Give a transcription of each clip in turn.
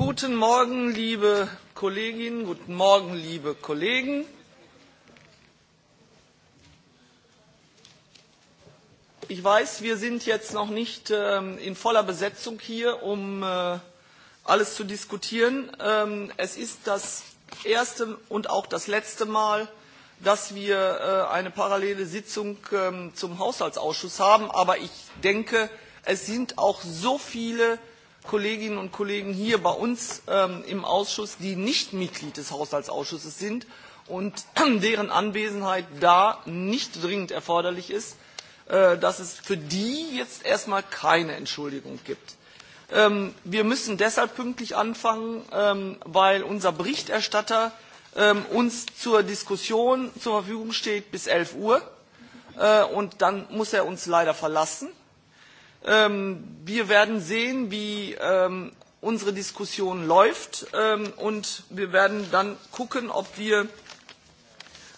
Guten Morgen, liebe Kolleginnen, guten Morgen, liebe Kollegen. Ich weiß, wir sind jetzt noch nicht ähm, in voller Besetzung hier, um äh, alles zu diskutieren. Ähm, es ist das erste und auch das letzte Mal, dass wir äh, eine parallele Sitzung ähm, zum Haushaltsausschuss haben. Aber ich denke, es sind auch so viele Kolleginnen und Kollegen hier bei uns ähm, im Ausschuss, die nicht Mitglied des Haushaltsausschusses sind und deren Anwesenheit da nicht dringend erforderlich ist, äh, dass es für die jetzt erstmal keine Entschuldigung gibt. Ähm, wir müssen deshalb pünktlich anfangen, ähm, weil unser Berichterstatter ähm, uns zur Diskussion zur Verfügung steht bis 11 Uhr äh, und dann muss er uns leider verlassen. Ähm, wir werden sehen, wie ähm, unsere Diskussion läuft ähm, und wir werden dann gucken, ob wir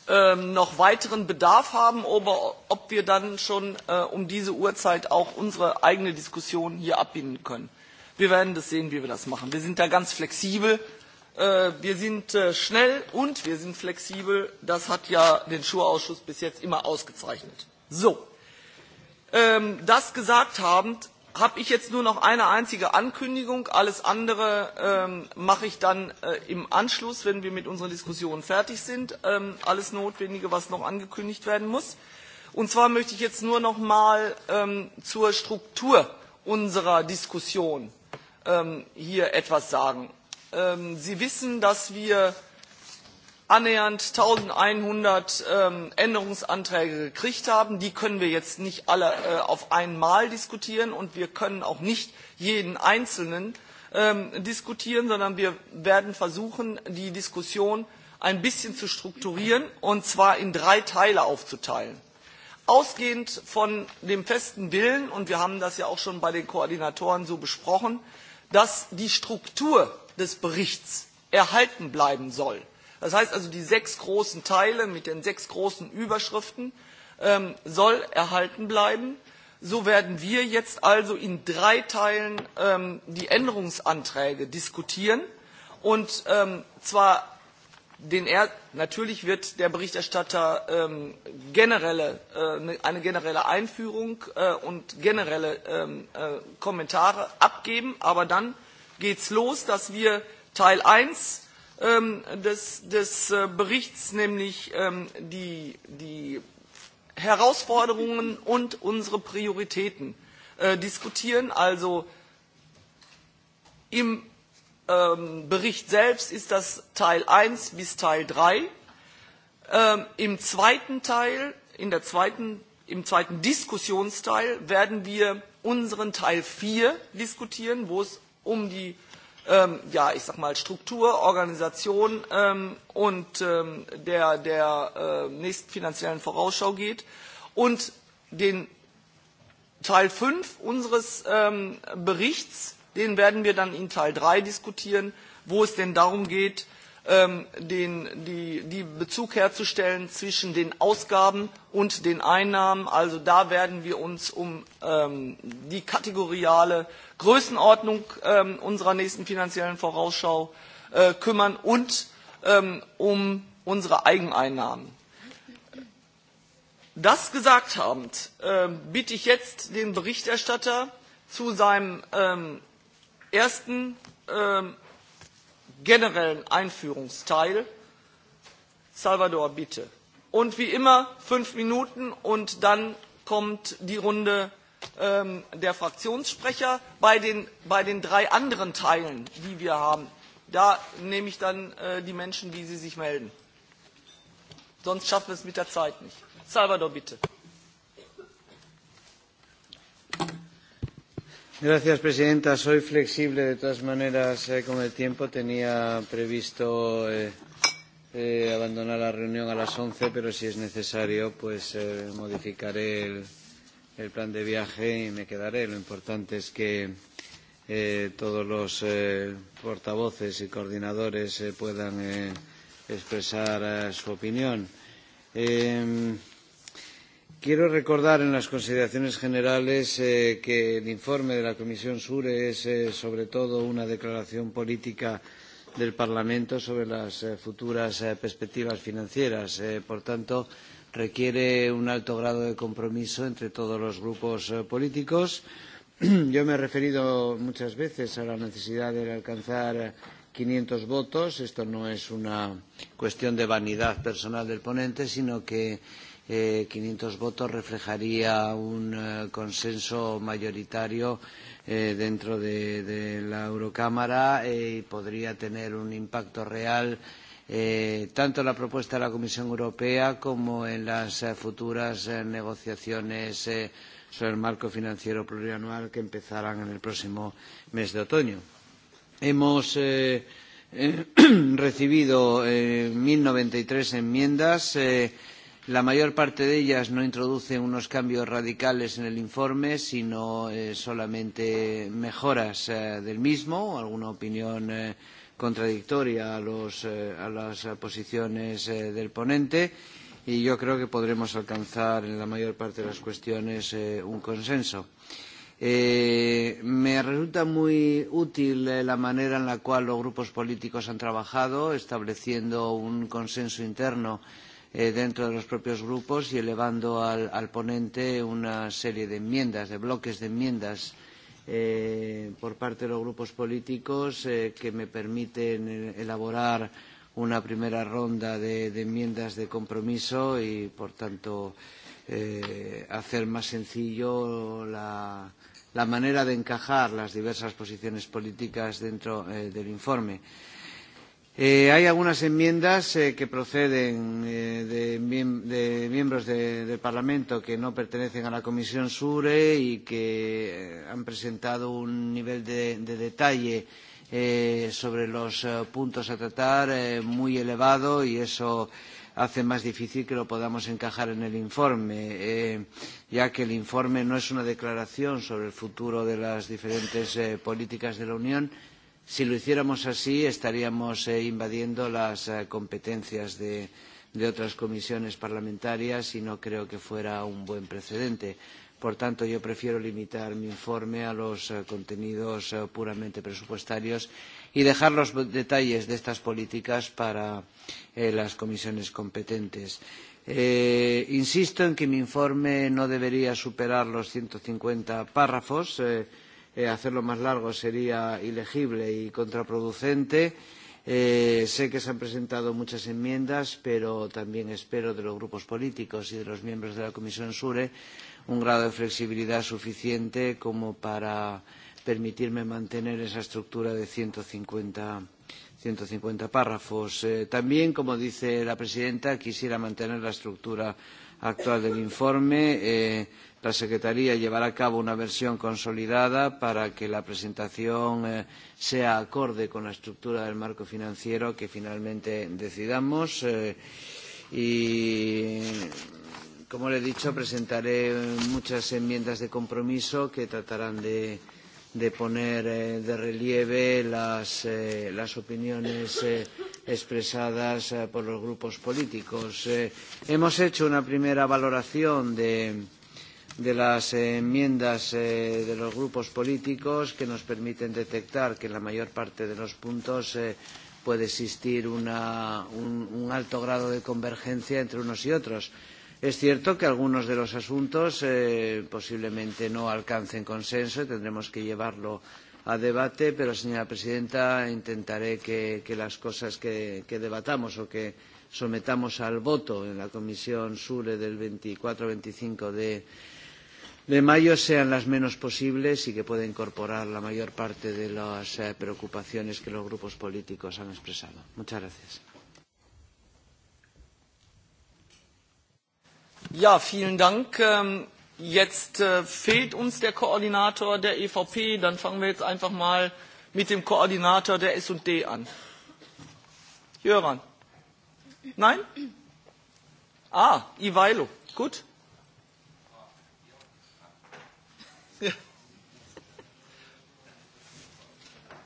ähm, noch weiteren Bedarf haben oder ob wir dann schon äh, um diese Uhrzeit auch unsere eigene Diskussion hier abbinden können. Wir werden das sehen, wie wir das machen. Wir sind da ganz flexibel. Äh, wir sind äh, schnell und wir sind flexibel. Das hat ja den Schurausschuss bis jetzt immer ausgezeichnet. So ähm, das gesagt haben, habe ich jetzt nur noch eine einzige Ankündigung. Alles andere ähm, mache ich dann äh, im Anschluss, wenn wir mit unseren Diskussionen fertig sind. Ähm, alles Notwendige, was noch angekündigt werden muss. Und zwar möchte ich jetzt nur noch mal ähm, zur Struktur unserer Diskussion ähm, hier etwas sagen. Ähm, Sie wissen, dass wir annähernd 1100 ähm, Änderungsanträge gekriegt haben. Die können wir jetzt nicht alle äh, auf einmal diskutieren und wir können auch nicht jeden einzelnen ähm, diskutieren, sondern wir werden versuchen, die Diskussion ein bisschen zu strukturieren und zwar in drei Teile aufzuteilen. Ausgehend von dem festen Willen, und wir haben das ja auch schon bei den Koordinatoren so besprochen, dass die Struktur des Berichts erhalten bleiben soll Das heißt also, die sechs großen Teile mit den sechs großen Überschriften ähm, soll erhalten bleiben. So werden wir jetzt also in drei Teilen ähm, die Änderungsanträge diskutieren. Und ähm, zwar den er natürlich wird der Berichterstatter ähm, generelle, äh, eine generelle Einführung äh, und generelle ähm, äh, Kommentare abgeben, aber dann geht es los, dass wir Teil 1 ähm, des, des äh, Berichts, nämlich ähm, die, die Herausforderungen und unsere Prioritäten äh, diskutieren. Also im ähm, Bericht selbst ist das Teil 1 bis Teil 3. Ähm, Im zweiten Teil, in der zweiten, im zweiten Diskussionsteil werden wir unseren Teil 4 diskutieren, wo es um die ähm, ja, ich sag mal, Struktur, Organisation ähm, und ähm, der, der äh, nächsten finanziellen Vorausschau geht und den Teil 5 unseres ähm, Berichts, den werden wir dann in Teil 3 diskutieren, wo es denn darum geht, ähm, den, die, die Bezug herzustellen zwischen den Ausgaben und den Einnahmen. Also da werden wir uns um ähm, die kategoriale Größenordnung ähm, unserer nächsten finanziellen Vorausschau äh, kümmern und ähm, um unsere Eigeneinnahmen. Das gesagt habend, äh, bitte ich jetzt den Berichterstatter zu seinem ähm, ersten ähm, generellen Einführungsteil. Salvador, bitte. Und wie immer fünf Minuten und dann kommt die Runde ähm, der Fraktionssprecher. Bei den, bei den drei anderen Teilen, die wir haben, da nehme ich dann äh, die Menschen, wie sie sich melden. Sonst schaffen wir es mit der Zeit nicht. Salvador, bitte. Gracias, Presidenta. Soy flexible. De todas maneras, eh, con el tiempo tenía previsto eh, eh, abandonar la reunión a las 11, pero si es necesario, pues eh, modificaré el, el plan de viaje y me quedaré. Lo importante es que eh, todos los eh, portavoces y coordinadores eh, puedan eh, expresar eh, su opinión. Eh, Quiero recordar en las consideraciones generales eh, que el informe de la Comisión SURE es eh, sobre todo una declaración política del Parlamento sobre las eh, futuras eh, perspectivas financieras. Eh, por tanto, requiere un alto grado de compromiso entre todos los grupos eh, políticos. Yo me he referido muchas veces a la necesidad de alcanzar 500 eh, votos. Esto no es una cuestión de vanidad personal del ponente, sino que eh, 500 votos reflejaría un eh, consenso mayoritario eh, dentro de, de la Eurocámara eh, y podría tener un impacto real eh, tanto en la propuesta de la Comisión Europea como en las eh, futuras eh, negociaciones eh, sobre el marco financiero plurianual que empezarán en el próximo mes de otoño. Hemos eh, eh, recibido eh, 1.093 enmiendas. Eh, La mayor parte de ellas no introduce unos cambios radicales en el informe, sino eh, solamente mejoras eh, del mismo, alguna opinión eh, contradictoria a, los, eh, a las posiciones eh, del ponente y yo creo que podremos alcanzar en la mayor parte de las cuestiones eh, un consenso. Eh, me resulta muy útil eh, la manera en la cual los grupos políticos han trabajado, estableciendo un consenso interno eh, eh, dentro de los propios grupos y elevando al, al ponente una serie de enmiendas, de bloques de enmiendas eh, por parte de los grupos políticos eh, que me permiten elaborar una primera ronda de, de enmiendas de compromiso y, por tanto, eh, hacer más sencillo la, la manera de encajar las diversas posiciones políticas dentro eh, del informe. Eh, Eh, hay algunas enmiendas eh, que proceden eh, de, miem de miembros de, del Parlamento que no pertenecen a la Comisión SURE y que eh, han presentado un nivel de, de detalle eh, sobre los eh, puntos a tratar eh, muy elevado y eso hace más difícil que lo podamos encajar en el informe, eh, ya que el informe no es una declaración sobre el futuro de las diferentes eh, políticas de la Unión, Si lo hiciéramos así, estaríamos eh, invadiendo las eh, competencias de, de otras comisiones parlamentarias y no creo que fuera un buen precedente. Por tanto, yo prefiero limitar mi informe a los eh, contenidos eh, puramente presupuestarios y dejar los detalles de estas políticas para eh, las comisiones competentes. Eh, insisto en que mi informe no debería superar los 150 párrafos. Eh, eh, hacerlo más largo sería ilegible y contraproducente. Eh, sé que se han presentado muchas enmiendas, pero también espero de los grupos políticos y de los miembros de la Comisión SURE un grado de flexibilidad suficiente como para permitirme mantener esa estructura de 150, 150 párrafos. Eh, también, como dice la presidenta, quisiera mantener la estructura actual del informe. Eh, La Secretaría llevará a cabo una versión consolidada para que la presentación eh, sea acorde con la estructura del marco financiero que finalmente decidamos. Eh, y, como le he dicho, presentaré muchas enmiendas de compromiso que tratarán de, de poner eh, de relieve las, eh, las opiniones eh, expresadas eh, por los grupos políticos. Eh, hemos hecho una primera valoración de de las enmiendas eh, de los grupos políticos que nos permiten detectar que en la mayor parte de los puntos eh, puede existir una, un, un alto grado de convergencia entre unos y otros. Es cierto que algunos de los asuntos eh, posiblemente no alcancen consenso y tendremos que llevarlo a debate, pero señora presidenta intentaré que, que las cosas que, que debatamos o que sometamos al voto en la Comisión Sure del 24-25 de de mayo sean las menos posibles y que pueda incorporar la mayor parte de las eh, preocupaciones que los grupos políticos han expresado. Muchas gracias. Ja, vielen Dank. Ähm, jetzt äh, fehlt uns der Koordinator der EVP. Dann fangen wir jetzt einfach mal mit dem Koordinator der S&D an. Jöran. Nein? Ah, Iweilo. Gut.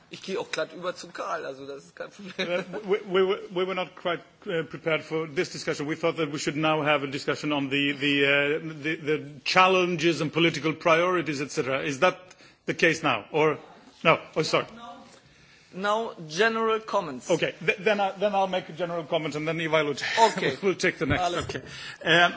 ich gehe auch glatt über zum Karl, also das ist kein Problem. Uh, we, we, we were not quite uh, prepared for this discussion. We thought that we should now have a discussion on the, the, uh, the, the challenges and political priorities, etc. Is that the case now? Or, no, oh, sorry. Now, general comments. Okay, Th then, I, then I'll make a general comment and then Ivailo okay. will take the next. Okay. Um,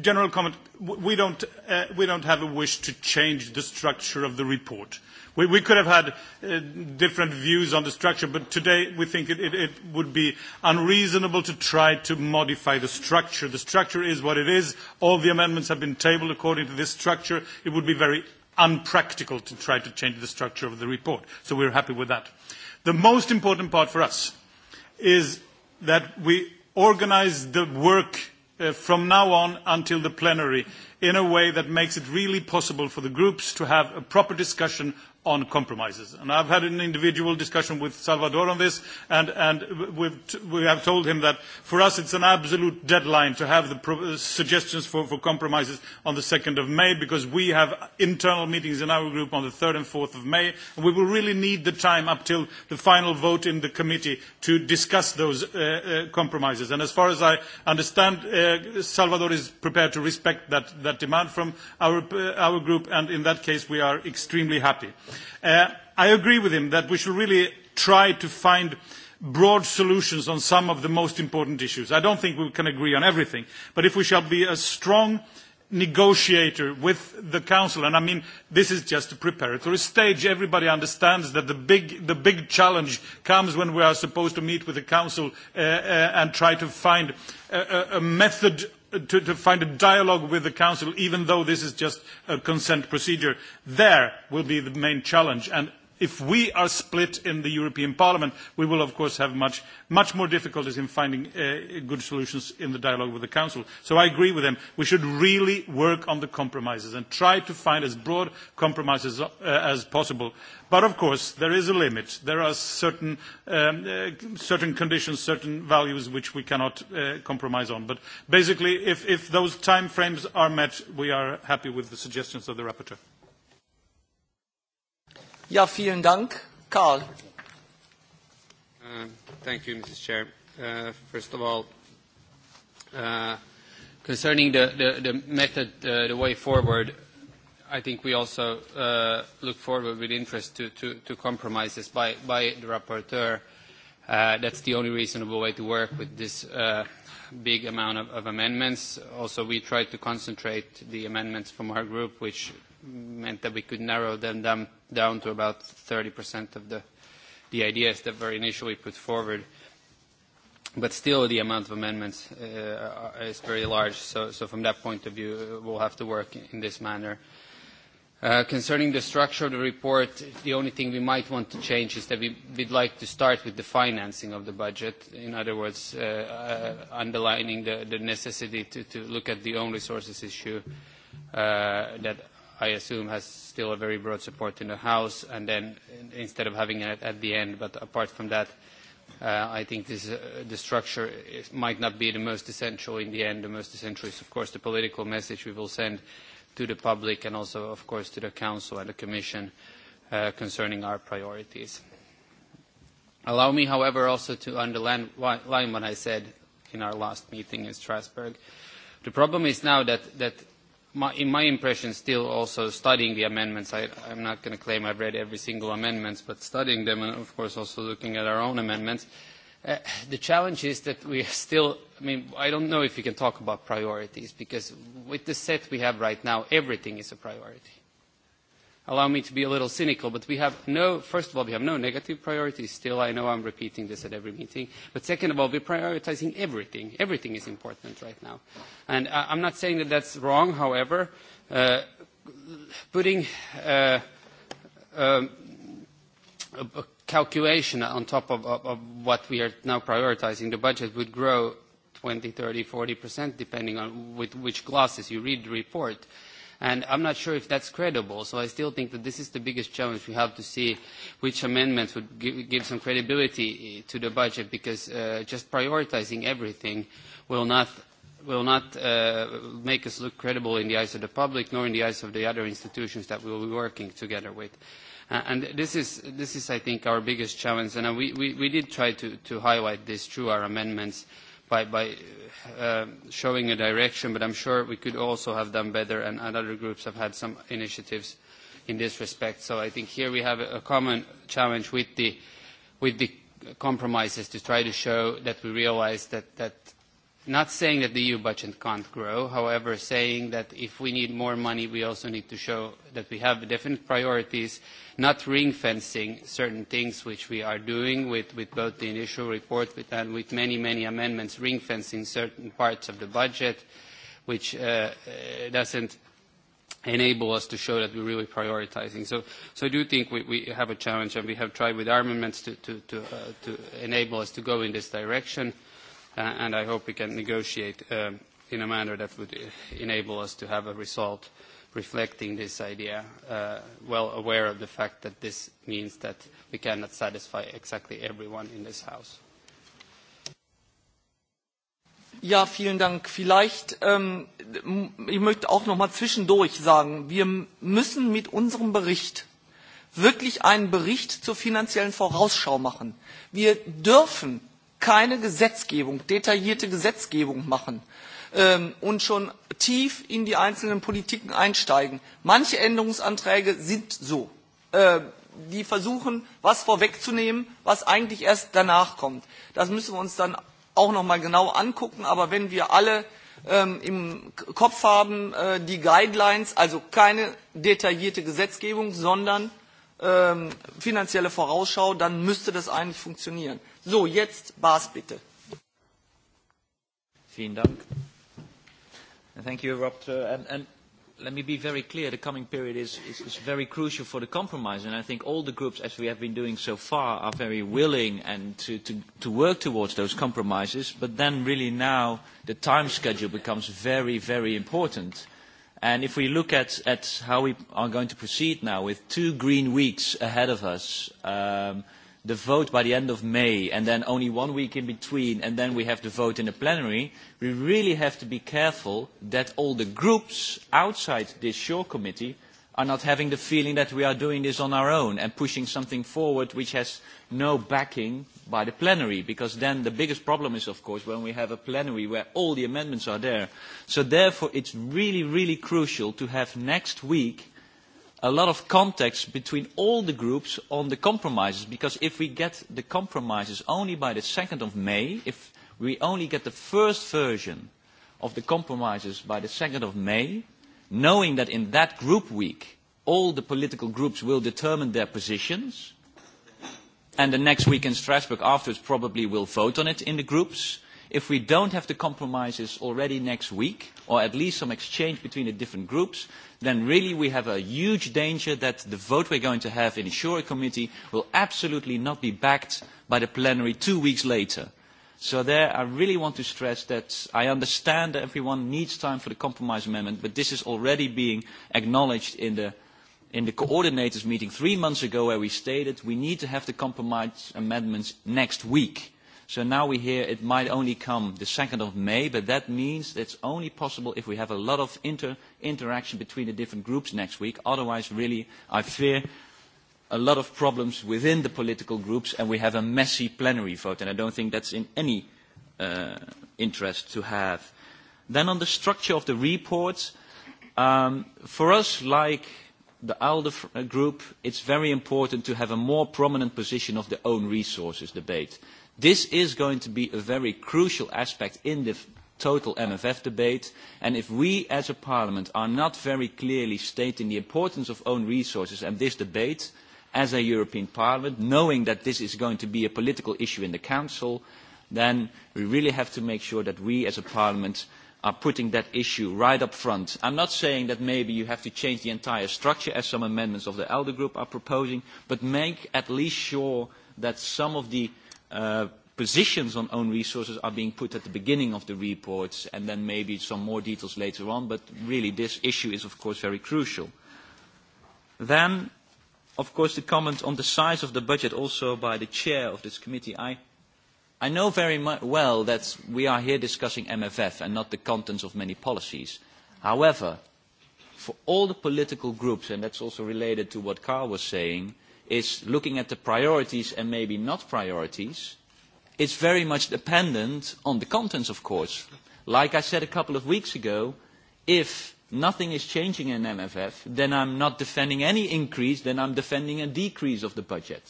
general comment, we don't, uh, we don't have a wish to change the structure of the report. Uh, We, we could have had uh, different views on the structure, but today we think it, it, it would be unreasonable to try to modify the structure. The structure is what it is. All the amendments have been tabled according to this structure. It would be very unpractical to try to change the structure of the report. So we're happy with that. The most important part for us is that we organize the work uh, from now on until the plenary in a way that makes it really possible for the groups to have a proper discussion on compromises. And I've had an individual discussion with Salvador on this, and, and we've t we have told him that for us it's an absolute deadline to have the pro uh, suggestions for, for compromises on the 2nd of May, because we have internal meetings in our group on the 3rd and 4th of May, and we will really need the time up till the final vote in the committee to discuss those uh, uh, compromises. And as far as I understand, uh, Salvador is prepared to respect that, that demand from our, uh, our group, and in that case we are extremely happy. Uh, I agree with him that we should really try to find broad solutions on some of the most important issues. I don't think we can agree on everything, but if we shall be a strong negotiator with the council, and I mean, this is just a preparatory stage. Everybody understands that the big, the big challenge comes when we are supposed to meet with the council uh, uh, and try to find a, a, a method to, to find a dialogue with the Council, even though this is just a consent procedure, there will be the main challenge. And If we are split in the European Parliament, we will of course have much, much more difficulties in finding uh, good solutions in the dialogue with the Council. So I agree with them. We should really work on the compromises and try to find as broad compromises uh, as possible. But of course, there is a limit. There are certain, um, uh, certain conditions, certain values which we cannot uh, compromise on. But basically, if, if those time frames are met, we are happy with the suggestions of the rapporteur. Ja, vielen Dank. Karl. Uh, thank you, Mrs. Chair. Uh, first of all, uh, concerning the, the, the method, uh, the way forward, I think we also uh, look forward with interest to, to, to compromises by, by the rapporteur. Uh, that's the only reasonable way to work with this uh, big amount of, of amendments. Also, we tried to concentrate the amendments from our group, which meant that we could narrow them down, down to about 30% of the, the ideas that were initially put forward. But still, the amount of amendments uh, is very large, so, so from that point of view, uh, we'll have to work in this manner. Uh, concerning the structure of the report, the only thing we might want to change is that we, we'd like to start with the financing of the budget. In other words, uh, uh, underlining the, the necessity to, to look at the own resources issue uh, that I assume has still a very broad support in the House, and then instead of having it at the end, but apart from that, uh, I think this, uh, the structure is, might not be the most essential in the end. The most essential is, of course, the political message we will send to the public and also, of course, to the Council and the Commission uh, concerning our priorities. Allow me, however, also to underline what I said in our last meeting in Strasbourg. The problem is now that, that my, in my impression still also studying the amendments, I, I'm not going to claim I've read every single amendment, but studying them and of course also looking at our own amendments, uh, the challenge is that we are still, I mean, I don't know if we can talk about priorities because with the set we have right now, everything is a priority allow me to be a little cynical, but we have no, first of all, we have no negative priorities still. I know I'm repeating this at every meeting. But second of all, we're prioritizing everything. Everything is important right now. And I, I'm not saying that that's wrong, however, uh, putting uh, um, a, a calculation on top of, of, of what we are now prioritizing, the budget would grow 20, 30, 40 percent, depending on with which glasses you read the report. Uh, And I'm not sure if that's credible, so I still think that this is the biggest challenge we have to see which amendments would give, give some credibility eh, to the budget, because uh, just prioritizing everything will not will not uh, make us look credible in the eyes of the public nor in the eyes of the other institutions that we will be working together with. Uh, and this is, this is, I think, our biggest challenge, and uh, we, we, we did try to, to highlight this through our amendments. Uh, by, by uh, showing a direction, but I'm sure we could also have done better, and, and other groups have had some initiatives in this respect. So I think here we have a common challenge with the, with the compromises to try to show that we realize that, that not saying that the EU budget can't grow, however, saying that if we need more money, we also need to show that we have definite priorities, not ring-fencing certain things which we are doing with, with both the initial report with, and with many, many amendments, ring-fencing certain parts of the budget, which uh, uh doesn't enable us to show that we're really prioritizing. So, so I do think we, we have a challenge, and we have tried with armaments to, to, to, uh, to enable us to go in this direction. Uh, uh, and I hope we can negotiate uh, in a manner that would uh, enable us to have a result reflecting this idea, uh, well aware of the fact that this means that we cannot satisfy exactly everyone in this House. Ja, vielen Dank. Vielleicht, ähm, ich möchte auch noch mal zwischendurch sagen, wir müssen mit unserem Bericht wirklich einen Bericht zur finanziellen Vorausschau machen. Wir dürfen keine Gesetzgebung, detaillierte Gesetzgebung machen ähm, und schon tief in die einzelnen Politiken einsteigen. Manche Änderungsanträge sind so. Ähm, die versuchen, was vorwegzunehmen, was eigentlich erst danach kommt. Das müssen wir uns dann auch noch mal genau angucken. Aber wenn wir alle ähm, im Kopf haben, äh, die Guidelines, also keine detaillierte Gesetzgebung, sondern ähm, finanzielle Vorausschau, dann müsste das eigentlich funktionieren. So, jetzt Bas bitte. Vielen Dank. Thank you, Raptor. And, and let me be very clear, the coming period is, is, is very crucial for the compromise, and I think all the groups, as we have been doing so far, are very willing and to, to, to work towards those compromises, but then really now the time schedule becomes very, very important. And if we look at, at how we are going to proceed now with two green weeks ahead of us, um, – the vote by the end of May and then only one week in between and then we have the vote in the plenary, we really have to be careful that all the groups outside this shore committee are not having the feeling that we are doing this on our own and pushing something forward which has no backing by the plenary because then the biggest problem is of course when we have a plenary where all the amendments are there. So therefore it's really, really crucial to have next week a lot of context between all the groups on the compromises because if we get the compromises only by the 2nd of May, if we only get the first version of the compromises by the 2nd of May, knowing that in that group week all the political groups will determine their positions, and the next week in Strasbourg afterwards probably will vote on it in the groups, if we don't have the compromises already next week, or at least some exchange between the different groups, then really we have a huge danger that the vote we're going to have in the Shura Committee will absolutely not be backed by the plenary two weeks later. So there I really want to stress that I understand that everyone needs time for the compromise amendment, but this is already being acknowledged in the in the coordinators meeting three months ago where we stated we need to have the compromise amendments next week. So now we hear it might only come the 2nd of May, but that means it's only possible if we have a lot of inter interaction between the different groups next week. Otherwise, really, I fear a lot of problems within the political groups and we have a messy plenary vote, and I don't think that's in any uh, interest to have. Then on the structure of the reports, um, for us, like the ALDE uh, group, it's very important to have a more prominent position of the own resources debate. This is going to be a very crucial aspect in the total MFF debate, and if we as a parliament are not very clearly stating the importance of own resources and this debate as a European parliament, knowing that this is going to be a political issue in the council, then we really have to make sure that we as a parliament are putting that issue right up front. I'm not saying that maybe you have to change the entire structure as some amendments of the ALDE group are proposing, but make at least sure that some of the uh, positions on own resources are being put at the beginning of the reports and then maybe some more details later on, but really this issue is of course very crucial. Then, of course, the comment on the size of the budget also by the chair of this committee. I, I know very well that we are here discussing MFF and not the contents of many policies. However, for all the political groups, and that's also related to what Carl was saying, is looking at the priorities and maybe not priorities, it's very much dependent on the contents, of course. Like I said a couple of weeks ago, if nothing is changing in MFF, then I'm not defending any increase, then I'm defending a decrease of the budget.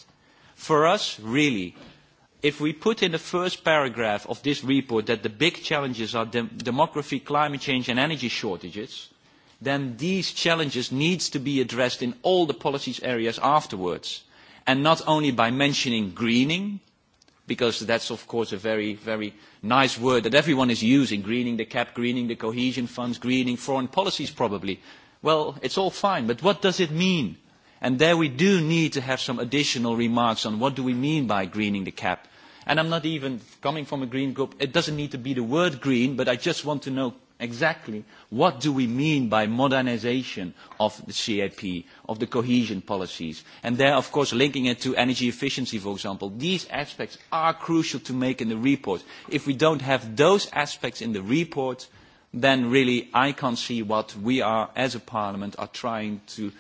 For us, really, if we put in the first paragraph of this report that the big challenges are dem demography, climate change and energy shortages, then these challenges need to be addressed in all the policies areas afterwards. And not only by mentioning greening, because that's of course a very, very nice word that everyone is using, greening the cap, greening the cohesion funds, greening foreign policies probably. Well, it's all fine, but what does it mean? And there we do need to have some additional remarks on what do we mean by greening the cap. And I'm not even coming from a green group. It doesn't need to be the word green, but I just want to know exactly what do we mean by modernization of the CAP, of the cohesion policies, and there, of course, linking it to energy efficiency, for example. These aspects are crucial to make in the report. If we don't have those aspects in the report, then really I can't see what we are, as a parliament, are trying to,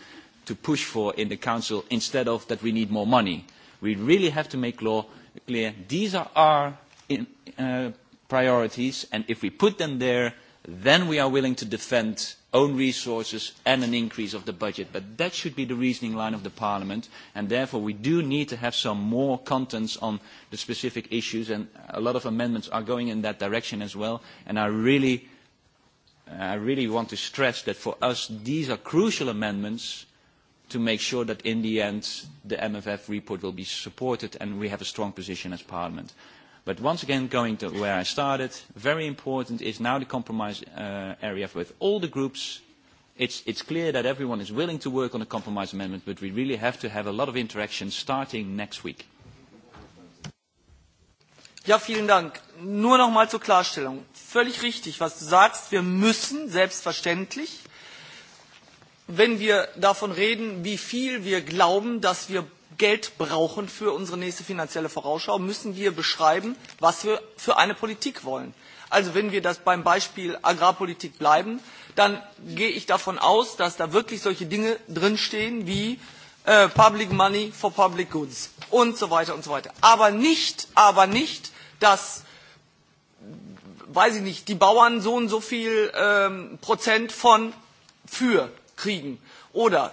to push for in the council instead of that we need more money. We really have to make law clear. These are our in, uh, priorities, and if we put them there, then we are willing to defend own resources and an increase of the budget. But that should be the reasoning line of the Parliament, and therefore we do need to have some more contents on the specific issues, and a lot of amendments are going in that direction as well, and I really, I really want to stress that for us these are crucial amendments to make sure that in the end the MFF report will be supported and we have a strong position as Parliament. But once again, going to where I started, very important is now the compromise uh, area with all the groups. It's, it's clear that everyone is willing to work on a compromise amendment, but we really have to have a lot of interaction starting next week. Ja, vielen Dank. Nur noch mal zur Klarstellung. Völlig richtig, was du sagst. Wir müssen, selbstverständlich, wenn wir davon reden, wie viel wir glauben, dass wir Geld brauchen für unsere nächste finanzielle Vorausschau, müssen wir beschreiben, was wir für eine Politik wollen. Also wenn wir das beim Beispiel Agrarpolitik bleiben, dann gehe ich davon aus, dass da wirklich solche Dinge drinstehen wie äh, Public Money for Public Goods und so weiter und so weiter. Aber nicht, aber nicht, dass, weiß ich nicht, die Bauern so und so viel ähm, Prozent von für kriegen oder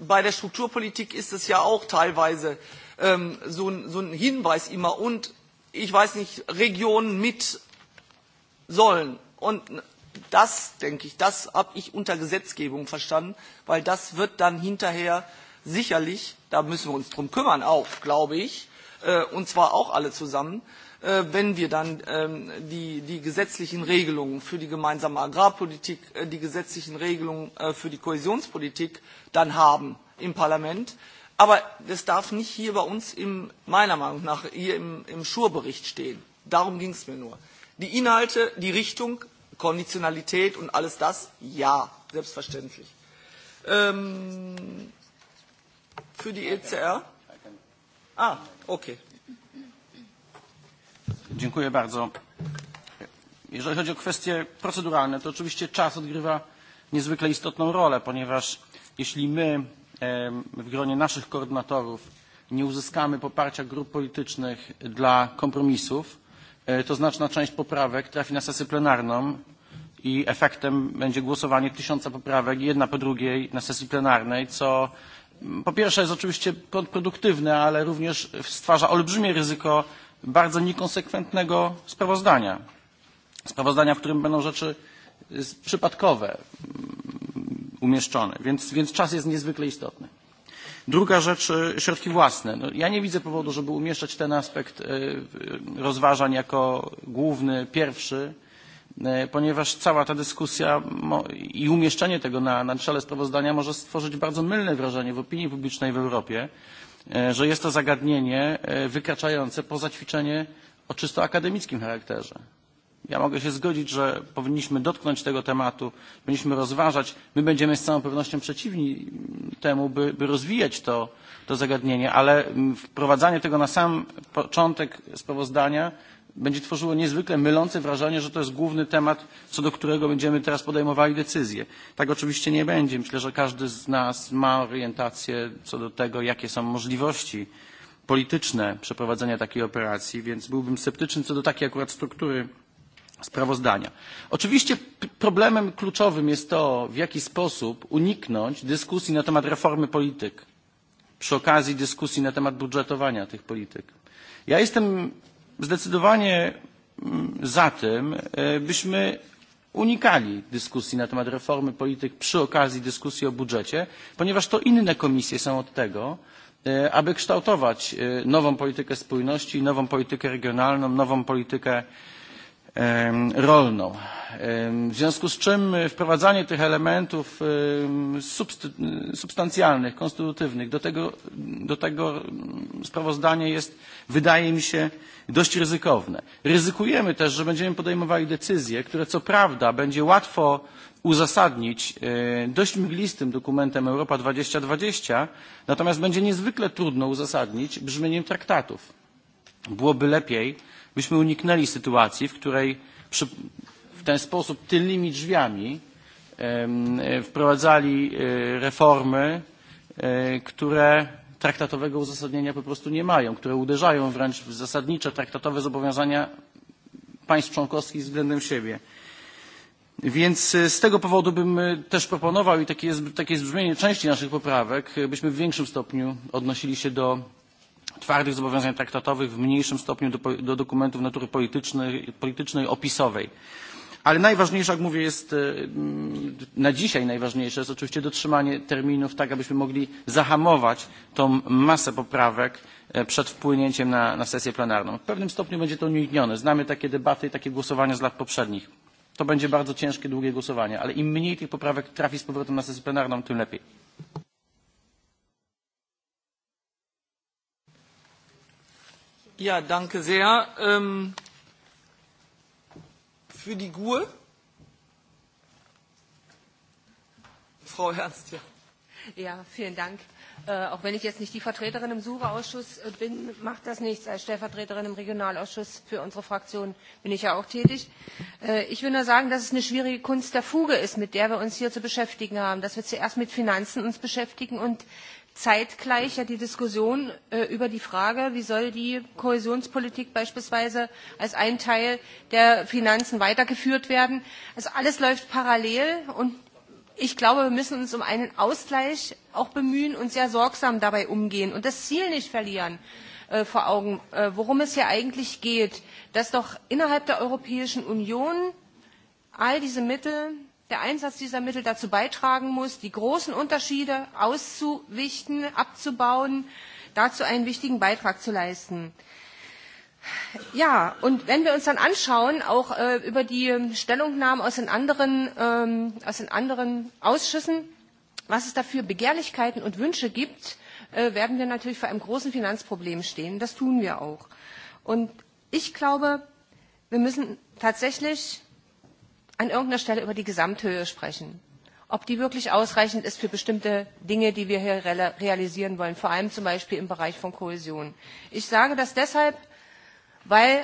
bei der Strukturpolitik ist es ja auch teilweise ähm, so, ein, so ein Hinweis immer und ich weiß nicht, Regionen mit sollen. Und das, denke ich, das habe ich unter Gesetzgebung verstanden, weil das wird dann hinterher sicherlich, da müssen wir uns drum kümmern auch, glaube ich, äh, und zwar auch alle zusammen, äh, wenn wir dann ähm, die, die gesetzlichen Regelungen für die gemeinsame Agrarpolitik, äh, die gesetzlichen Regelungen äh, für die Kohäsionspolitik dann haben im Parlament. Aber das darf nicht hier bei uns, im, meiner Meinung nach, hier im, im Schur-Bericht stehen. Darum ging es mir nur. Die Inhalte, die Richtung, Konditionalität und alles das, ja, selbstverständlich. Ähm, für die ECR? Ah, okay. Dziękuję bardzo. Jeżeli chodzi o kwestie proceduralne, to oczywiście czas odgrywa niezwykle istotną rolę, ponieważ jeśli my w gronie naszych koordynatorów nie uzyskamy poparcia grup politycznych dla kompromisów, e, to znaczna część poprawek trafi na sesję plenarną i efektem będzie głosowanie tysiąca poprawek jedna po drugiej na sesji plenarnej, co mm, po pierwsze jest oczywiście kontrproduktywne, ale również stwarza olbrzymie ryzyko bardzo niekonsekwentnego sprawozdania. Sprawozdania, w którym będą rzeczy przypadkowe mm, umieszczone, więc, więc czas jest niezwykle istotny. Druga rzecz, środki własne. No, ja nie widzę powodu, żeby umieszczać ten aspekt rozważań jako główny, pierwszy, ponieważ cała ta dyskusja i umieszczenie tego na, na czele sprawozdania może stworzyć bardzo mylne wrażenie w opinii publicznej w Europie, E, że jest to zagadnienie e, wykraczające poza ćwiczenie o czysto akademickim charakterze. Ja mogę się zgodzić, że powinniśmy dotknąć tego tematu, powinniśmy rozważać. My będziemy z całą pewnością przeciwni temu, by, by rozwijać to, to zagadnienie, ale wprowadzanie tego na sam początek sprawozdania będzie tworzyło niezwykle mylące wrażenie, że to jest główny temat, co do którego będziemy teraz podejmowali decyzje. Tak oczywiście nie będzie. Myślę, że każdy z nas ma orientację co do tego, jakie są możliwości polityczne przeprowadzenia takiej operacji, więc byłbym sceptyczny co do takiej akurat struktury sprawozdania. Oczywiście problemem kluczowym jest to, w jaki sposób uniknąć dyskusji na temat reformy polityk, przy okazji dyskusji na temat budżetowania tych polityk. Ja jestem zdecydowanie mm, za tym, e, byśmy unikali dyskusji na temat reformy polityk przy okazji dyskusji o budżecie, ponieważ to inne komisje są od tego, e, aby kształtować e, nową politykę spójności, nową politykę regionalną, nową politykę rolną. W związku z czym e, wprowadzanie tych elementów substancjalnych, konstytutywnych do tego, do tego mm, sprawozdania jest, wydaje mi się, dość ryzykowne. Ryzykujemy też, że będziemy podejmowali decyzje, które co prawda będzie łatwo uzasadnić e, dość mglistym dokumentem Europa 2020, natomiast będzie niezwykle trudno uzasadnić brzmieniem traktatów. Byłoby lepiej, byśmy uniknęli sytuacji, w której przy, w ten sposób tylnymi drzwiami e, wprowadzali e, reformy, e, które traktatowego uzasadnienia po prostu nie mają, które uderzają wręcz w zasadnicze traktatowe zobowiązania państw członkowskich względem siebie. Więc z tego powodu bym też proponował, i takie jest, takie jest brzmienie części naszych poprawek, byśmy w większym stopniu odnosili się do twardych zobowiązań traktatowych w mniejszym stopniu do, do dokumentów natury politycznej, politycznej opisowej. Ale najważniejsze, jak mówię, jest e, na dzisiaj najważniejsze jest oczywiście dotrzymanie terminów tak, abyśmy mogli zahamować tą masę poprawek e, przed wpłynięciem na, na sesję plenarną. W pewnym stopniu będzie to uniknione. Znamy takie debaty i takie głosowania z lat poprzednich. To będzie bardzo ciężkie, długie głosowanie, ale im mniej tych poprawek trafi z powrotem na sesję plenarną, tym lepiej. Ja, danke sehr. Ähm, für die GUE? Frau Ernst, ja. Ja, vielen Dank. Äh, auch wenn ich jetzt nicht die Vertreterin im Sura-Ausschuss äh, bin, macht das nichts. Als Stellvertreterin im Regionalausschuss für unsere Fraktion bin ich ja auch tätig. Äh, ich will nur sagen, dass es eine schwierige Kunst der Fuge ist, mit der wir uns hier zu beschäftigen haben. Dass wir zuerst mit Finanzen uns beschäftigen und zeitgleich ja die Diskussion äh, über die Frage, wie soll die Kohäsionspolitik beispielsweise als ein Teil der Finanzen weitergeführt werden. Also alles läuft parallel und ich glaube, wir müssen uns um einen Ausgleich auch bemühen und sehr sorgsam dabei umgehen und das Ziel nicht verlieren äh, vor Augen, äh, worum es hier eigentlich geht, dass doch innerhalb der Europäischen Union all diese Mittel der Einsatz dieser Mittel dazu beitragen muss, die großen Unterschiede auszuwichten, abzubauen, dazu einen wichtigen Beitrag zu leisten. Ja, und wenn wir uns dann anschauen, auch äh, über die Stellungnahmen aus den anderen, ähm, aus den anderen Ausschüssen, was es dafür Begehrlichkeiten und Wünsche gibt, äh, werden wir natürlich vor einem großen Finanzproblem stehen. Das tun wir auch. Und ich glaube, wir müssen tatsächlich an irgendeiner Stelle über die Gesamthöhe sprechen. Ob die wirklich ausreichend ist für bestimmte Dinge, die wir hier realisieren wollen, vor allem zum Beispiel im Bereich von Kohäsion. Ich sage das deshalb, weil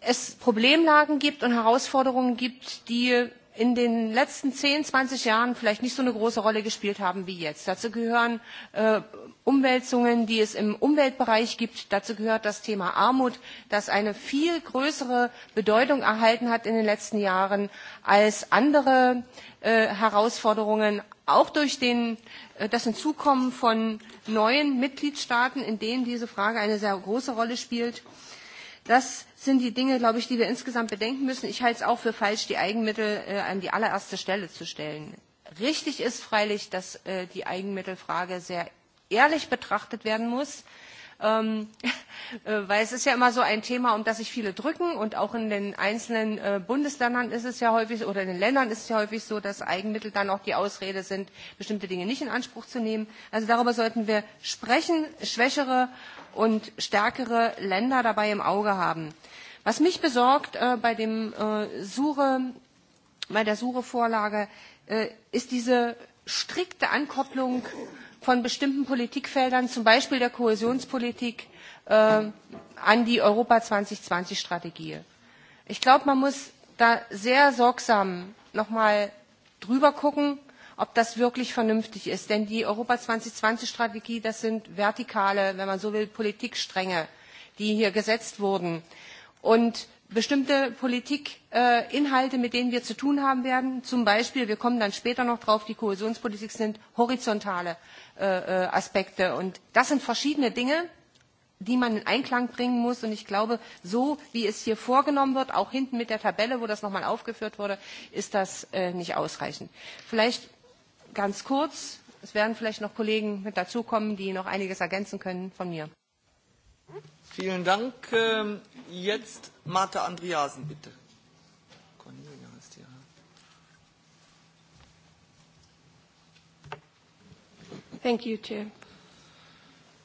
es Problemlagen gibt und Herausforderungen gibt, die in den letzten 10, 20 Jahren vielleicht nicht so eine große Rolle gespielt haben wie jetzt. Dazu gehören äh, Umwälzungen, die es im Umweltbereich gibt. Dazu gehört das Thema Armut, das eine viel größere Bedeutung erhalten hat in den letzten Jahren als andere äh, Herausforderungen, auch durch den, äh, das Hinzukommen von neuen Mitgliedstaaten, in denen diese Frage eine sehr große Rolle spielt. Das sind die Dinge, glaube ich, die wir insgesamt bedenken müssen. Ich halte es auch für falsch, die Eigenmittel äh, an die allererste Stelle zu stellen. Richtig ist freilich, dass äh, die Eigenmittelfrage sehr ehrlich betrachtet werden muss ähm, äh, weil es ist ja immer so ein Thema, um das sich viele drücken und auch in den einzelnen äh, Bundesländern ist es ja häufig oder in den Ländern ist es ja häufig so, dass Eigenmittel dann auch die Ausrede sind, bestimmte Dinge nicht in Anspruch zu nehmen. Also darüber sollten wir sprechen, schwächere und stärkere Länder dabei im Auge haben. Was mich besorgt äh, bei, dem, äh, Suche, bei der Sure-Vorlage äh, ist diese strikte Ankopplung von bestimmten Politikfeldern, zum Beispiel der Kohäsionspolitik, äh, an die Europa 2020-Strategie. Ich glaube, man muss da sehr sorgsam nochmal drüber gucken, ob das wirklich vernünftig ist. Denn die Europa 2020-Strategie, das sind vertikale, wenn man so will, Politikstränge, die hier gesetzt wurden. Und bestimmte Politikinhalte, äh, mit denen wir zu tun haben werden, zum Beispiel, wir kommen dann später noch drauf, die Kohäsionspolitik sind horizontale äh, äh, Aspekte. Und das sind verschiedene Dinge, die man in Einklang bringen muss. Und ich glaube, so wie es hier vorgenommen wird, auch hinten mit der Tabelle, wo das nochmal aufgeführt wurde, ist das äh, nicht ausreichend. Vielleicht ganz kurz, es werden vielleicht noch Kollegen mit dazukommen, die noch einiges ergänzen können von mir. Vielen Dank. Ähm, jetzt Martha Andreasen, bitte. Thank you, Chair.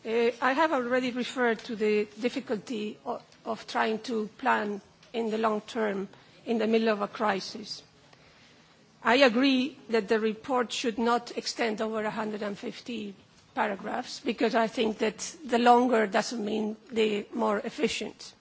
Uh, I have already referred to the difficulty of, of trying to plan in the long term in the middle of a crisis. I agree that the report should not extend over 150 paragraphs because I think that the longer doesn't mean the more efficient.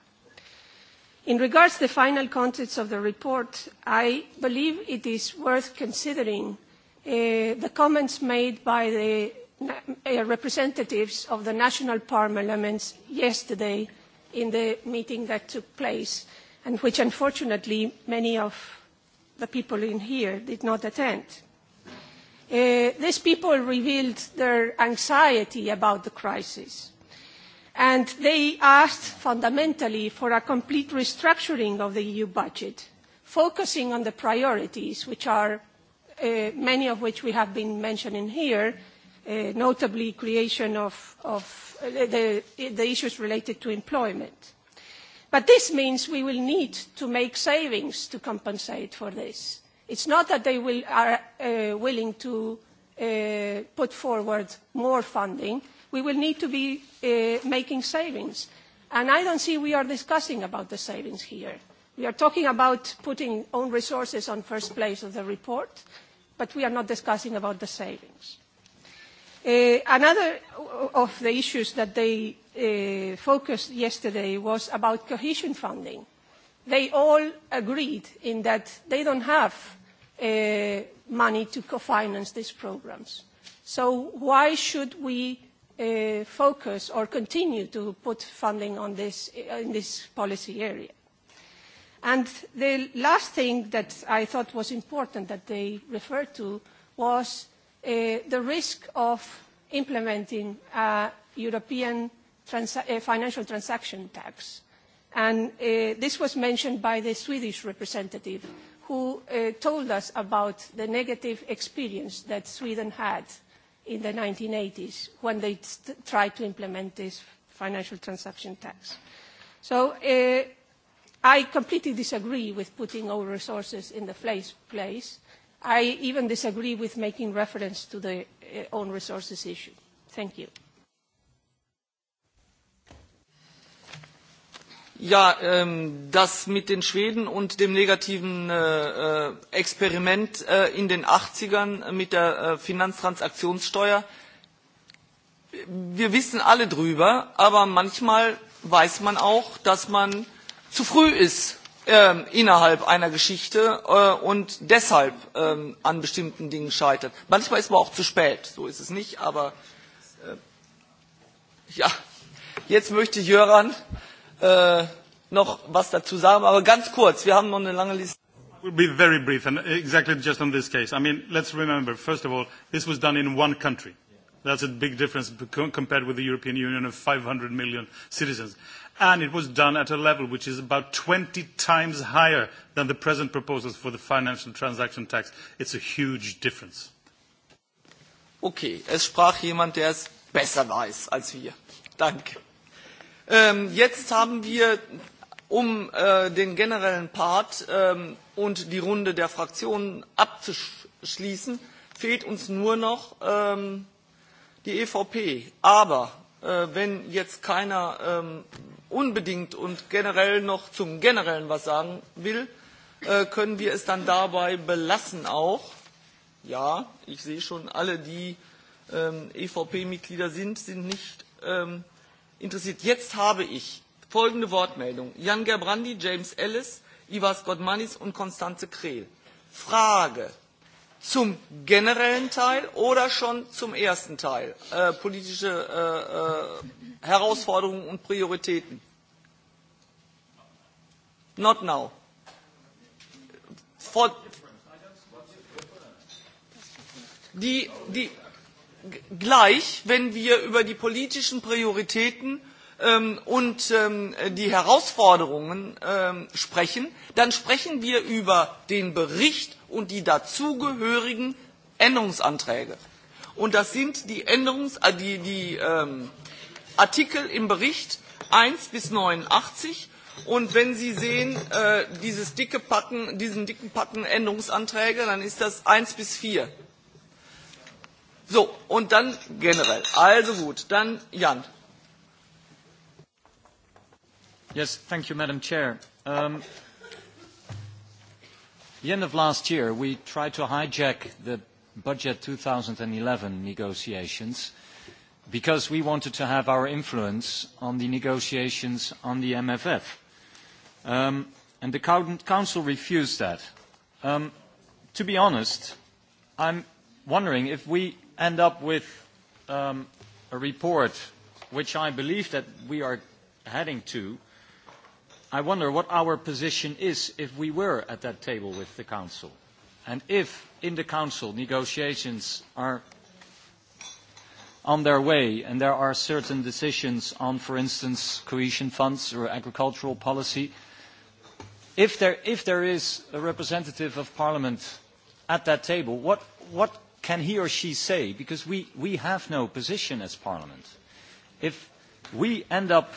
In regards to the final contents of the report, I believe it is worth considering uh, the comments made by the uh, representatives of the national parliaments yesterday in the meeting that took place and which unfortunately many of the people in here did not attend. Uh, these people revealed their anxiety about the crisis. And they asked fundamentally for a complete restructuring of the EU budget, focusing on the priorities, which are uh, many of which we have been mentioning here, uh, notably creation of, of uh, the, the issues related to employment. But this means we will need to make savings to compensate for this. It's not that they will, are uh, willing to uh, put forward more funding. We will need to be uh, making savings. And I don't see we are discussing about the savings here. We are talking about putting own resources on first place of the report, but we are not discussing about the savings. Uh, another of the issues that they uh, focused yesterday was about cohesion funding. They all agreed in that they don't have uh, money to co-finance these programs. So why should we uh, focus or continue to put funding on this, in this policy area? And the last thing that I thought was important that they referred to was uh, the risk of implementing a European transa uh, financial transaction tax. And uh, this was mentioned by the Swedish representative who uh, told us about the negative experience that Sweden had in the 1980s when they tried to implement this financial transaction tax. So uh, I completely disagree with putting all resources in the place. place. I even disagree with making reference to the uh, own resources issue. Thank you. Ja, ähm, das mit den Schweden und dem negativen äh, äh Experiment äh, in den 80ern mit der äh, Finanztransaktionssteuer. Wir wissen alle drüber, aber manchmal weiß man auch, dass man zu früh ist äh, innerhalb einer Geschichte äh, und deshalb äh, an bestimmten Dingen scheitert. Manchmal ist man auch zu spät, so ist es nicht, aber äh, ja, jetzt möchte Jöran Äh, noch was dazu sagen, aber ganz kurz, wir haben noch eine lange Liste. We'll be very brief and exactly just on this case. I mean, let's remember, first of all, this was done in one country. That's a big difference compared with the European Union of 500 million citizens. And it was done at a level which is about 20 times higher than the present proposals for the financial transaction tax. It's a huge difference. Okay, es sprach jemand, der es besser weiß als wir. Danke. Ähm, jetzt haben wir um äh, den generellen Part ähm, und die Runde der Fraktionen abzuschließen, fehlt uns nur noch ähm, die EVP. Aber äh, wenn jetzt keiner ähm, unbedingt und generell noch zum Generellen was sagen will, äh, können wir es dann dabei belassen auch. Ja, ich sehe schon, alle, die ähm, EVP-Mitglieder sind, sind nicht ähm, interessiert. Jetzt habe ich folgende Wortmeldung. Jan Gerbrandi, James Ellis, Ivas Godmanis und Konstanze Krehl. Frage zum generellen Teil oder schon zum ersten Teil? Äh, politische äh, äh, Herausforderungen und Prioritäten. Not now. For die, die, gleich, wenn wir über die politischen Prioritäten ähm, und ähm, die Herausforderungen ähm, sprechen, dann sprechen wir über den Bericht und die dazugehörigen Änderungsanträge. Und das sind die, Änderungs äh, die, die ähm, Artikel im Bericht 1 bis 89. Und wenn Sie sehen, äh, dieses dicke Packen, diesen dicken Packen Änderungsanträge, dann ist das 1 bis 4. So, und dann generell. Also gut, dann Jan. Yes, thank you, Madam Chair. Um, the end of last year, we tried to hijack the budget 2011 negotiations because we wanted to have our influence on the negotiations on the MFF. Um, and the Council refused that. Um, to be honest, I'm wondering if we end up with um, a report which I believe that we are heading to, I wonder what our position is if we were at that table with the Council. And if in the Council negotiations are on their way and there are certain decisions on, for instance, cohesion funds or agricultural policy, if there, if there is a representative of Parliament at that table, what, what can he or she say? Because we, we have no position as Parliament. If we end up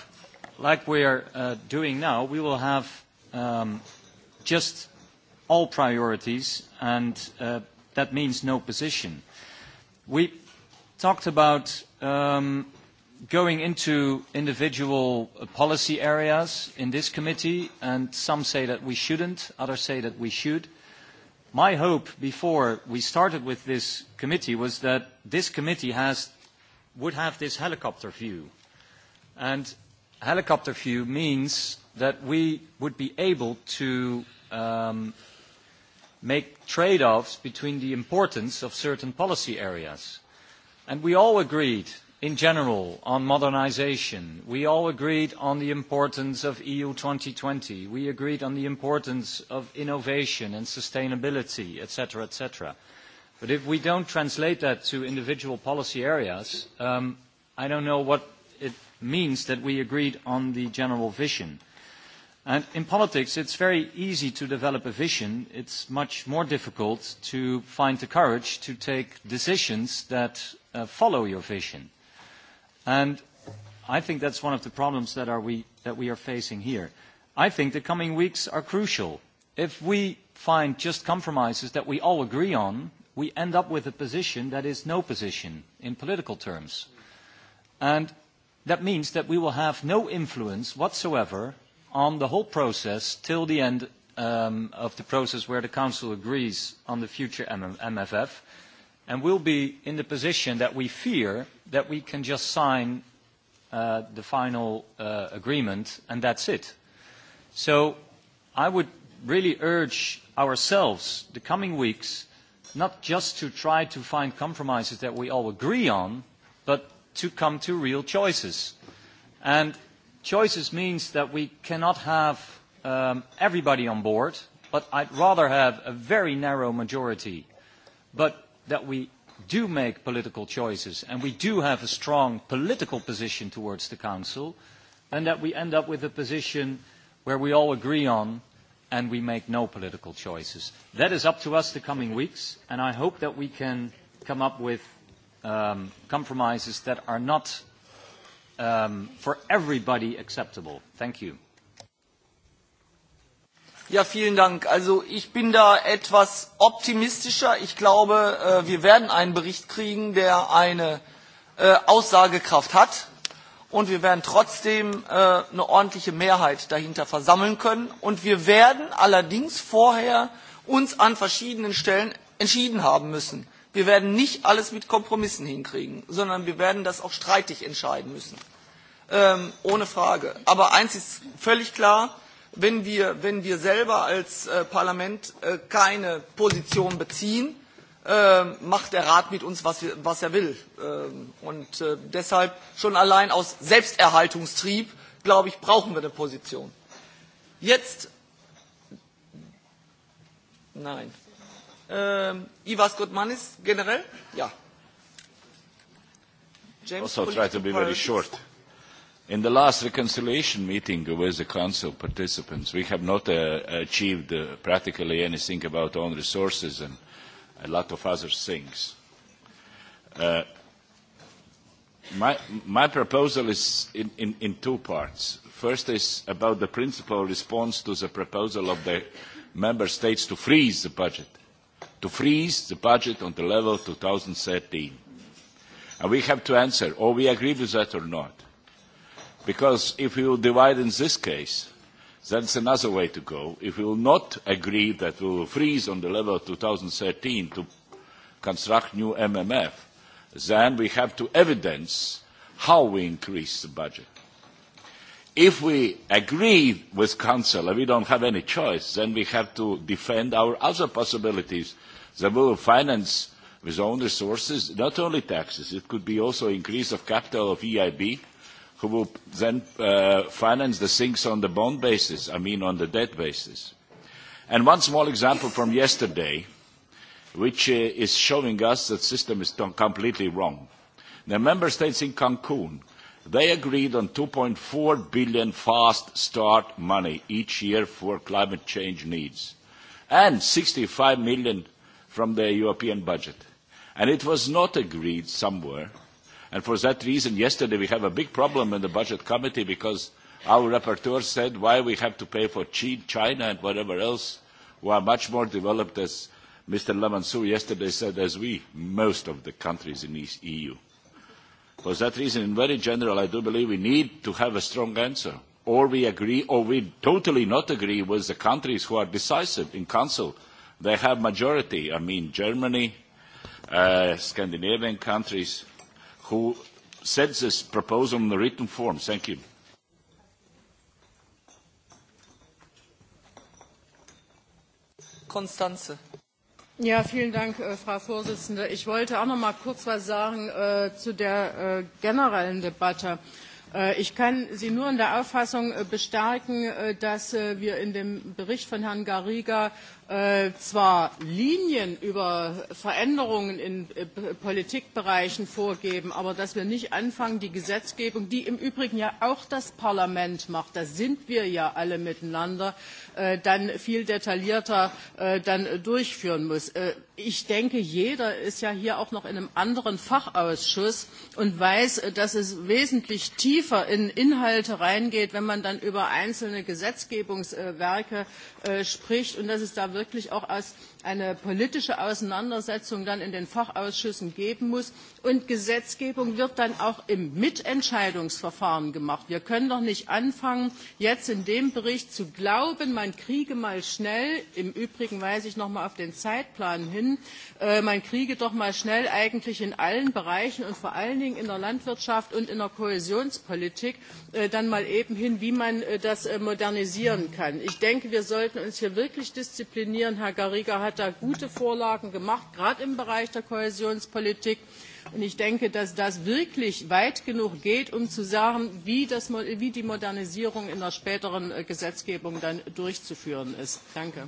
like we are uh, doing now, we will have um, just all priorities, and uh, that means no position. We talked about um, going into individual policy areas in this committee, and some say that we shouldn't, others say that we should. Uh, My hope before we started with this committee was that this committee has, would have this helicopter view. And helicopter view means that we would be able to um, make trade-offs between the importance of certain policy areas. And we all agreed in general on modernisation. We all agreed on the importance of EU twenty. We agreed on the importance of innovation and sustainability, etc., etc. But if we don't translate that to individual policy areas, um, I don't know what it means that we agreed on the general vision. And in politics, it's very easy to develop a vision. It's much more difficult to find the courage to take decisions that uh, follow your vision. And I think that's one of the problems that, are we, that we are facing here. I think the coming weeks are crucial. If we find just compromises that we all agree on, we end up with a position that is no position in political terms. And that means that we will have no influence whatsoever on the whole process till the end um, of the process where the Council agrees on the future M MFF and we'll be in the position that we fear that we can just sign uh, the final uh, agreement and that's it. So I would really urge ourselves the coming weeks not just to try to find compromises that we all agree on, but to come to real choices. And choices means that we cannot have um, everybody on board, but I'd rather have a very narrow majority. But that we do make political choices and we do have a strong political position towards the Council, and that we end up with a position where we all agree on and we make no political choices. That is up to us the coming weeks, and I hope that we can come up with um, compromises that are not um, for everybody acceptable. Thank you. Ja, vielen Dank. Also ich bin da etwas optimistischer. Ich glaube, äh, wir werden einen Bericht kriegen, der eine äh, Aussagekraft hat. Und wir werden trotzdem äh, eine ordentliche Mehrheit dahinter versammeln können. Und wir werden allerdings vorher uns an verschiedenen Stellen entschieden haben müssen. Wir werden nicht alles mit Kompromissen hinkriegen, sondern wir werden das auch streitig entscheiden müssen. Ähm, ohne Frage. Aber eins ist völlig klar, wenn wir, wenn wir selber als äh, Parlament äh, keine Position beziehen, äh, macht der Rat mit uns, was, wir, was er will. Äh, und äh, deshalb schon allein aus Selbsterhaltungstrieb, glaube ich, brauchen wir eine Position. Jetzt, nein, äh, Ivas Gottmanis generell? Ja. James also try to be very short. In the last reconciliation meeting with the Council participants, we have not uh, achieved uh, practically anything about own resources and a lot of other things. Uh, my, my proposal is in, in, in two parts. First is about the principal response to the proposal of the member states to freeze the budget, to freeze the budget on the level 2013. And we have to answer, or we agree with that or not. Because if you divide in this case, that's another way to go. If we will not agree that we will freeze on the level of 2013 to construct new MMF, then we have to evidence how we increase the budget. If we agree with Council and we don't have any choice, then we have to defend our other possibilities that we will finance with own resources, not only taxes, it could be also increase of capital of EIB, who will then uh, finance the things on the bond basis, I mean on the debt basis. And one small example from yesterday, which uh, is showing us that the system is completely wrong. The member states in Cancun, they agreed on 2.4 billion fast start money each year for climate change needs and 65 million from the European budget. And it was not agreed somewhere And for that reason, yesterday we have a big problem in the budget committee because our rapporteur said why we have to pay for China and whatever else who are much more developed as Mr. Lamansu yesterday said as we, most of the countries in the EU. For that reason, in very general, I do believe we need to have a strong answer. Or we agree, or we totally not agree with the countries who are decisive in Council. They have majority. I mean, Germany, uh, Scandinavian countries, who said this proposal in the written form. Thank you. Constanze. Ja, vielen Dank, äh, Frau Vorsitzende. Ich wollte auch noch mal kurz was sagen äh, zu der äh, generellen Debatte. Äh, ich kann Sie nur in der Auffassung äh, bestärken, äh, dass äh, wir in dem Bericht von Herrn Garriga Äh, zwar Linien über Veränderungen in äh, Politikbereichen vorgeben, aber dass wir nicht anfangen, die Gesetzgebung, die im Übrigen ja auch das Parlament macht, das sind wir ja alle miteinander, äh, dann viel detaillierter dann durchführen muss. ich denke, jeder ist ja hier auch noch in einem anderen Fachausschuss und weiß, dass es wesentlich tiefer in Inhalte reingeht, wenn man dann über einzelne Gesetzgebungswerke spricht und dass es da wirklich auch aus eine politische Auseinandersetzung dann in den Fachausschüssen geben muss. Und Gesetzgebung wird dann auch im Mitentscheidungsverfahren gemacht. Wir können doch nicht anfangen, jetzt in dem Bericht zu glauben, man kriege mal schnell, im Übrigen weise ich noch mal auf den Zeitplan hin, äh, man kriege doch mal schnell eigentlich in allen Bereichen und vor allen Dingen in der Landwirtschaft und in der Kohäsionspolitik äh, dann mal eben hin, wie man äh, das modernisieren kann. Ich denke, wir sollten uns hier wirklich disziplinieren. Herr Garriga hat hat da gute Vorlagen gemacht, gerade im Bereich der Kohäsionspolitik. Und ich denke, dass das wirklich weit genug geht, um zu sagen, wie, das, wie die Modernisierung in der späteren äh, Gesetzgebung dann durchzuführen ist. Danke.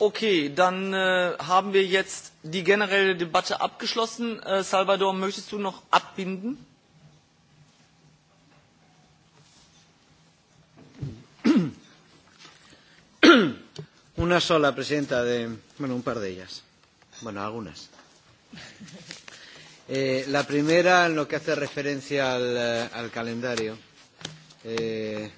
Okay, dann äh, haben wir jetzt die generelle Debatte abgeschlossen. Äh, Salvador, möchtest du noch abbinden? Una sola, Presidenta, de, bueno, un par de ellas. Bueno, algunas. Eh, la primera, en lo que hace referencia al, al calendario. Eh,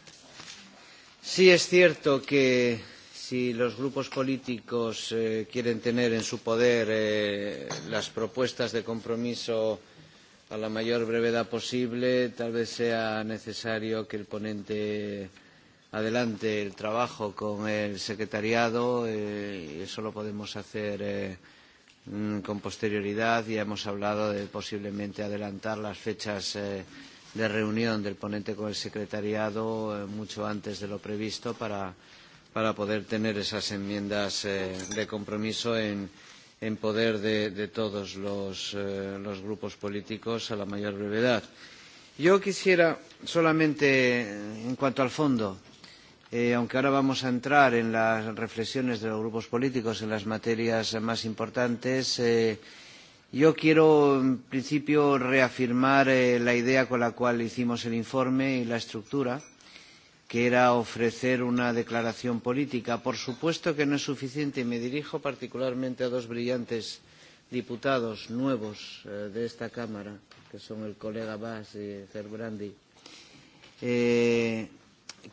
sí es cierto que si los grupos políticos eh, quieren tener en su poder eh, las propuestas de compromiso a la mayor brevedad posible, tal vez sea necesario que el ponente adelante el trabajo con el secretariado. Eh, eso lo podemos hacer eh, mm, con posterioridad. Ya hemos hablado de posiblemente adelantar las fechas eh, de reunión del ponente con el secretariado eh, mucho antes de lo previsto para, para poder tener esas enmiendas eh, de compromiso en, en poder de, de todos los, eh, los grupos políticos a la mayor brevedad. Yo quisiera solamente, en cuanto al fondo, Eh, aunque ahora vamos a entrar en las reflexiones de los grupos políticos en las materias más importantes, eh, yo quiero, en principio, reafirmar eh, la idea con la cual hicimos el informe y la estructura, que era ofrecer una declaración política. Por supuesto que no es suficiente, y me dirijo particularmente a dos brillantes diputados nuevos eh, de esta Cámara, que son el colega Bass y Cerbrandi. Eh,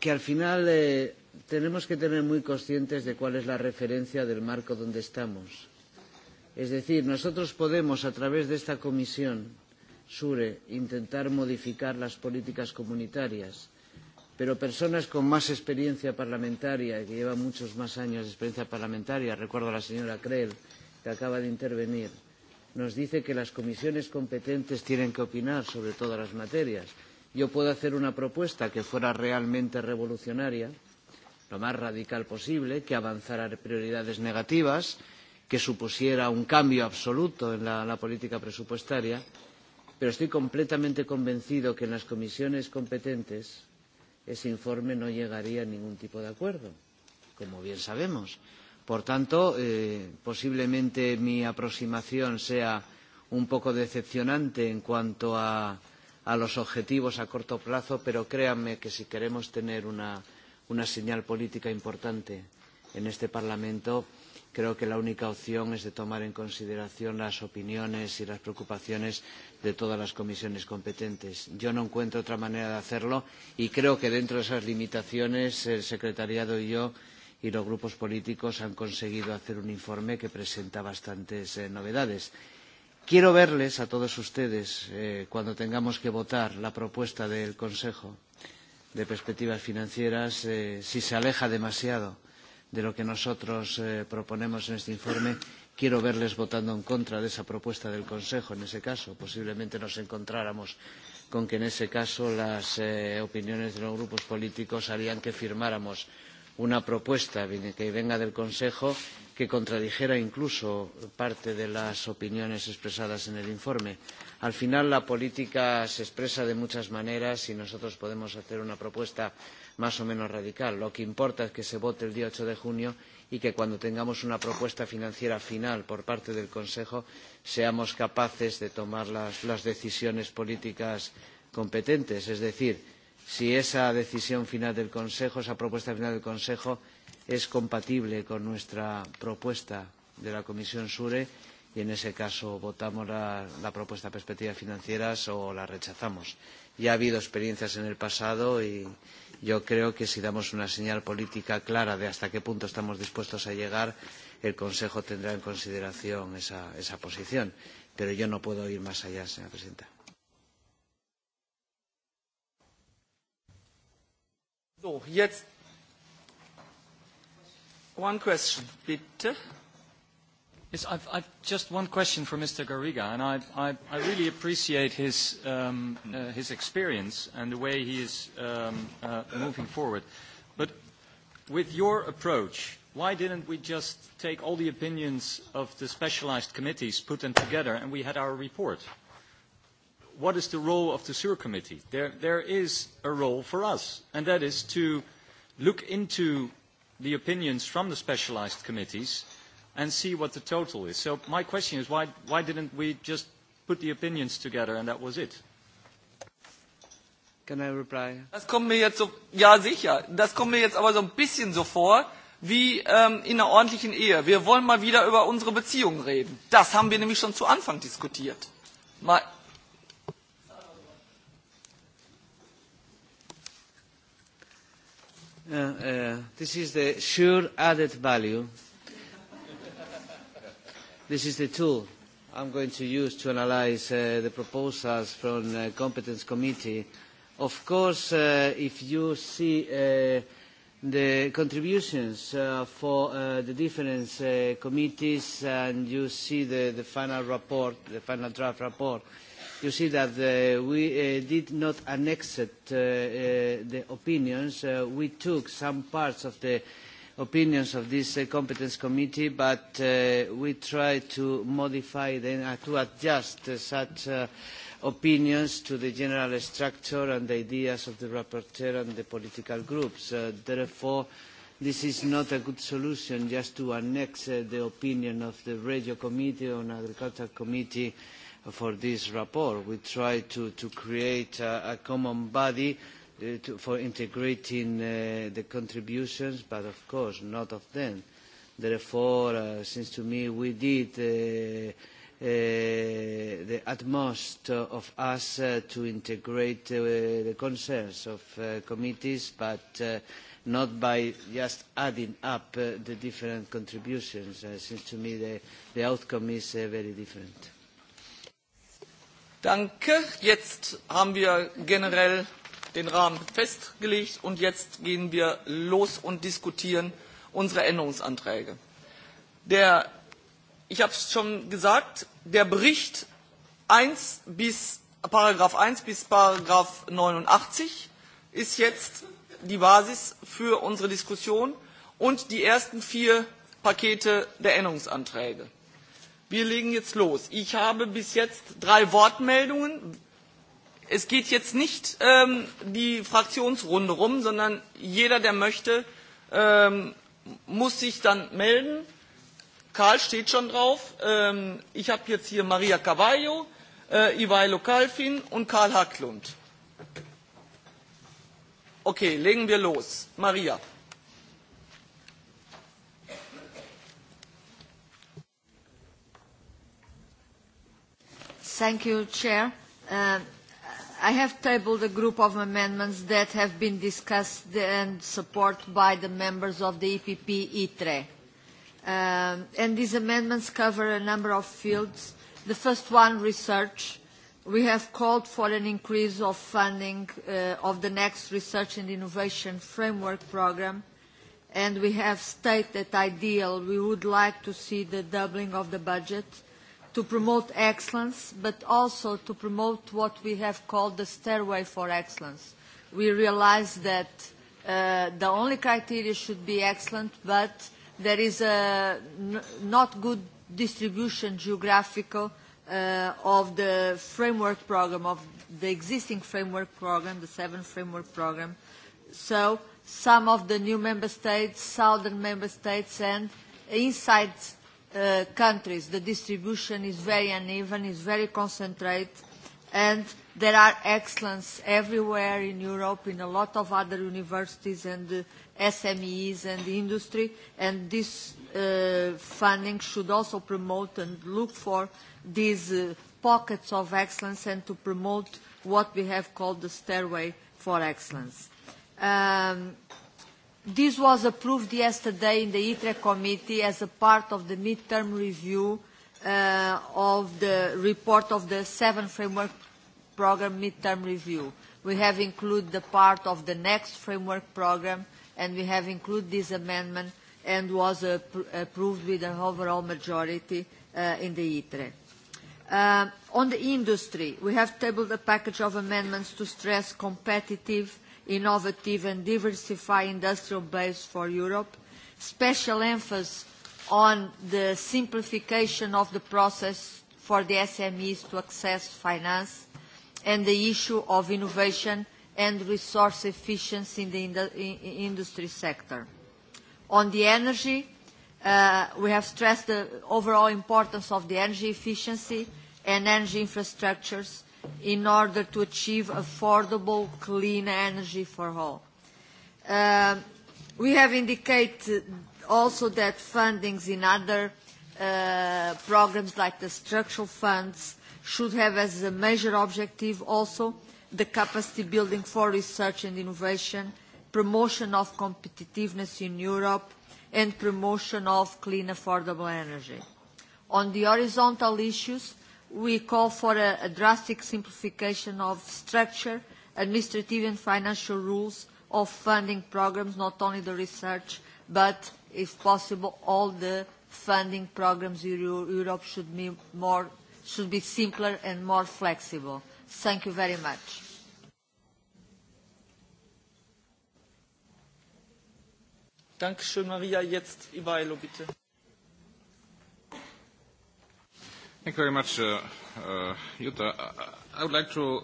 que al final eh, tenemos que tener muy conscientes de cuál es la referencia del marco donde estamos. Es decir, nosotros podemos, a través de esta comisión SURE, intentar modificar las políticas comunitarias, pero personas con más experiencia parlamentaria que llevan muchos más años de experiencia parlamentaria, recuerdo a la señora Krell, que acaba de intervenir, nos dice que las comisiones competentes tienen que opinar sobre todas las materias yo puedo hacer una propuesta que fuera realmente revolucionaria, lo más radical posible, que avanzara prioridades negativas, que supusiera un cambio absoluto en la, la política presupuestaria, pero estoy completamente convencido que en las comisiones competentes ese informe no llegaría a ningún tipo de acuerdo, como bien sabemos. Por tanto, eh, posiblemente mi aproximación sea un poco decepcionante en cuanto a a los objetivos a corto plazo, pero créanme que si queremos tener una, una señal política importante en este Parlamento, creo que la única opción es de tomar en consideración las opiniones y las preocupaciones de todas las comisiones competentes. Yo no encuentro otra manera de hacerlo y creo que dentro de esas limitaciones el secretariado y yo y los grupos políticos han conseguido hacer un informe que presenta bastantes eh, novedades. Quiero verles a todos ustedes eh, cuando tengamos que votar la propuesta del Consejo de Perspectivas Financieras eh, si se aleja demasiado de lo que nosotros eh, proponemos en este informe. Quiero verles votando en contra de esa propuesta del Consejo en ese caso. Posiblemente nos encontráramos con que en ese caso las eh, opiniones de los grupos políticos harían que firmáramos una propuesta que venga del Consejo que contradijera incluso parte de las opiniones expresadas en el informe. Al final la política se expresa de muchas maneras y nosotros podemos hacer una propuesta más o menos radical. Lo que importa es que se vote el día 8 de junio y que cuando tengamos una propuesta financiera final por parte del Consejo seamos capaces de tomar las, las decisiones políticas competentes. Es decir, si esa decisión final del Consejo, esa propuesta final del Consejo es compatible con nuestra propuesta de la Comisión SURE y en ese caso votamos la, la propuesta de perspectivas financieras o la rechazamos. Ya ha habido experiencias en el pasado y yo creo que si damos una señal política clara de hasta qué punto estamos dispuestos a llegar, el Consejo tendrá en consideración esa, esa posición. Pero yo no puedo ir más allá, señora presidenta. So, jetzt One question, bitte. Yes, I've, I've just one question for Mr. Garriga, and I, I, I really appreciate his, um, uh, his experience and the way he is um, uh, moving forward. But with your approach, why didn't we just take all the opinions of the specialized committees, put them together, and we had our report? What is the role of the SURE committee? There, there is a role for us, and that is to look into the opinions from the specialized committees and see what the total is. So my question is why, why didn't we just put the opinions together and that was it? Can I reply? Das kommt mir jetzt so, ja sicher, das kommt mir jetzt aber so ein bisschen so vor, wie ähm, in einer ordentlichen Ehe. Wir wollen mal wieder über unsere Beziehungen reden. Das haben wir nämlich schon zu Anfang diskutiert. Mal Uh, uh, this is the sure added value. this is the tool I'm going to use to analyze uh, the proposals from the uh, Competence Committee. Of course, uh, if you see uh, the contributions uh, for uh, the different uh, committees and you see the, the final report, the final draft report, uh, you see that uh, we uh, did not annex it, uh, uh, the opinions. Uh, we took some parts of the opinions of this uh, competence committee, but uh, we tried to modify them, uh, to adjust uh, such uh, opinions to the general structure and the ideas of the rapporteur and the political groups. Uh, therefore, this is not a good solution just to annex uh, the opinion of the Regio Committee or Agricultural Committee for this rapport. We try to, to create a, a common body uh, to, for integrating uh, the contributions, but of course not of them. Therefore, uh, since to me we did uh, uh, the utmost of us uh, to integrate uh, the concerns of uh, committees, but uh, not by just adding up uh, the different contributions, uh, since to me the, the outcome is uh, very different. Danke. Jetzt haben wir generell den Rahmen festgelegt und jetzt gehen wir los und diskutieren unsere Änderungsanträge. Der, ich habe es schon gesagt, der Bericht 1 bis, Paragraph 1 bis Paragraph 89 ist jetzt die Basis für unsere Diskussion und die ersten vier Pakete der Änderungsanträge. Wir legen jetzt los. Ich habe bis jetzt drei Wortmeldungen. Es geht jetzt nicht ähm, die Fraktionsrunde rum, sondern jeder, der möchte, ähm, muss sich dann melden. Karl steht schon drauf. Ähm, ich habe jetzt hier Maria Cavallo, äh, Ivailo Kalfin und Karl Hacklund. Okay, legen wir los. Maria. Thank you, Chair. Uh, I have tabled a group of amendments that have been discussed and supported by the members of the EPP ITRE. E. Um, and these amendments cover a number of fields. The first one, research. We have called for an increase of funding uh, of the next Research and Innovation Framework Programme, and we have stated that ideal we would like to see the doubling of the budget – to promote excellence, but also to promote what we have called the stairway for excellence. We realize that uh, the only criteria should be excellent, but there is a n not good distribution geographical uh, of the framework program, of the existing framework program, the seven framework program. So some of the new member states, southern member states, and inside Uh, countries, the distribution is very uneven, is very concentrated, and there are excellence everywhere in Europe, in a lot of other universities and uh, SMEs and industry, and this uh, funding should also promote and look for these uh, pockets of excellence and to promote what we have called the stairway for excellence. Um, This was approved yesterday in the ITRE committee as a part of the midterm review uh, of the report of the seven framework program midterm review. We have included the part of the next framework program and we have included this amendment and was uh, approved with an overall majority uh, in the ITRE. Uh, on the industry, we have tabled a package of amendments to stress competitive innovative and diversified industrial base for Europe, special emphasis on the simplification of the process for the SMEs to access finance, and the issue of innovation and resource efficiency in the in industry sector. On the energy, uh, we have stressed the overall importance of the energy efficiency and energy infrastructures in order to achieve affordable, clean energy for all. Uh, we have indicated also that fundings in other uh, programs like the structural funds should have as a major objective also the capacity building for research and innovation, promotion of competitiveness in Europe, and promotion of clean, affordable energy. On the horizontal issues, we call for a, a drastic simplification of structure, administrative and financial rules of funding programs, not only the research, but if possible, all the funding programs in Europe should be more, should be simpler and more flexible. Thank you very much. Dankeschön, Maria. Jetzt Ivailo, bitte. Thank you very much, uh, uh, Jutta. I would like to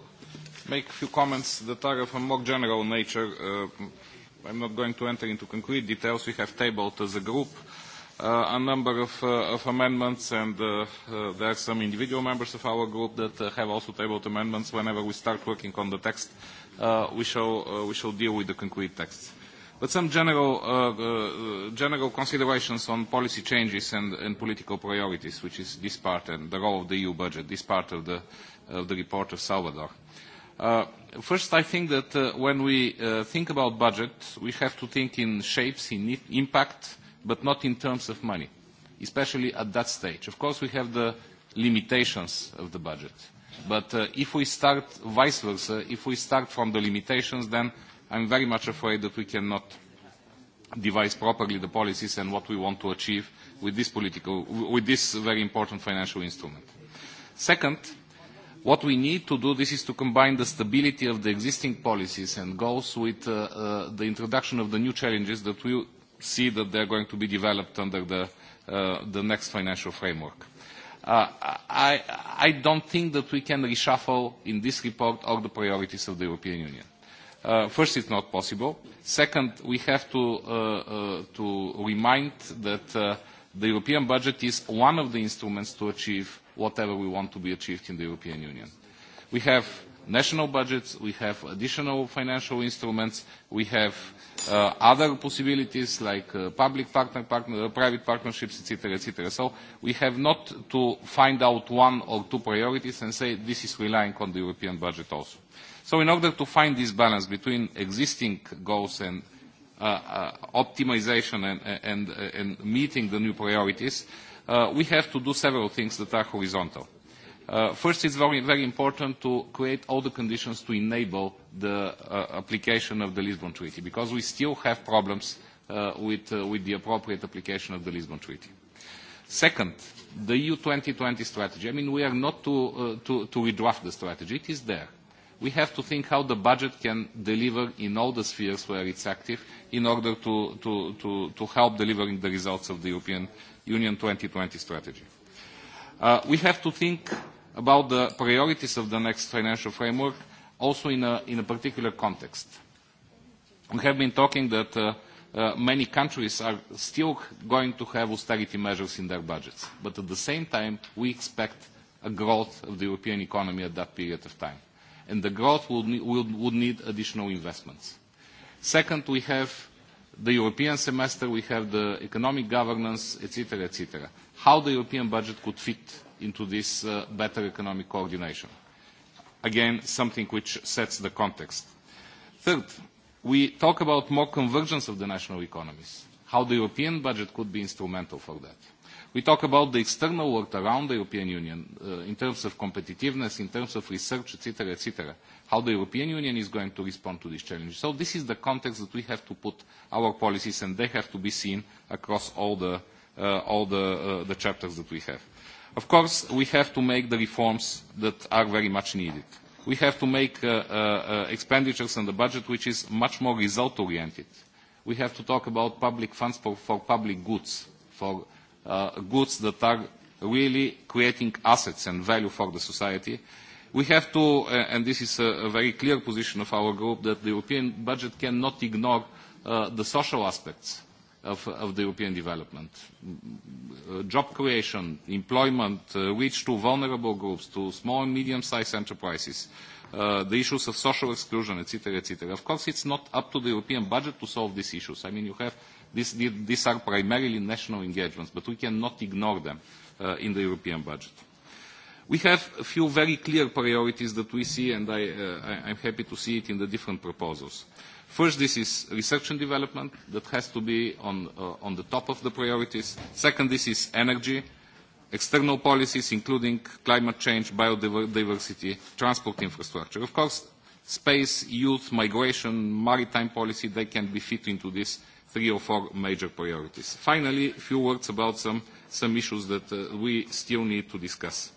make a few comments that are of a more general nature. Uh, I'm not going to enter into concrete details. We have tabled as a group uh, a number of, uh, of amendments, and uh, uh, there are some individual members of our group that uh, have also tabled amendments. Whenever we start working on the text, uh, we, shall, uh, we shall deal with the concrete texts. But some general, uh, uh, uh, general considerations on policy changes and, and political priorities, which is this part and the role of the EU budget, this part of the, of the report of Salvador. Uh, first, I think that uh, when we uh, think about budget, we have to think in shapes, in impact, but not in terms of money, especially at that stage. Of course, we have the limitations of the budget. But uh, if we start vice versa, if we start from the limitations, then I'm very much afraid that we cannot devise properly the policies and what we want to achieve with this, political, with this very important financial instrument. Second, what we need to do this is to combine the stability of the existing policies and goals with uh, uh, the introduction of the new challenges that we see that they're going to be developed under the, uh, the next financial framework. Uh, I, I don't think that we can reshuffle in this report all the priorities of the European Union. Uh, first, it's not possible. Second, we have to, uh, uh, to remind that uh, the European budget is one of the instruments to achieve whatever we want to be achieved in the European Union. We have national budgets, we have additional financial instruments, we have uh, other possibilities like uh, public partner, partner, uh, private partnerships, etc., etc. So we have not to find out one or two priorities and say this is relying on the European budget also. Uh, So in order to find this balance between existing goals and uh, uh, optimization and, and, and meeting the new priorities, uh, we have to do several things that are horizontal. Uh, first, it's very, very important to create all the conditions to enable the uh, application of the Lisbon Treaty, because we still have problems uh, with, uh, with the appropriate application of the Lisbon Treaty. Second, the EU 2020 strategy. I mean, we are not to, uh, to, to redraft the strategy. It is there we have to think how the budget can deliver in all the spheres where it's active in order to, to, to, to help delivering the results of the European Union 2020 strategy. Uh, we have to think about the priorities of the next financial framework also in a, in a particular context. We have been talking that uh, uh, many countries are still going to have austerity measures in their budgets, but at the same time we expect a growth of the European economy at that period of time and the growth will, will, would need additional investments. Second, we have the European semester, we have the economic governance, etc., etc. How the European budget could fit into this uh, better economic coordination. Again, something which sets the context. Third, we talk about more convergence of the national economies, how the European budget could be instrumental for that. We talk about the external world around the European Union uh, in terms of competitiveness, in terms of research, etc., etc., how the European Union is going to respond to this challenge. So this is the context that we have to put our policies and they have to be seen across all the, uh, all the, uh, the chapters that we have. Of course, we have to make the reforms that are very much needed. We have to make uh, uh, uh expenditures and the budget which is much more result-oriented. We have to talk about public funds for, for public goods, for uh, goods that are really creating assets and value for the society. We have to, uh, and this is a, a very clear position of our group, that the European budget cannot ignore uh, the social aspects of, of the European development. Mm, uh, job creation, employment, uh, reach to vulnerable groups, to small and medium-sized enterprises, uh, the issues of social exclusion, etc., etc. Of course, it's not up to the European budget to solve these issues. I mean, you have This, these are primarily national engagements, but we cannot ignore them uh, in the European budget. We have a few very clear priorities that we see, and I, uh, I'm happy to see it in the different proposals. First, this is research and development that has to be on, uh, on the top of the priorities. Second, this is energy, external policies, including climate change, biodiversity, transport infrastructure. Of course, space, youth, migration, maritime policy, they can be fit into this three or four major priorities. Finally, a few words about some, some issues that uh, we still need to discuss.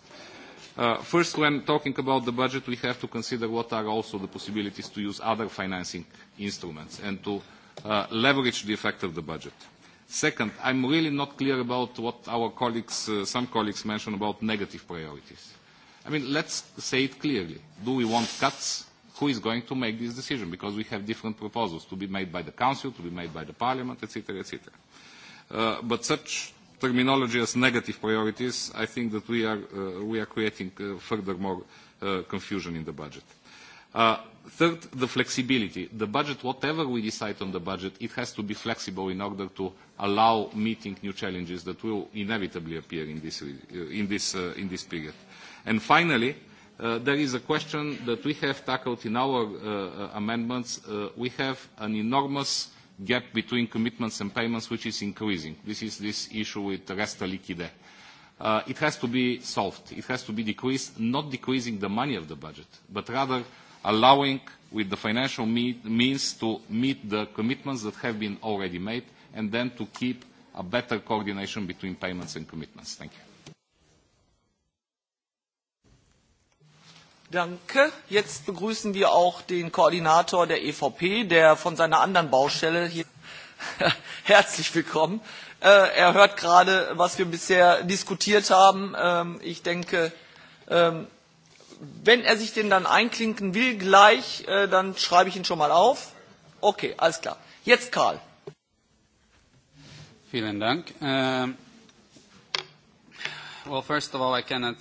Uh, first, when talking about the budget, we have to consider what are also the possibilities to use other financing instruments and to uh, leverage the effect of the budget. Second, I'm really not clear about what our colleagues, uh, some colleagues mentioned about negative priorities. I mean, let's say it clearly. Do we want cuts? who is going to make this decision because we have different proposals to be made by the Council, to be made by the Parliament, etc., etc. Uh, but such terminology as negative priorities, I think that we are, uh, we are creating uh, furthermore uh, confusion in the budget. Uh, third, the flexibility. The budget, whatever we decide on the budget, it has to be flexible in order to allow meeting new challenges that will inevitably appear in this, uh, in this, uh, in this period. And finally, uh, Uh, there is a question that we have tackled in our uh, uh, amendments. Uh, we have an enormous gap between commitments and payments which is increasing. This is this issue with resta liquide. Uh, it has to be solved. It has to be decreased, not decreasing the money of the budget, but rather allowing with the financial meet, means to meet the commitments that have been already made and then to keep a better coordination between payments and commitments. Thank you. Danke. Jetzt begrüßen wir auch den Koordinator der EVP, der von seiner anderen Baustelle hier herzlich willkommen. Äh, er hört gerade, was wir bisher diskutiert haben. Ähm, ich denke, ähm, wenn er sich denn dann einklinken will gleich, äh, dann schreibe ich ihn schon mal auf. Okay, alles klar. Jetzt Karl. Vielen Dank. Um, well, first of all, I cannot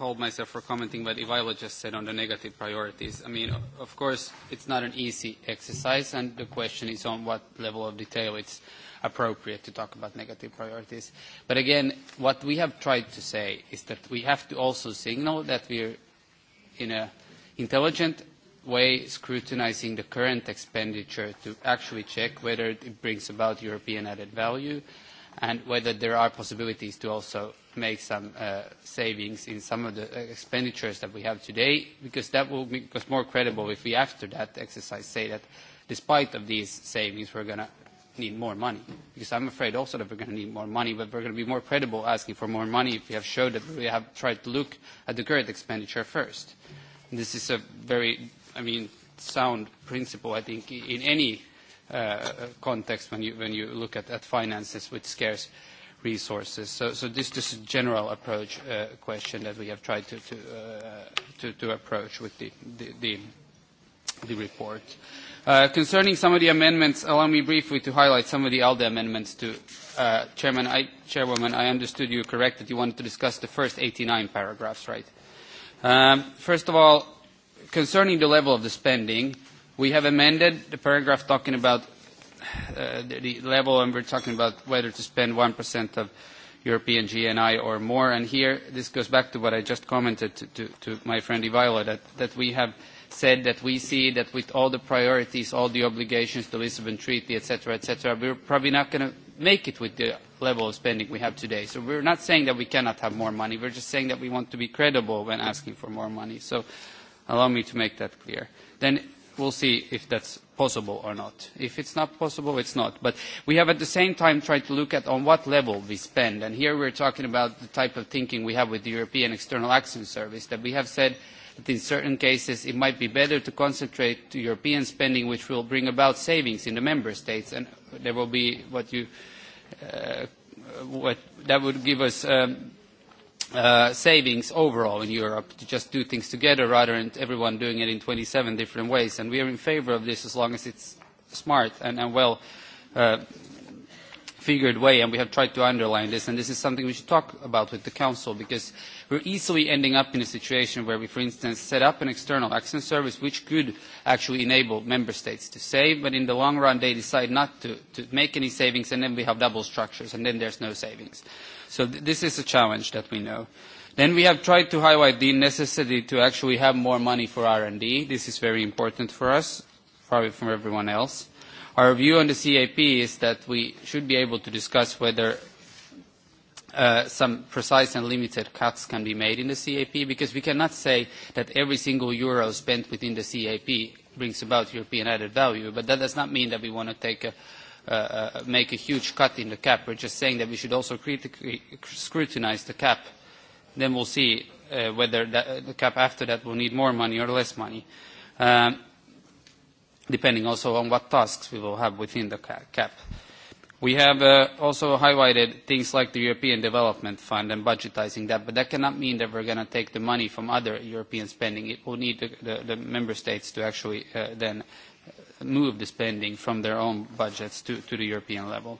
hold myself for commenting what Ivaila just said on the negative priorities. I mean, of course, it's not an easy exercise, and the question is on what level of detail it's appropriate to talk about negative priorities. But again, what we have tried to say is that we have to also signal that we're in an intelligent way scrutinizing the current expenditure to actually check whether it brings about European added value and whether there are possibilities to also make some uh, savings in some of the expenditures that we have today, because that will make us more credible if we, after that exercise, say that despite of these savings, we're going to need more money. Because I'm afraid also that we're going to need more money, but we're going to be more credible asking for more money if we have showed that we have tried to look at the current expenditure first. And this is a very, I mean, sound principle, I think, in any uh, context when you, when you look at, at finances with scarce resources. So, so this is a general approach uh, question that we have tried to, to, uh, to, to approach with the, the, the, the report. Uh, concerning some of the amendments, allow me briefly to highlight some of the ALDE amendments to uh, Chairman, I, Chairwoman, I understood you correct that you wanted to discuss the first 89 paragraphs, right? Um, first of all, concerning the level of the spending, we have amended the paragraph talking about uh, the level, and we're talking about whether to spend 1% of European GNI or more. And here, this goes back to what I just commented to, to, to my friend Ivaila, that, that we have said that we see that with all the priorities, all the obligations, the Lisbon Treaty, etc., etc., we're probably not going to make it with the level of spending we have today. So we're not saying that we cannot have more money. We're just saying that we want to be credible when asking for more money. So allow me to make that clear. Then we'll see if that's possible or not. If it's not possible, it's not. But we have at the same time tried to look at on what level we spend. And here we're talking about the type of thinking we have with the European External Action Service, that we have said that in certain cases it might be better to concentrate to European spending, which will bring about savings in the member states. And there will be what you, uh, what, that would give us um, uh, savings overall in Europe to just do things together rather than everyone doing it in 27 different ways. And we are in favor of this as long as it's smart and, and well uh, figured way. And we have tried to underline this. And this is something we should talk about with the Council because we're easily ending up in a situation where we, for instance, set up an external action service which could actually enable member states to save, but in the long run they decide not to, to make any savings and then we have double structures and then there's no savings. Uh, So th this is a challenge that we know. Then we have tried to highlight the necessity to actually have more money for R&D. This is very important for us, probably from everyone else. Our view on the CAP is that we should be able to discuss whether uh, some precise and limited cuts can be made in the CAP because we cannot say that every single euro spent within the CAP brings about European added value, but that does not mean that we want to take a uh, uh, make a huge cut in the cap. We're just saying that we should also critically scrutinize the cap. Then we'll see uh, whether that, uh, the cap after that will need more money or less money, um, depending also on what tasks we will have within the cap. We have uh, also highlighted things like the European Development Fund and budgetizing that, but that cannot mean that we're going to take the money from other European spending. It will need the, the, the member states to actually uh, then move the spending from their own budgets to, to the European level.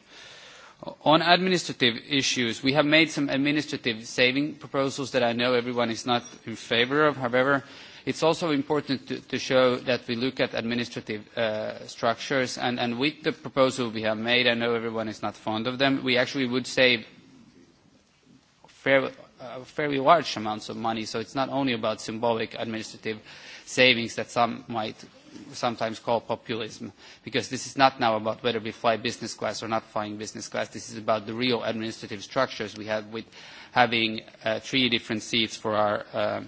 On administrative issues, we have made some administrative saving proposals that I know everyone is not in favor of. However, it's also important to, to show that we look at administrative uh, structures. And, and with the proposal we have made, I know everyone is not fond of them, we actually would save fair, uh, fairly large amounts of money. So it's not only about symbolic administrative savings that some might sometimes call populism, because this is not now about whether we fly business class or not flying business class. This is about the real administrative structures we have with having uh, three different seats for our uh,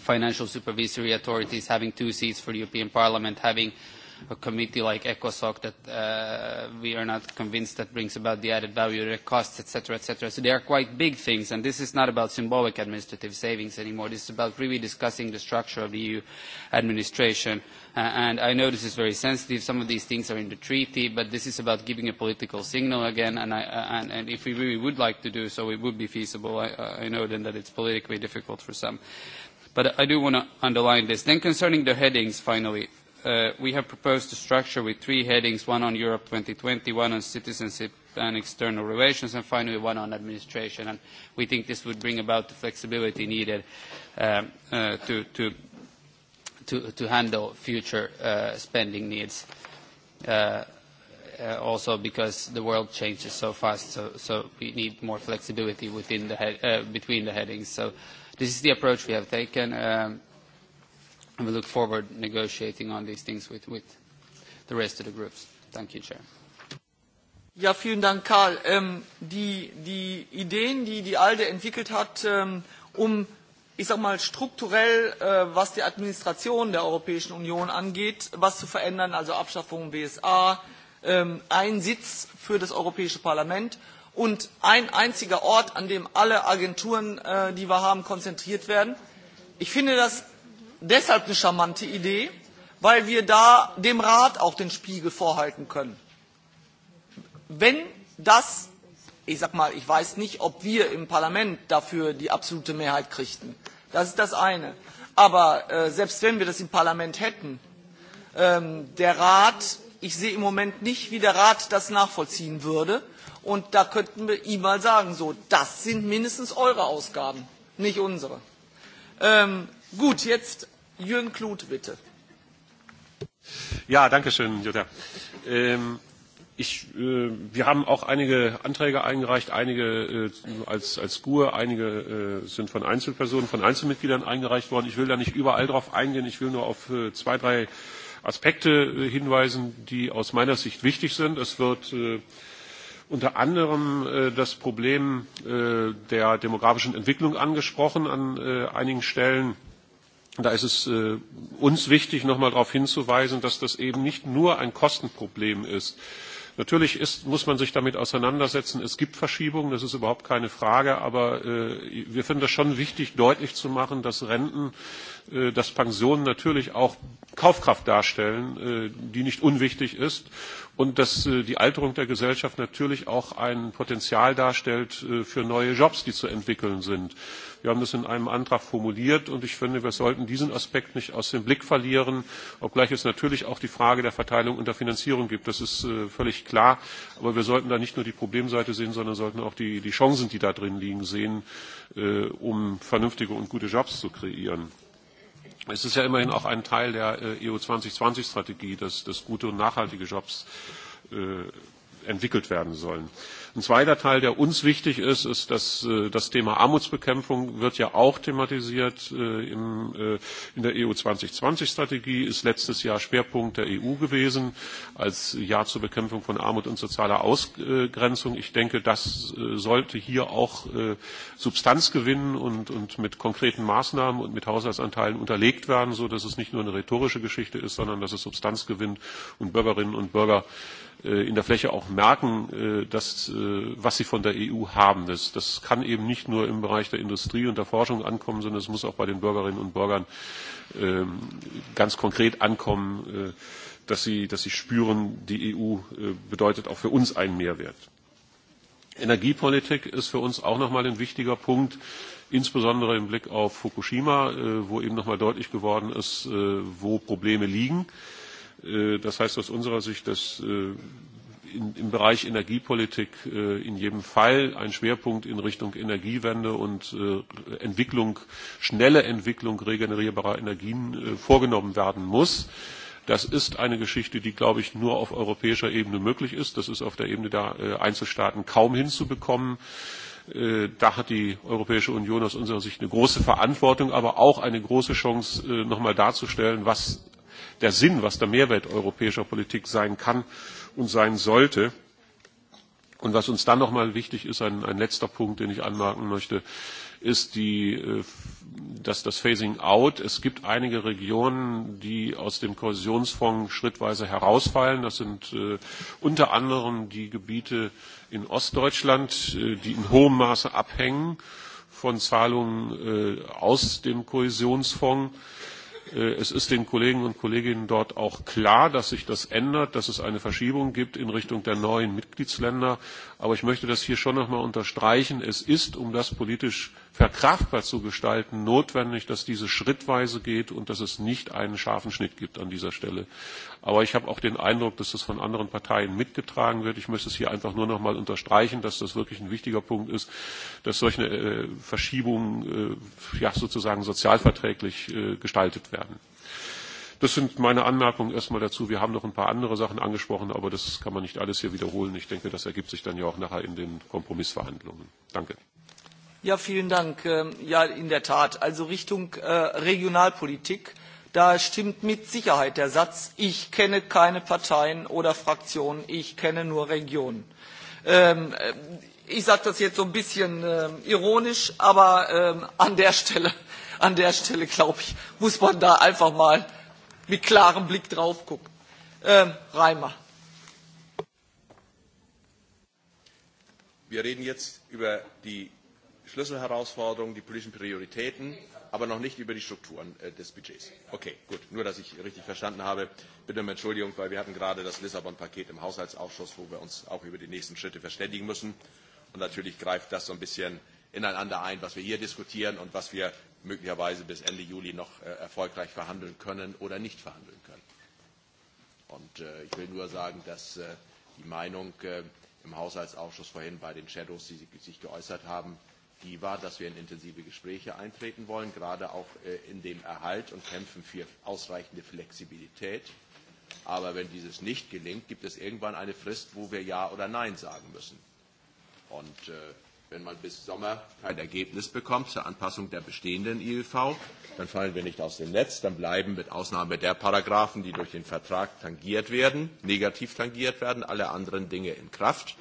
financial supervisory authorities, having two seats for the European Parliament, having uh, a committee like ECOSOC that uh, we are not convinced that brings about the added value, the costs, etc., etc. So they are quite big things, and this is not about symbolic administrative savings anymore. This is about really discussing the structure of the EU administration. Uh, and I know this is very sensitive. Some of these things are in the treaty, but this is about giving a political signal again. And, I, uh, and, and if we really would like to do so, it would be feasible. I, I know then that it's politically difficult for some. But I do want to underline this. Then concerning the headings, finally, uh, we have proposed a structure with three headings, one on Europe 2020, one on citizenship and external relations, and finally one on administration. And we think this would bring about the flexibility needed um, uh, to, to, to, to handle future uh, spending needs. Uh, uh, also because the world changes so fast, so, so we need more flexibility within the uh, between the headings. So this is the approach we have taken. Um, and we look forward to negotiating on these things with, with the rest of the groups. Thank you, Chair. Ja, vielen Dank, Karl. Ähm, die, die Ideen, die die ALDE entwickelt hat, ähm, um, ich sag mal, strukturell, äh, was die Administration der Europäischen Union angeht, was zu verändern, also Abschaffung WSA, ähm, ein Sitz für das Europäische Parlament und ein einziger Ort, an dem alle Agenturen, äh, die wir haben, konzentriert werden. Ich finde das deshalb eine charmante Idee, weil wir da dem Rat auch den Spiegel vorhalten können. Wenn das, ich sag mal, ich weiß nicht, ob wir im Parlament dafür die absolute Mehrheit kriegten. Das ist das eine. Aber äh, selbst wenn wir das im Parlament hätten, ähm, der Rat, ich sehe im Moment nicht, wie der Rat das nachvollziehen würde. Und da könnten wir ihm mal sagen, so, das sind mindestens eure Ausgaben, nicht unsere. Ähm, gut, jetzt Jürgen Kluth, bitte. Ja, danke schön, Jutta. Ähm, ich, äh, wir haben auch einige Anträge eingereicht, einige äh, als, als GUR, e, einige äh, sind von Einzelpersonen, von Einzelmitgliedern eingereicht worden. Ich will da nicht überall drauf eingehen, ich will nur auf äh, zwei, drei Aspekte äh, hinweisen, die aus meiner Sicht wichtig sind. Es wird äh, unter anderem äh, das Problem äh, der demografischen Entwicklung angesprochen an äh, einigen Stellen. Äh, Da ist es äh, uns wichtig, nochmal darauf hinzuweisen, dass das eben nicht nur ein Kostenproblem ist. Natürlich ist, muss man sich damit auseinandersetzen. Es gibt Verschiebungen, das ist überhaupt keine Frage, aber äh, wir finden das schon wichtig, deutlich zu machen, dass Renten, äh, dass Pensionen natürlich auch Kaufkraft darstellen, äh, die nicht unwichtig ist und dass äh, die Alterung der Gesellschaft natürlich auch ein Potenzial darstellt äh, für neue Jobs, die zu entwickeln sind. Äh, Wir haben das in einem Antrag formuliert und ich finde, wir sollten diesen Aspekt nicht aus dem Blick verlieren, obgleich es natürlich auch die Frage der Verteilung und der Finanzierung gibt. Das ist äh, völlig klar. Aber wir sollten da nicht nur die Problemseite sehen, sondern sollten auch die, die Chancen, die da drin liegen, sehen, äh, um vernünftige und gute Jobs zu kreieren. Es ist ja immerhin auch ein Teil der äh, EU 2020-Strategie, dass, dass gute und nachhaltige Jobs äh, entwickelt werden sollen. Ein zweiter Teil, der uns wichtig ist, ist, dass äh, das Thema Armutsbekämpfung wird ja auch thematisiert äh, im, äh, in der EU 2020-Strategie, ist letztes Jahr Schwerpunkt der EU gewesen als Jahr zur Bekämpfung von Armut und sozialer Ausgrenzung. Ich denke, das äh, sollte hier auch äh, Substanz gewinnen und, und mit konkreten Maßnahmen und mit Haushaltsanteilen unterlegt werden, sodass es nicht nur eine rhetorische Geschichte ist, sondern dass es Substanz gewinnt und Bürgerinnen und Bürger Äh, in der Fläche auch merken, äh, dass, äh, was sie von der EU haben. Das, das kann eben nicht nur im Bereich der Industrie und der Forschung ankommen, sondern es muss auch bei den Bürgerinnen und Bürgern ähm, ganz konkret ankommen, dass sie, dass sie spüren, die EU bedeutet auch für uns einen Mehrwert. Energiepolitik ist für uns auch nochmal ein wichtiger Punkt, insbesondere im Blick auf Fukushima, wo eben nochmal deutlich geworden ist, wo Probleme liegen. Äh, das heißt aus unserer Sicht, dass äh, im Bereich Energiepolitik äh, in jedem Fall ein Schwerpunkt in Richtung Energiewende und Entwicklung, schnelle Entwicklung regenerierbarer Energien vorgenommen werden muss. Das ist eine Geschichte, die, glaube ich, nur auf europäischer Ebene möglich ist. Das ist auf der Ebene der Einzelstaaten kaum hinzubekommen. da hat die Europäische Union aus unserer Sicht eine große Verantwortung, aber auch eine große Chance, noch nochmal darzustellen, was der Sinn, was der Mehrwert europäischer Politik sein kann und sein sollte. Und was uns dann nochmal wichtig ist, ein, ein letzter Punkt, den ich anmerken möchte, ist die, äh, dass das Phasing Out. Es gibt einige Regionen, die aus dem Kohäsionsfonds schrittweise herausfallen. Das sind äh, unter anderem die Gebiete in Ostdeutschland, äh, die in hohem Maße abhängen von Zahlungen äh, aus dem Kohäsionsfonds. Äh, es ist den Kollegen und Kolleginnen dort auch klar, dass sich das ändert, dass es eine Verschiebung gibt in Richtung der neuen Mitgliedsländer Aber ich möchte das hier schon nochmal unterstreichen. Es ist, um das politisch verkraftbar zu gestalten, notwendig, dass diese schrittweise geht und dass es nicht einen scharfen Schnitt gibt an dieser Stelle. Aber ich habe auch den Eindruck, dass das von anderen Parteien mitgetragen wird. Ich möchte es hier einfach nur nochmal unterstreichen, dass das wirklich ein wichtiger Punkt ist, dass solche äh, Verschiebungen äh, ja, sozusagen sozialverträglich äh, gestaltet werden. Das sind meine Anmerkungen erstmal dazu. Wir haben noch ein paar andere Sachen angesprochen, aber das kann man nicht alles hier wiederholen. Ich denke, das ergibt sich dann ja auch nachher in den Kompromissverhandlungen. Danke. Ja, vielen Dank. Ähm, ja, in der Tat. Also Richtung äh, Regionalpolitik. Da stimmt mit Sicherheit der Satz, ich kenne keine Parteien oder Fraktionen, ich kenne nur Regionen. Ähm, äh, ich sage das jetzt so ein bisschen äh, ironisch, aber ähm, an der Stelle, Stelle glaube ich, muss man da einfach mal mit klarem Blick drauf gucken. Ähm, Reimer. Wir reden jetzt über die Schlüsselherausforderungen, die politischen Prioritäten, aber noch nicht über die Strukturen äh, des Budgets. Okay, gut. Nur, dass ich richtig verstanden habe. Bitte um Entschuldigung, weil wir hatten gerade das Lissabon-Paket im Haushaltsausschuss, wo wir uns auch über die nächsten Schritte verständigen müssen. Und natürlich greift das so ein bisschen ineinander ein, was wir hier diskutieren und was wir möglicherweise bis Ende Juli noch äh, erfolgreich verhandeln können oder nicht verhandeln können. Und äh, ich will nur sagen, dass äh, die Meinung äh, im Haushaltsausschuss vorhin bei den Shadows, die sich geäußert haben, die war, dass wir in intensive Gespräche eintreten wollen, gerade auch äh, in dem Erhalt und Kämpfen für ausreichende Flexibilität. Aber wenn dieses nicht gelingt, gibt es irgendwann eine Frist, wo wir Ja oder Nein sagen müssen. Und äh, Wenn man bis Sommer kein Ergebnis bekommt zur Anpassung der bestehenden ILV, dann fallen wir nicht aus dem Netz, dann bleiben mit Ausnahme der Paragraphen, die durch den Vertrag tangiert werden, negativ tangiert werden, alle anderen Dinge in Kraft.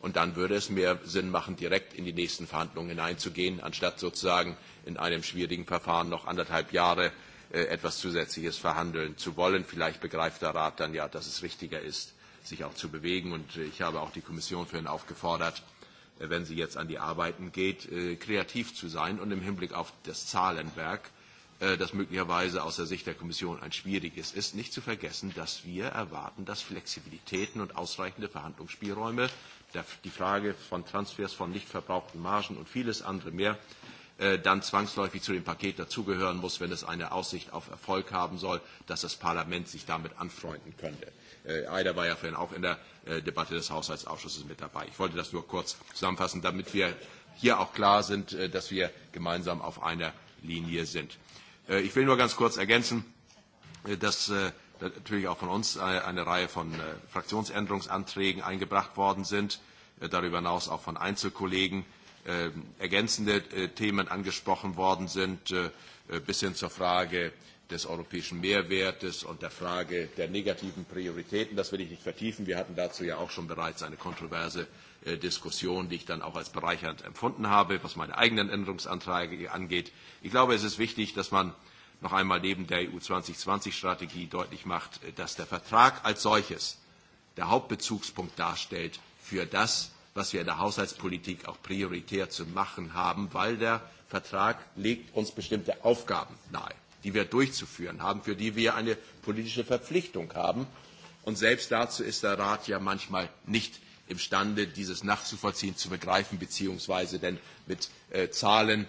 Und dann würde es mehr Sinn machen, direkt in die nächsten Verhandlungen hineinzugehen, anstatt sozusagen in einem schwierigen Verfahren noch anderthalb Jahre äh, etwas Zusätzliches verhandeln zu wollen. Vielleicht begreift der Rat dann ja, dass es richtiger ist, sich auch zu bewegen. Und äh, ich habe auch die Kommission für ihn aufgefordert, Äh, wenn sie jetzt an die Arbeiten geht, äh, kreativ zu sein und im Hinblick auf das Zahlenwerk, äh, das möglicherweise aus der Sicht der Kommission ein schwieriges ist, nicht zu vergessen, dass wir erwarten, dass Flexibilitäten und ausreichende Verhandlungsspielräume, die Frage von Transfers von nicht verbrauchten Margen und vieles andere mehr, dann zwangsläufig zu dem Paket dazugehören muss, wenn es eine Aussicht auf Erfolg haben soll, dass das Parlament sich damit anfreunden könnte. Äh, Eider war ja vorhin auch in der äh, Debatte des Haushaltsausschusses mit dabei. Ich wollte das nur kurz zusammenfassen, damit wir hier auch klar sind, äh, dass wir gemeinsam auf einer Linie sind. Ich will nur ganz kurz ergänzen, dass natürlich auch von uns eine Reihe von Fraktionsänderungsanträgen eingebracht worden sind, darüber hinaus auch von Einzelkollegen ergänzende Themen angesprochen worden sind, bis hin zur Frage des europäischen Mehrwertes und der Frage der negativen Prioritäten. Das will ich nicht vertiefen. Wir hatten dazu ja auch schon bereits eine kontroverse äh, Diskussion, die ich dann auch als bereichernd empfunden habe, was meine eigenen Änderungsanträge angeht. Ich glaube, es ist wichtig, dass man noch einmal neben der EU-2020-Strategie deutlich macht, äh, dass der Vertrag als solches der Hauptbezugspunkt darstellt für das, was wir in der Haushaltspolitik auch prioritär zu machen haben, weil der Vertrag legt uns bestimmte Aufgaben nahe die wir durchzuführen haben, für die wir eine politische Verpflichtung haben. Und selbst dazu ist der Rat ja manchmal nicht imstande, dieses nachzuvollziehen, zu begreifen, beziehungsweise denn mit äh, Zahlen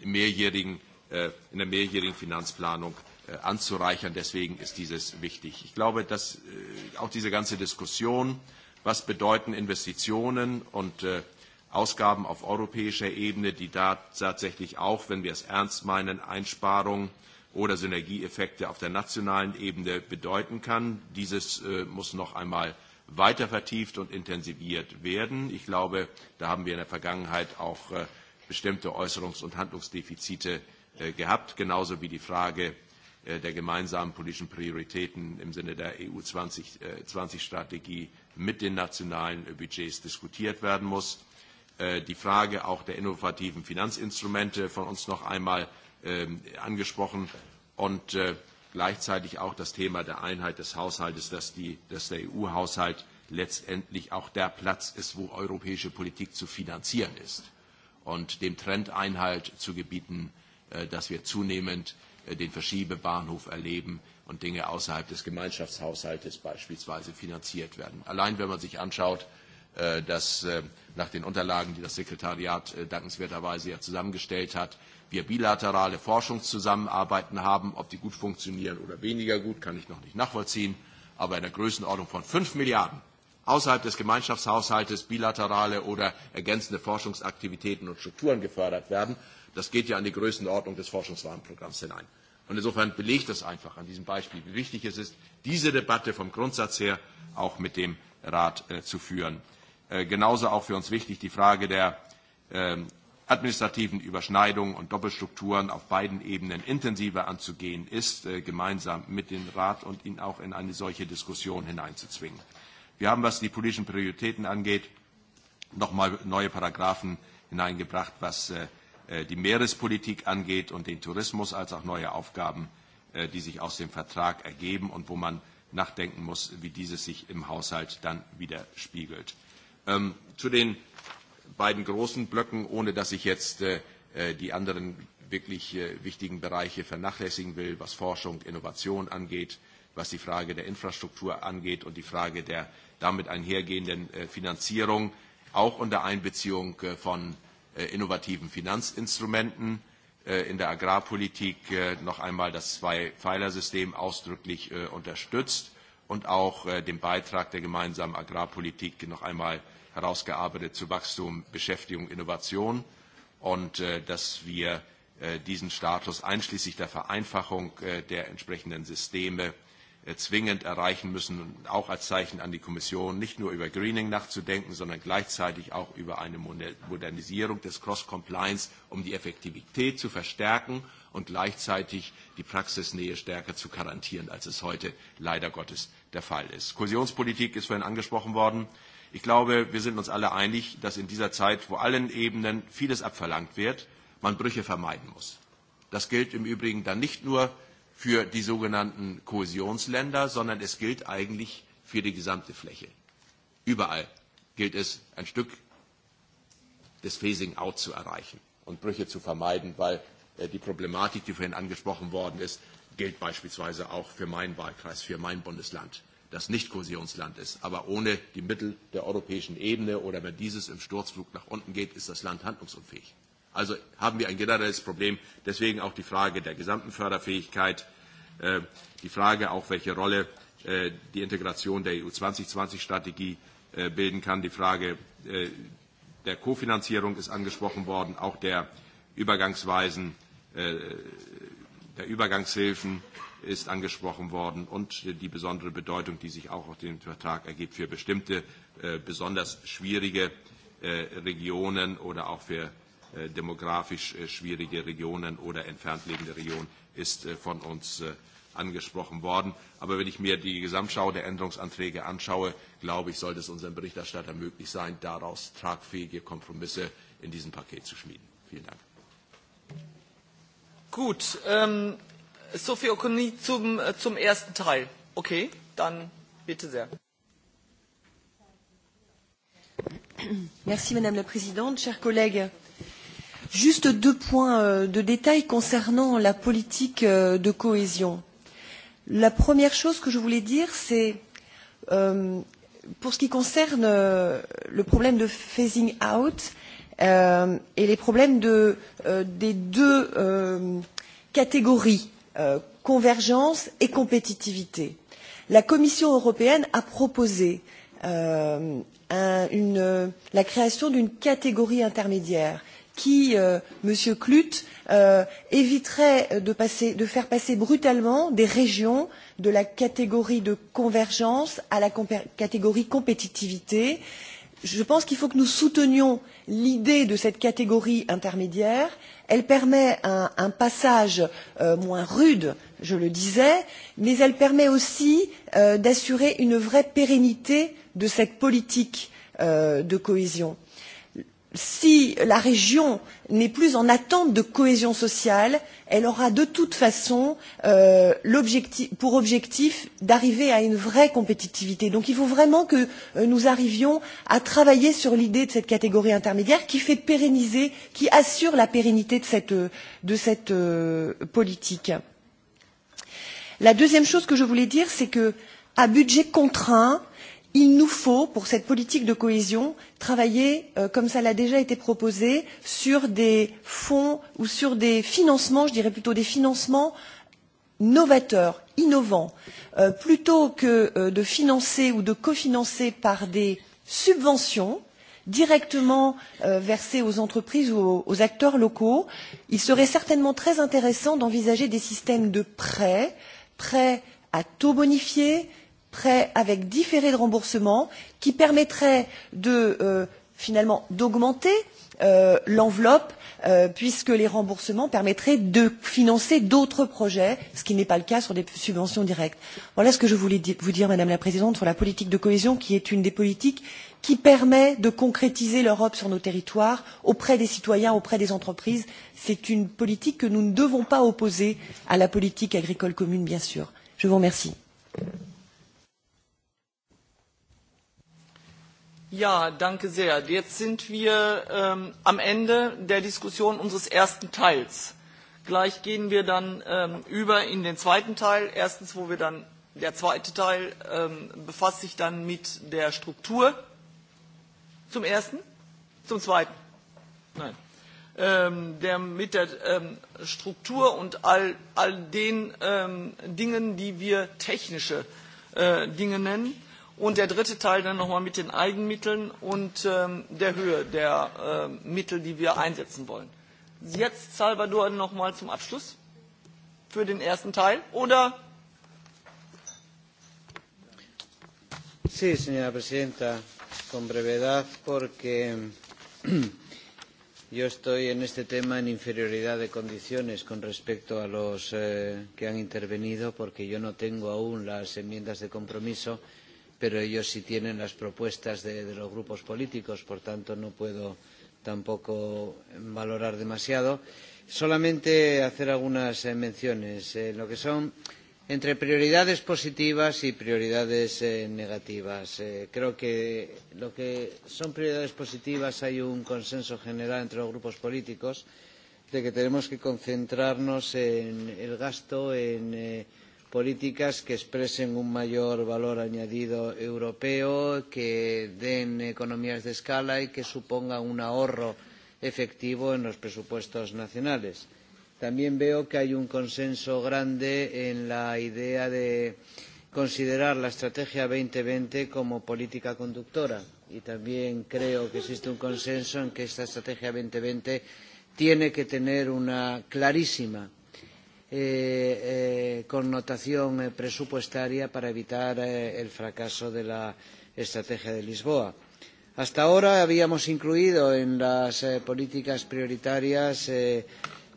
im mehrjährigen, äh, in der mehrjährigen Finanzplanung äh, anzureichern. Deswegen ist dieses wichtig. Ich glaube, dass äh, auch diese ganze Diskussion, was bedeuten Investitionen und äh, Ausgaben auf europäischer Ebene, die da tatsächlich auch, wenn wir es ernst meinen, Einsparungen oder Synergieeffekte auf der nationalen Ebene bedeuten kann. Dieses äh, muss noch einmal weiter vertieft und intensiviert werden. Ich glaube, da haben wir in der Vergangenheit auch äh, bestimmte Äußerungs- und Handlungsdefizite äh, gehabt, genauso wie die Frage äh, der gemeinsamen politischen Prioritäten im Sinne der EU 2020-Strategie äh, mit den nationalen äh, Budgets diskutiert werden muss. Die Frage auch der innovativen Finanzinstrumente von uns noch einmal Ähm, angesprochen und äh, gleichzeitig auch das Thema der Einheit des Haushaltes, dass, die, dass der EU-Haushalt letztendlich auch der Platz ist, wo europäische Politik zu finanzieren ist und dem Trend Einhalt zu gebieten, äh, dass wir zunehmend äh, den Verschiebebahnhof erleben und Dinge außerhalb des Gemeinschaftshaushaltes beispielsweise finanziert werden. Allein wenn man sich anschaut, Äh, dass äh, nach den Unterlagen, die das Sekretariat äh, dankenswerterweise ja zusammengestellt hat, wir bilaterale Forschungszusammenarbeiten haben. Ob die gut funktionieren oder weniger gut, kann ich noch nicht nachvollziehen. Aber in der Größenordnung von 5 Milliarden außerhalb des Gemeinschaftshaushaltes bilaterale oder ergänzende Forschungsaktivitäten und Strukturen gefördert werden, das geht ja an die Größenordnung des Forschungswarenprogramms hinein. Und insofern belegt das einfach an diesem Beispiel, wie wichtig es ist, diese Debatte vom Grundsatz her auch mit dem Rat äh, zu führen. Äh, genauso auch für uns wichtig die Frage der ähm, administrativen Überschneidungen und Doppelstrukturen auf beiden Ebenen intensiver anzugehen ist, äh, gemeinsam mit dem Rat und ihn auch in eine solche Diskussion hineinzuzwingen. Wir haben, was die politischen Prioritäten angeht, nochmal neue Paragraphen hineingebracht, was äh, äh die Meerespolitik angeht und den Tourismus, als auch neue Aufgaben, äh, die sich aus dem Vertrag ergeben und wo man nachdenken muss, wie dieses sich im Haushalt dann widerspiegelt. Ähm, zu den beiden großen Blöcken, ohne dass ich jetzt äh, äh, die anderen wirklich äh, wichtigen Bereiche vernachlässigen will, was Forschung, Innovation angeht, was die Frage der Infrastruktur angeht und die Frage der damit einhergehenden äh, Finanzierung, auch unter Einbeziehung äh, von äh, innovativen Finanzinstrumenten äh, in der Agrarpolitik äh, noch einmal das Zwei-Pfeiler-System ausdrücklich äh, unterstützt und auch äh, den Beitrag der gemeinsamen Agrarpolitik noch einmal herausgearbeitet zu Wachstum, Beschäftigung, Innovation und äh, dass wir äh, diesen Status einschließlich der Vereinfachung äh, der entsprechenden Systeme äh, zwingend erreichen müssen und auch als Zeichen an die Kommission nicht nur über Greening nachzudenken, sondern gleichzeitig auch über eine Modernisierung des Cross-Compliance, um die Effektivität zu verstärken und gleichzeitig die Praxisnähe stärker zu garantieren, als es heute leider Gottes der Fall ist. Kohäsionspolitik ist vorhin angesprochen worden. Äh, Ich glaube, wir sind uns alle einig, dass in dieser Zeit, wo allen Ebenen vieles abverlangt wird, man Brüche vermeiden muss. Das gilt im Übrigen dann nicht nur für die sogenannten Kohäsionsländer, sondern es gilt eigentlich für die gesamte Fläche. Überall gilt es, ein Stück des Phasing Out zu erreichen und Brüche zu vermeiden, weil äh, die Problematik, die vorhin angesprochen worden ist, gilt beispielsweise auch für meinen Wahlkreis, für mein Bundesland das nicht Kohäsionsland ist. Aber ohne die Mittel der europäischen Ebene oder wenn dieses im Sturzflug nach unten geht, ist das Land handlungsunfähig. Also haben wir ein generelles Problem. Deswegen auch die Frage der gesamten Förderfähigkeit, äh, die Frage auch, welche Rolle äh, die Integration der EU-2020-Strategie äh, bilden kann. Die Frage der Kofinanzierung ist angesprochen worden, auch der Übergangsweisen, der Übergangshilfen ist angesprochen worden und die besondere Bedeutung, die sich auch auf dem Vertrag ergibt für bestimmte äh, besonders schwierige äh, Regionen oder auch für äh, demografisch schwierige Regionen oder entfernt lebende Regionen, ist von uns angesprochen worden. Aber wenn ich mir die Gesamtschau der Änderungsanträge anschaue, glaube ich, sollte es unserem Berichterstatter möglich sein, daraus tragfähige Kompromisse in diesem Paket zu schmieden. Vielen Dank. Gut, ähm, Sophie Okuni zum, äh, zum ersten Teil. Okay, dann bitte sehr. Merci Madame la Présidente, chers collègues. Juste deux points euh, de détail concernant la politique euh, de cohésion. La première chose que je voulais dire, c'est euh, pour ce qui concerne euh, le problème de phasing out euh, et les problèmes de, euh, des deux euh, catégories Euh, convergence et compétitivité. La Commission européenne a proposé euh, un, une, euh, la création d'une catégorie intermédiaire qui, euh, Monsieur Clut, euh, éviterait de, passer, de faire passer brutalement des régions de la catégorie de convergence à la compé catégorie compétitivité je pense qu'il faut que nous soutenions l'idée de cette catégorie intermédiaire. Elle permet un, un passage euh, moins rude, je le disais, mais elle permet aussi euh, d'assurer une vraie pérennité de cette politique euh, de cohésion si la région n'est plus en attente de cohésion sociale, elle aura de toute façon euh, objectif, pour objectif d'arriver à une vraie compétitivité. Donc il faut vraiment que euh, nous arrivions à travailler sur l'idée de cette catégorie intermédiaire qui fait pérenniser, qui assure la pérennité de cette, de cette euh, politique. La deuxième chose que je voulais dire, c'est que à budget contraint, Il nous faut, pour cette politique de cohésion, travailler, euh, comme ça l'a déjà été proposé, sur des fonds ou sur des financements, je dirais plutôt des financements novateurs, innovants, euh, plutôt que euh, de financer ou de cofinancer par des subventions directement euh, versées aux entreprises ou aux, aux acteurs locaux, il serait certainement très intéressant d'envisager des systèmes de prêts, prêts à taux bonifiés, prêts avec différés de remboursement qui permettraient de euh, finalement d'augmenter euh, l'enveloppe euh, puisque les remboursements permettraient de financer d'autres projets, ce qui n'est pas le cas sur des subventions directes. Voilà ce que je voulais di vous dire, Madame la Présidente, sur la politique de cohésion, qui est une des politiques qui permet de concrétiser l'Europe sur nos territoires, auprès des citoyens, auprès des entreprises. C'est une politique que nous ne devons pas opposer à la politique agricole commune, bien sûr. Je vous remercie. Ja, danke sehr. Jetzt sind wir ähm, am Ende der Diskussion unseres ersten Teils. Gleich gehen wir dann ähm, über in den zweiten Teil. Erstens, wo wir dann, der zweite Teil ähm, befasst sich dann mit der Struktur. Zum ersten? Zum zweiten? Nein. Ähm, der, mit der ähm, Struktur und all, all den ähm, Dingen, die wir technische äh, Dinge nennen Und der dritte Teil dann nochmal mit den Eigenmitteln und ähm, der Höhe der äh, Mittel, die wir einsetzen wollen. Jetzt Salvador nochmal zum Abschluss für den ersten Teil oder? Sí, señora presidenta, con brevedad porque yo estoy en este tema en inferioridad de condiciones con respecto a los eh, que han intervenido porque yo no tengo aún las enmiendas de compromiso pero ellos sí tienen las propuestas de, de los grupos políticos, por tanto no puedo tampoco valorar demasiado. Solamente hacer algunas eh, menciones eh, en eh, lo que son entre prioridades positivas y prioridades eh, negativas. Eh, creo que lo que son prioridades positivas hay un consenso general entre los grupos políticos de que tenemos que concentrarnos en el gasto, en eh, políticas que expresen un mayor valor añadido europeo, que den economías de escala y que supongan un ahorro efectivo en los presupuestos nacionales. También veo que hay un consenso grande en la idea de considerar la Estrategia 2020 como política conductora y también creo que existe un consenso en que esta Estrategia 2020 tiene que tener una clarísima eh, eh, connotación eh, presupuestaria para evitar eh, el fracaso de la estrategia de Lisboa. Hasta ahora habíamos incluido en las eh, políticas prioritarias eh,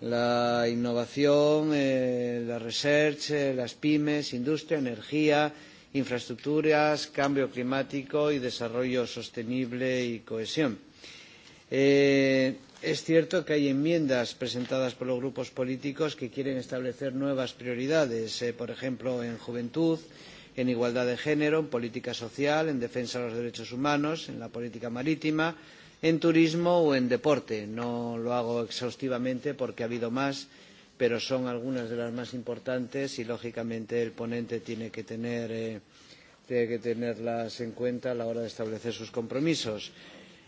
la innovación, eh, la research, eh, las pymes, industria, energía, infraestructuras, cambio climático y desarrollo sostenible y cohesión. Eh, es cierto que hay enmiendas presentadas por los grupos políticos que quieren establecer nuevas prioridades, eh, por ejemplo, en juventud, en igualdad de género, en política social, en defensa de los derechos humanos, en la política marítima, en turismo o en deporte. No lo hago exhaustivamente porque ha habido más, pero son algunas de las más importantes y, lógicamente, el ponente tiene que tener. Eh, tiene que tenerlas en cuenta a la hora de establecer sus compromisos.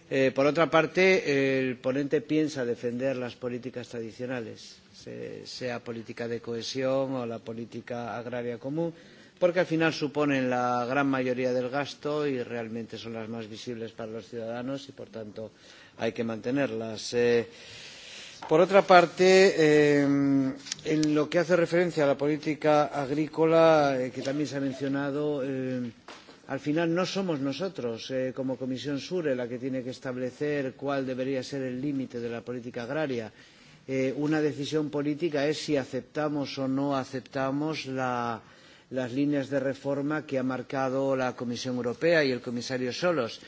Eh, por otra parte, el ponente piensa defender las políticas tradicionales, sea sea política de cohesión o la política agraria común, porque al final suponen la gran mayoría del gasto y realmente son las más visibles para los ciudadanos y, por tanto, hay que mantenerlas. Eh, Por otra parte, eh, en lo que hace referencia a la política agrícola, eh, que también se ha mencionado, eh, al final no somos nosotros eh, como Comisión Sure la que tiene que establecer cuál debería ser el límite de la política agraria. Eh, una decisión política es si aceptamos o no aceptamos la, las líneas de reforma que ha marcado la Comisión Europea y el comisario Solos.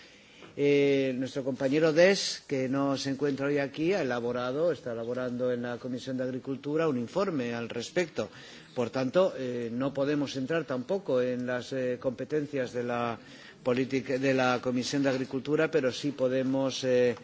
Eh, nuestro compañero Des, que no se encuentra hoy aquí, ha elaborado, está elaborando en la Comisión de Agricultura un informe al respecto. Por tanto, eh, no podemos entrar tampoco en las eh, competencias de la, politica, de la Comisión de Agricultura, pero sí podemos eh,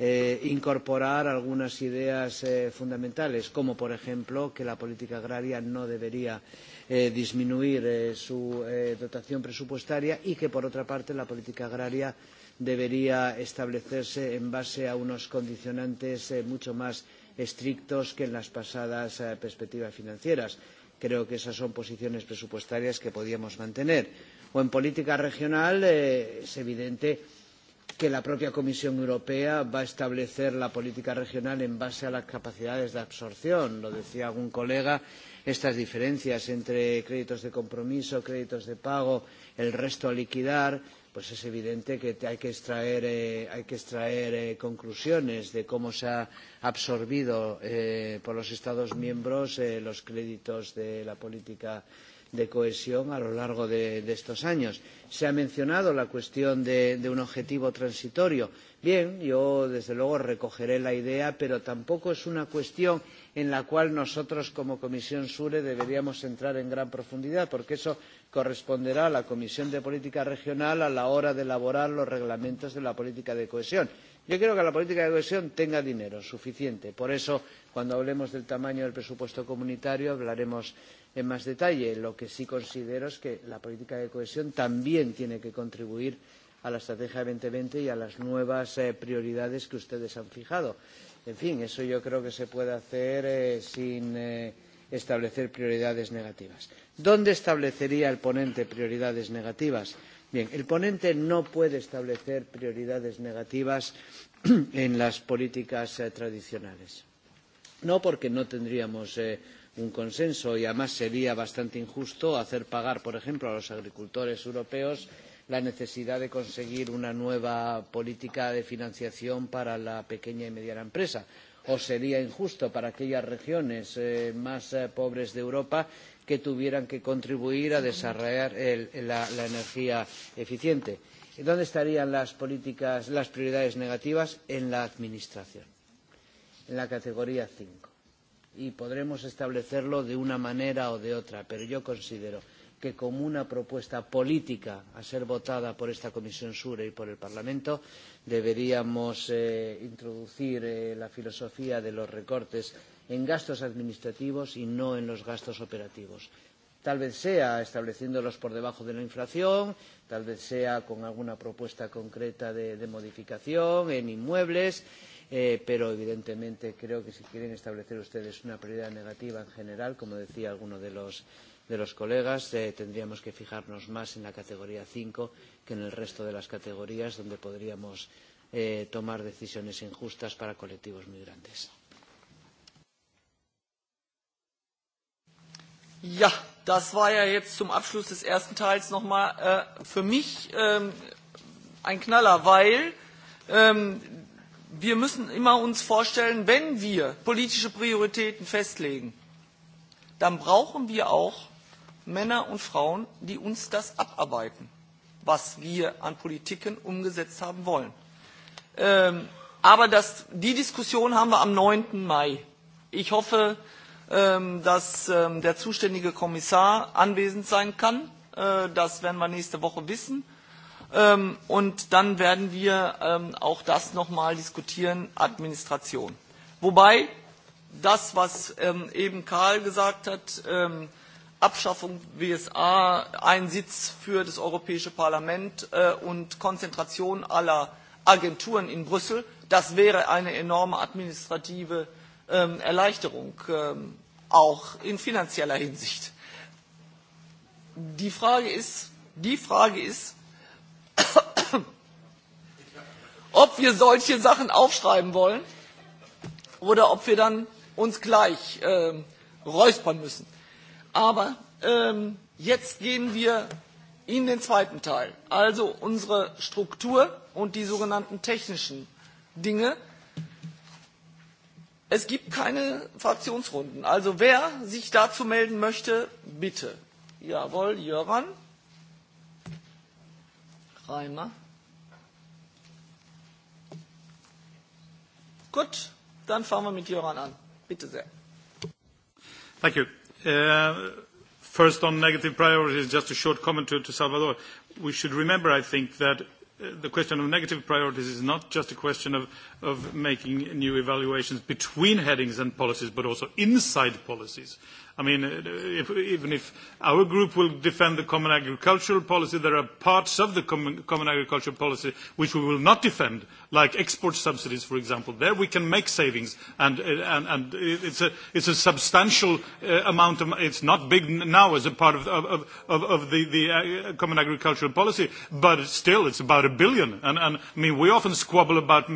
eh, incorporar algunas ideas eh, fundamentales, como por ejemplo que la política agraria no debería eh, disminuir eh, su eh, dotación presupuestaria y que por otra parte la política agraria debería establecerse en base a unos condicionantes eh, mucho más estrictos que en las pasadas eh, perspectivas financieras. Creo que esas son posiciones presupuestarias que podíamos mantener. O en política regional eh, es evidente que la propia Comisión Europea va a establecer la política regional en base a las capacidades de absorción. Lo decía algún colega, estas diferencias entre créditos de compromiso, créditos de pago, el resto a liquidar, pues es evidente que hay que extraer, eh, hay que extraer eh, conclusiones de cómo se ha absorbido eh, por los Estados miembros eh, los créditos de la política de cohesión a lo largo de, de estos años. Se ha mencionado la cuestión de, de un objetivo transitorio. Bien, yo desde luego recogeré la idea, pero tampoco es una cuestión en la cual nosotros como Comisión Sure deberíamos entrar en gran profundidad, porque eso corresponderá a la Comisión de Política Regional a la hora de elaborar los reglamentos de la política de cohesión. Yo quiero que la política de cohesión tenga dinero suficiente. Por eso, cuando hablemos del tamaño del presupuesto comunitario, hablaremos en más detalle. Lo que sí considero es que la política de cohesión también tiene que contribuir a la Estrategia 2020 y a las nuevas eh, prioridades que ustedes han fijado. En fin, eso yo creo que se puede hacer eh, sin. Eh, establecer prioridades negativas. ¿Dónde establecería el ponente prioridades negativas? Bien, el ponente no puede establecer prioridades negativas en las políticas eh, tradicionales. No porque no tendríamos eh, un consenso y además sería bastante injusto hacer pagar, por ejemplo, a los agricultores europeos la necesidad de conseguir una nueva política de financiación para la pequeña y mediana empresa, o sería injusto para aquellas regiones eh, más eh, pobres de Europa que tuvieran que contribuir a desarrollar el, la, la energía eficiente. ¿Y ¿Dónde estarían las políticas, las prioridades negativas? En la administración, en la categoría 5. Y podremos establecerlo de una manera o de otra, pero yo considero que como una propuesta política a ser votada por esta Comisión Sure y por el Parlamento deberíamos eh, introducir eh, la filosofía de los recortes en gastos administrativos y no en los gastos operativos. Tal vez sea estableciéndolos por debajo de la inflación, tal vez sea con alguna propuesta concreta de, de modificación en inmuebles, eh, pero evidentemente creo que si quieren establecer ustedes una prioridad negativa en general, como decía alguno de los de los colegas. Eh, tendríamos que fijarnos más en la categoría 5 que en el resto de las categorías donde podríamos eh, tomar decisiones injustas para colectivos migrantes. Ja, das war ja jetzt zum Abschluss des ersten Teils nochmal äh, für mich ähm, ein Knaller, weil ähm, wir müssen immer uns vorstellen, wenn wir politische Prioritäten festlegen, dann brauchen wir auch Männer und Frauen, die uns das abarbeiten, was wir an Politiken umgesetzt haben wollen. Ähm, aber das, die Diskussion haben wir am 9. Mai. Ich hoffe, ähm, dass ähm, der zuständige Kommissar anwesend sein kann. Äh, das werden wir nächste Woche wissen. Ähm, und dann werden wir ähm, auch das nochmal diskutieren, Administration. Wobei das, was ähm, eben Karl gesagt hat, ähm, Abschaffung BSA, ein Sitz für das Europäische Parlament äh, und Konzentration aller Agenturen in Brüssel, das wäre eine enorme administrative ähm, Erleichterung, ähm, auch in finanzieller Hinsicht. Die Frage ist, die Frage ist, ob wir solche Sachen aufschreiben wollen oder ob wir dann uns gleich äh, räuspern müssen. Aber ähm, jetzt gehen wir in den zweiten Teil, also unsere Struktur und die sogenannten technischen Dinge. Es gibt keine Fraktionsrunden. Also wer sich dazu melden möchte, bitte. Jawohl, Jöran. Reimer. Gut, dann fangen wir mit Jöran an. Bitte sehr. Thank you. Uh, first, on negative priorities, just a short comment to, to Salvador. We should remember, I think, that uh, the question of negative priorities is not just a question of, of making new evaluations between headings and policies, but also inside policies. I mean, uh, if, even if our group will defend the common agricultural policy, there are parts of the common, common agricultural policy which we will not defend, like export subsidies, for example. There we can make savings, and, and, and it's, a, it's a substantial uh, amount of, it's not big now as a part of, of, of, of the, the uh, common agricultural policy, but still it's about a billion. And, and I mean, we often squabble about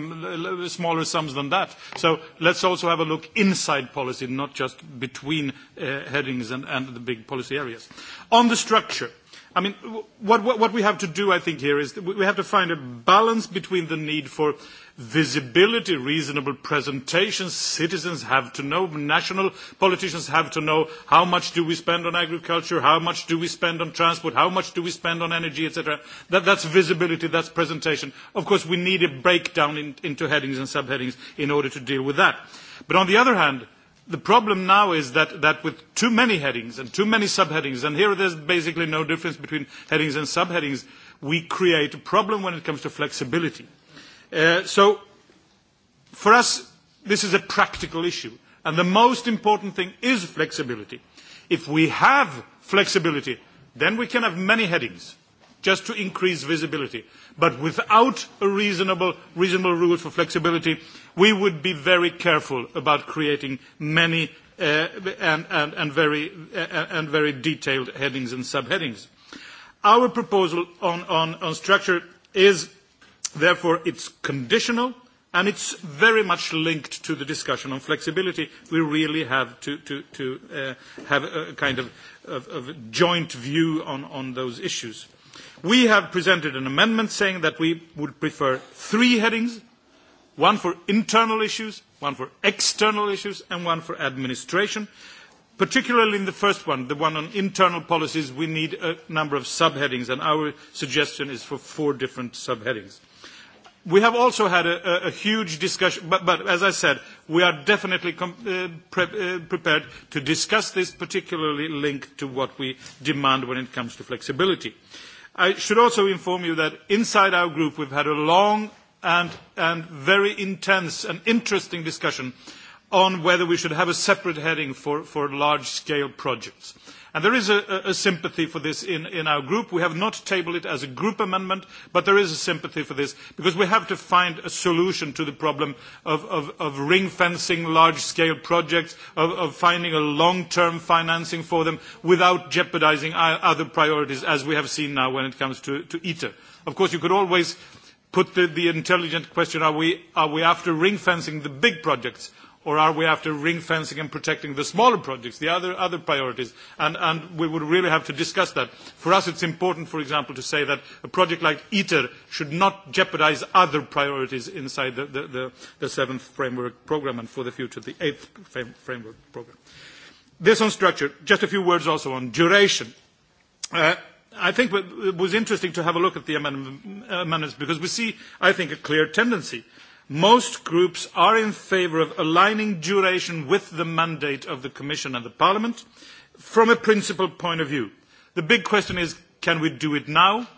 Uh, smaller sums than that. So let's also have a look inside policy, not just between uh, headings and, and the big policy areas. On the structure, I mean, what, what, what we have to do, I think, here is we have to find a balance between the need for visibility, reasonable presentations. Citizens have to know, national politicians have to know how much do we spend on agriculture, how much do we spend on transport, how much do we spend on energy, etc. That, that's visibility, that's presentation. Of course, we need a breakdown in, into headings and subheadings in order to deal with that. But on the other hand, the problem now is that, that with too many headings and too many subheadings, and here there's basically no difference between headings and subheadings, we create a problem when it comes to flexibility. Uh, so, for us, this is a practical issue. And the most important thing is flexibility. If we have flexibility, then we can have many headings just to increase visibility. But without a reasonable, reasonable rule for flexibility, we would be very careful about creating many uh, and, and, and, very, uh, and very detailed headings and subheadings. Our proposal on, on, on structure is Therefore, it's conditional and it's very much linked to the discussion on flexibility. We really have to, to, to uh, have a kind of, of, of joint view on, on those issues. We have presented an amendment saying that we would prefer three headings, one for internal issues, one for external issues, and one for administration. Particularly in the first one, the one on internal policies, we need a number of subheadings, and our suggestion is for four different subheadings. We have also had a, a, a huge discussion, but, but as I said, we are definitely com uh, pre uh, prepared to discuss this, particularly linked to what we demand when it comes to flexibility. I should also inform you that inside our group we've had a long and, and very intense and interesting discussion on whether we should have a separate heading for, for large-scale projects. Uh, And there is a, a sympathy for this in, in our group. We have not tabled it as a group amendment, but there is a sympathy for this because we have to find a solution to the problem of, of, of ring fencing large-scale projects, of, of finding a long-term financing for them without jeopardizing other priorities as we have seen now when it comes to, to ITER. Of course, you could always put the, the intelligent question, are we, are we after ring fencing the big projects? or are we after ring fencing and protecting the smaller projects, the other, other priorities? And, and we would really have to discuss that. For us, it's important, for example, to say that a project like ITER should not jeopardize other priorities inside the, the, the, the seventh framework program and for the future, the eighth framework program. This on structure. Just a few words also on duration. Uh, I think it was interesting to have a look at the amendments because we see, I think, a clear tendency uh, most groups are in favour of aligning duration with the mandate of the Commission and the Parliament from a principal point of view. The big question is, can we do it now?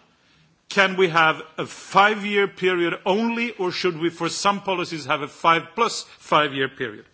Can we have a five-year period only, or should we, for some policies, have a five-plus five-year period?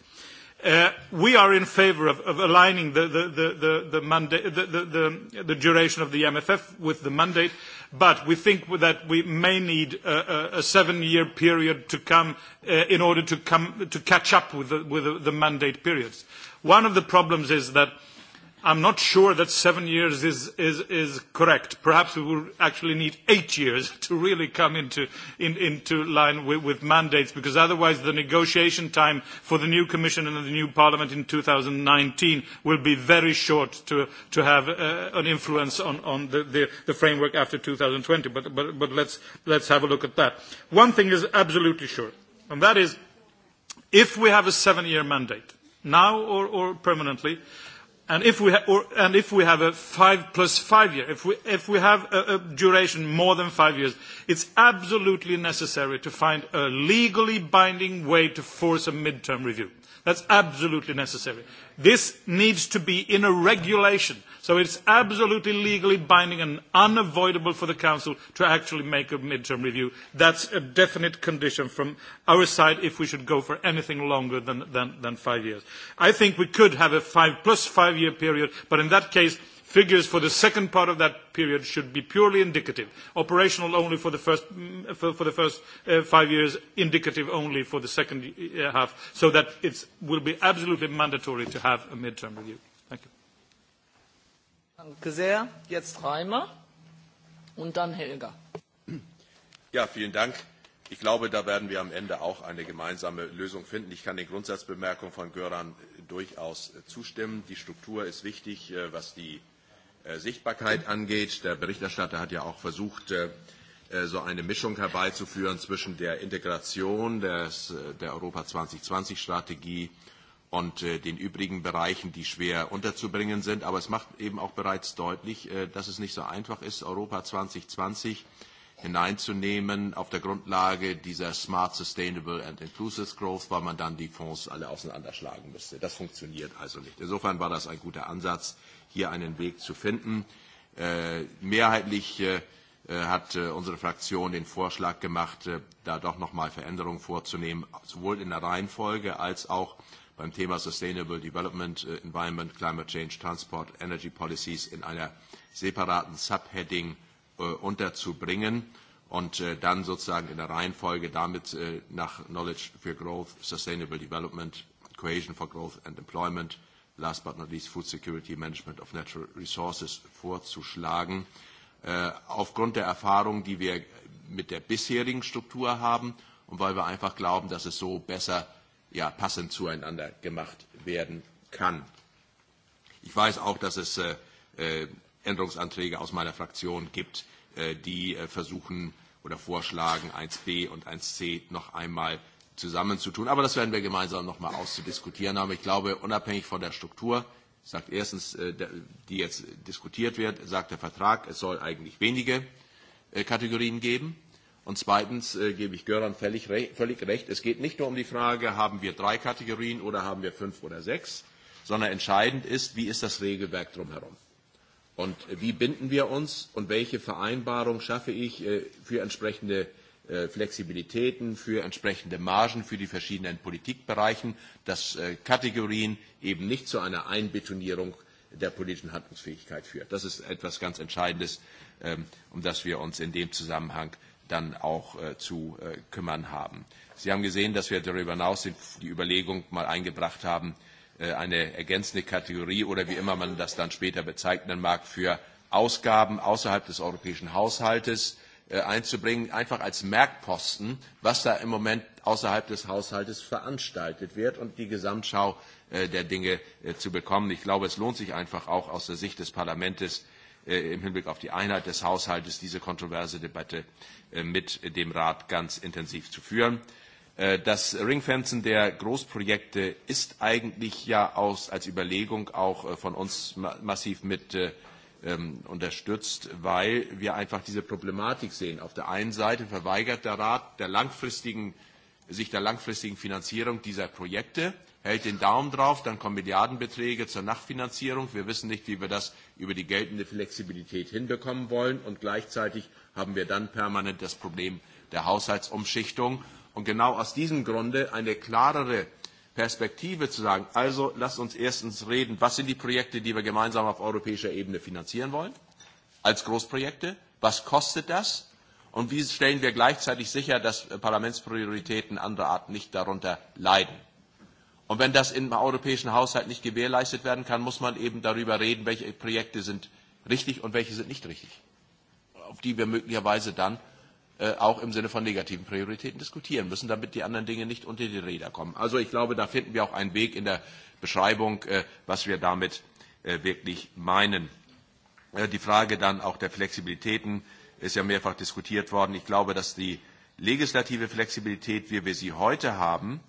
Uh, we are in favor of, of aligning the, the, the, the, the, mandate, the, the, the, the duration of the MFF with the mandate, but we think that we may need a, a, a seven-year period to come uh, in order to, come, to catch up with the, with the, the mandate periods. One of the problems is that uh, I'm not sure that seven years is, is, is correct. Perhaps we will actually need eight years to really come into, in, into line with, with mandates, because otherwise the negotiation time for the new Commission and the new Parliament in 2019 will be very short to, to have uh, an influence on, on the, the, the framework after 2020. But, but, but let's, let's have a look at that. One thing is absolutely sure, and that is if we have a seven-year mandate, now or, or permanently, And if we, ha or, and if we have a five plus five year, if we, if we have a, a duration more than five years, it's absolutely necessary to find a legally binding way to force a midterm review. That's absolutely necessary. This needs to be in a regulation So it's absolutely legally binding and unavoidable for the Council to actually make a midterm review. That's a definite condition from our side if we should go for anything longer than, than, than five years. I think we could have a five plus five year period, but in that case, Figures for the second part of that period should be purely indicative, operational only for the first, mm, for, for the first uh, five years, indicative only for the second uh, half, so that it will be absolutely mandatory to have a midterm review. Danke sehr. Jetzt Reimer und dann Helga. Ja, vielen Dank. Ich glaube, da werden wir am Ende auch eine gemeinsame Lösung finden. Ich kann den Grundsatzbemerkungen von Göran durchaus äh, zustimmen. Die Struktur ist wichtig, äh, was die äh, Sichtbarkeit angeht. Der Berichterstatter hat ja auch versucht, so eine Mischung herbeizuführen zwischen der Integration des, der Europa 2020-Strategie und und äh, den übrigen Bereichen, die schwer unterzubringen sind. Aber es macht eben auch bereits deutlich, äh, dass es nicht so einfach ist, Europa 2020 hineinzunehmen auf der Grundlage dieser Smart, Sustainable and Inclusive Growth, weil man dann die Fonds alle auseinanderschlagen müsste. Das funktioniert also nicht. Insofern war das ein guter Ansatz, hier einen Weg zu finden. Äh, mehrheitlich äh, äh hat äh, unsere Fraktion den Vorschlag gemacht, äh, da doch nochmal Veränderungen vorzunehmen, sowohl in der Reihenfolge als auch beim Thema Sustainable Development, äh, Environment, Climate Change, Transport, Energy Policies in einer separaten Subheading äh, unterzubringen und äh, dann sozusagen in der Reihenfolge damit nach Knowledge for Growth, Sustainable Development, Cohesion for Growth and Employment, last but not least Food Security, Management of Natural Resources vorzuschlagen. aufgrund der Erfahrung, die wir mit der bisherigen Struktur haben und weil wir einfach glauben, dass es so besser ja, passend zueinander gemacht werden kann. Ich weiß auch, dass es äh, äh, Änderungsanträge aus meiner Fraktion gibt, äh, die versuchen oder vorschlagen, 1b und 1c noch einmal zusammenzutun. Aber das werden wir gemeinsam noch einmal auszudiskutieren haben. Ich glaube, unabhängig von der Struktur, sagt erstens, die jetzt diskutiert wird, sagt der Vertrag, es soll eigentlich wenige Kategorien geben. Und zweitens äh, gebe ich Göran völlig, re völlig recht, es geht nicht nur um die Frage, haben wir drei Kategorien oder haben wir fünf oder sechs, sondern entscheidend ist, wie ist das Regelwerk drumherum. Und wie binden wir uns und welche Vereinbarung schaffe ich äh, für entsprechende äh, Flexibilitäten, für entsprechende Margen für die verschiedenen Politikbereichen, dass äh, Kategorien eben nicht zu einer Einbetonierung der politischen Handlungsfähigkeit führt. Das ist etwas ganz Entscheidendes, ähm, um das wir uns in dem Zusammenhang dann auch äh, zu äh, kümmern haben. Sie haben gesehen, dass wir darüber hinaus die Überlegung mal eingebracht haben, äh, eine ergänzende Kategorie oder wie immer man das dann später bezeichnen mag, für Ausgaben außerhalb des europäischen Haushaltes äh, einzubringen, einfach als Merkposten, was da im Moment außerhalb des Haushaltes veranstaltet wird und die Gesamtschau äh, der Dinge äh, zu bekommen. Ich glaube, es lohnt sich einfach auch aus der Sicht des Parlaments, Äh, im Hinblick auf die Einheit des Haushaltes diese kontroverse Debatte äh, mit dem Rat ganz intensiv zu führen. Äh, das Ringfenzen der Großprojekte ist eigentlich ja aus, als Überlegung auch von uns massiv mit ähm, unterstützt, weil wir einfach diese Problematik sehen. Auf der einen Seite verweigert der Rat der langfristigen, sich der langfristigen Finanzierung dieser Projekte hält den Daumen drauf, dann kommen Milliardenbeträge zur Nachfinanzierung. Wir wissen nicht, wie wir das über die geltende Flexibilität hinbekommen wollen. Und gleichzeitig haben wir dann permanent das Problem der Haushaltsumschichtung. Und genau aus diesem Grunde eine klarere Perspektive zu sagen, also lasst uns erstens reden, was sind die Projekte, die wir gemeinsam auf europäischer Ebene finanzieren wollen, als Großprojekte, was kostet das und wie stellen wir gleichzeitig sicher, dass Parlamentsprioritäten anderer Art nicht darunter leiden. Und wenn das im europäischen Haushalt nicht gewährleistet werden kann, muss man eben darüber reden, welche Projekte sind richtig und welche sind nicht richtig, auf die wir möglicherweise dann äh, auch im Sinne von negativen Prioritäten diskutieren müssen, damit die anderen Dinge nicht unter die Räder kommen. Also ich glaube, da finden wir auch einen Weg in der Beschreibung, äh, was wir damit äh, wirklich meinen. Äh, die Frage dann auch der Flexibilitäten ist ja mehrfach diskutiert worden. Ich glaube, dass die legislative Flexibilität, wie wir sie heute haben, äh,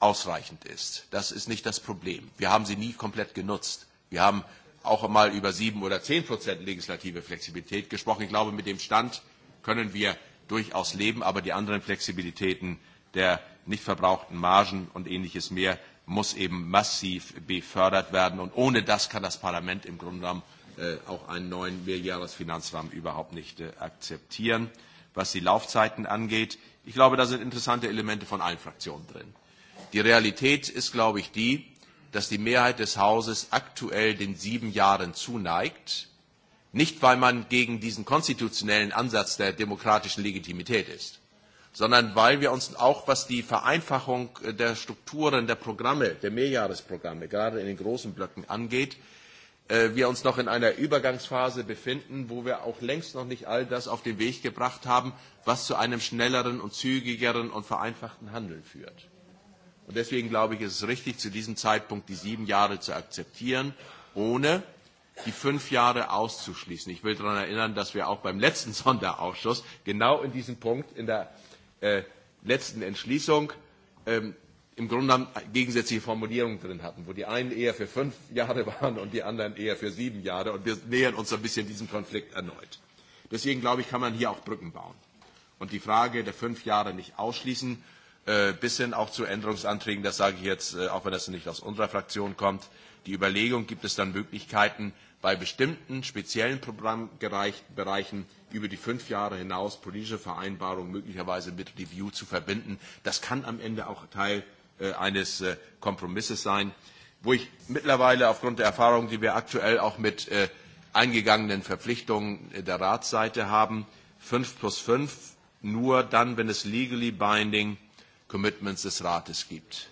ausreichend ist. Das ist nicht das Problem. Wir haben sie nie komplett genutzt. Wir haben auch einmal über sieben oder zehn Prozent legislative Flexibilität gesprochen. Ich glaube, mit dem Stand können wir durchaus leben, aber die anderen Flexibilitäten der nicht verbrauchten Margen und ähnliches mehr muss eben massiv befördert werden. Und ohne das kann das Parlament im Grunde genommen äh, auch einen neuen Mehrjahresfinanzrahmen überhaupt nicht äh, akzeptieren. Was die Laufzeiten angeht, ich glaube, da sind interessante Elemente von allen Fraktionen drin. Die Realität ist, glaube ich, die, dass die Mehrheit des Hauses aktuell den sieben Jahren zuneigt, nicht weil man gegen diesen konstitutionellen Ansatz der demokratischen Legitimität ist, sondern weil wir uns auch, was die Vereinfachung äh, der Strukturen, der Programme, der Mehrjahresprogramme, gerade in den großen Blöcken angeht, äh, wir uns noch in einer Übergangsphase befinden, wo wir auch längst noch nicht all das auf den Weg gebracht haben, was zu einem schnelleren und zügigeren und vereinfachten Handeln führt. Und deswegen glaube ich, ist es richtig, zu diesem Zeitpunkt die sieben Jahre zu akzeptieren, ohne die fünf Jahre auszuschließen. Ich will daran erinnern, dass wir auch beim letzten Sonderausschuss genau in diesem Punkt in der äh, letzten Entschließung ähm, im Grunde genommen gegensätzliche Formulierungen drin hatten, wo die einen eher für fünf Jahre waren und die anderen eher für sieben Jahre. Und wir nähern uns ein bisschen diesem Konflikt erneut. Deswegen glaube ich, kann man hier auch Brücken bauen und die Frage der fünf Jahre nicht ausschließen, Äh, bis hin auch zu Änderungsanträgen, das sage ich jetzt, äh, auch wenn das nicht aus unserer Fraktion kommt, die Überlegung, gibt es dann Möglichkeiten, bei bestimmten speziellen Programmbereichen über die fünf Jahre hinaus politische Vereinbarungen möglicherweise mit Review zu verbinden. Das kann am Ende auch Teil äh, eines äh, Kompromisses sein, wo ich mittlerweile aufgrund der Erfahrungen, die wir aktuell auch mit äh, eingegangenen Verpflichtungen äh, der Ratsseite haben, fünf plus fünf nur dann, wenn es legally binding Commitments des Rates gibt.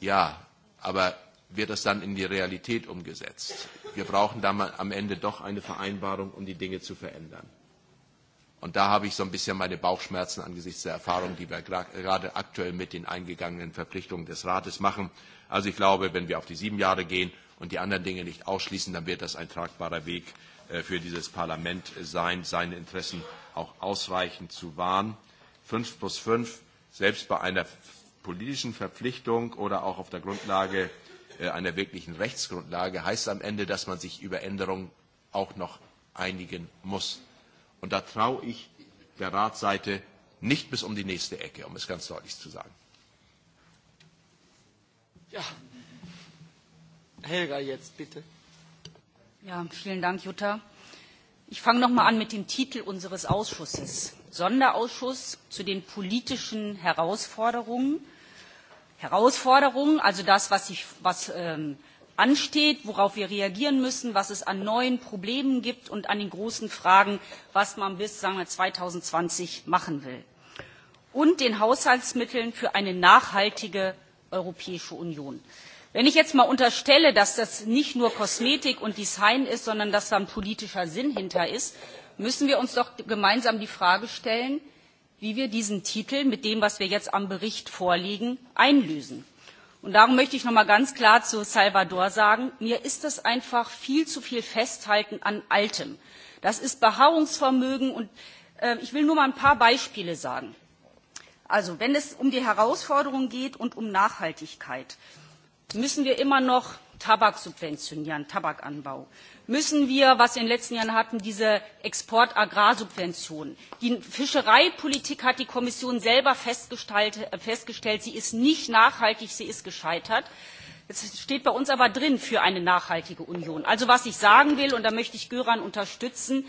Ja, aber wird das dann in die Realität umgesetzt? Wir brauchen mal am Ende doch eine Vereinbarung, um die Dinge zu verändern. Und da habe ich so ein bisschen meine Bauchschmerzen angesichts der Erfahrung, die wir gerade aktuell mit den eingegangenen Verpflichtungen des Rates machen. Also ich glaube, wenn wir auf die sieben Jahre gehen und die anderen Dinge nicht ausschließen, dann wird das ein tragbarer Weg äh, für dieses Parlament sein, seine Interessen auch ausreichend zu wahren. Fünf plus fünf selbst bei einer politischen Verpflichtung oder auch auf der Grundlage äh, einer wirklichen Rechtsgrundlage heißt am Ende, dass man sich über Änderungen auch noch einigen muss. Und da traue ich der Ratsseite nicht bis um die nächste Ecke, um es ganz deutlich zu sagen. Ja. Helga jetzt bitte. Ja, vielen Dank, Jutta. Ich fange noch mal an mit dem Titel unseres Ausschusses. Sonderausschuss zu den politischen Herausforderungen. Herausforderungen, also das, was, ich, was ähm, ansteht, worauf wir reagieren müssen, was es an neuen Problemen gibt und an den großen Fragen, was man bis sagen wir, 2020 machen will. Und den Haushaltsmitteln für eine nachhaltige Europäische Union. Wenn ich jetzt mal unterstelle, dass das nicht nur Kosmetik und Design ist, sondern dass da ein politischer Sinn hinter ist, müssen wir uns doch gemeinsam die Frage stellen, wie wir diesen Titel mit dem, was wir jetzt am Bericht vorlegen, einlösen. Und darum möchte ich noch mal ganz klar zu Salvador sagen, mir ist das einfach viel zu viel Festhalten an Altem. Das ist Beharrungsvermögen und äh, ich will nur mal ein paar Beispiele sagen. Also wenn es um die Herausforderung geht und um Nachhaltigkeit, müssen wir immer noch Tabak subventionieren, Tabakanbau. Müssen wir, was wir in den letzten Jahren hatten, diese Exportagrarsubventionen. Die Fischereipolitik hat die Kommission selber äh, festgestellt, sie ist nicht nachhaltig, sie ist gescheitert. Es steht bei uns aber drin für eine nachhaltige Union. Also was ich sagen will, und da möchte ich Göran unterstützen,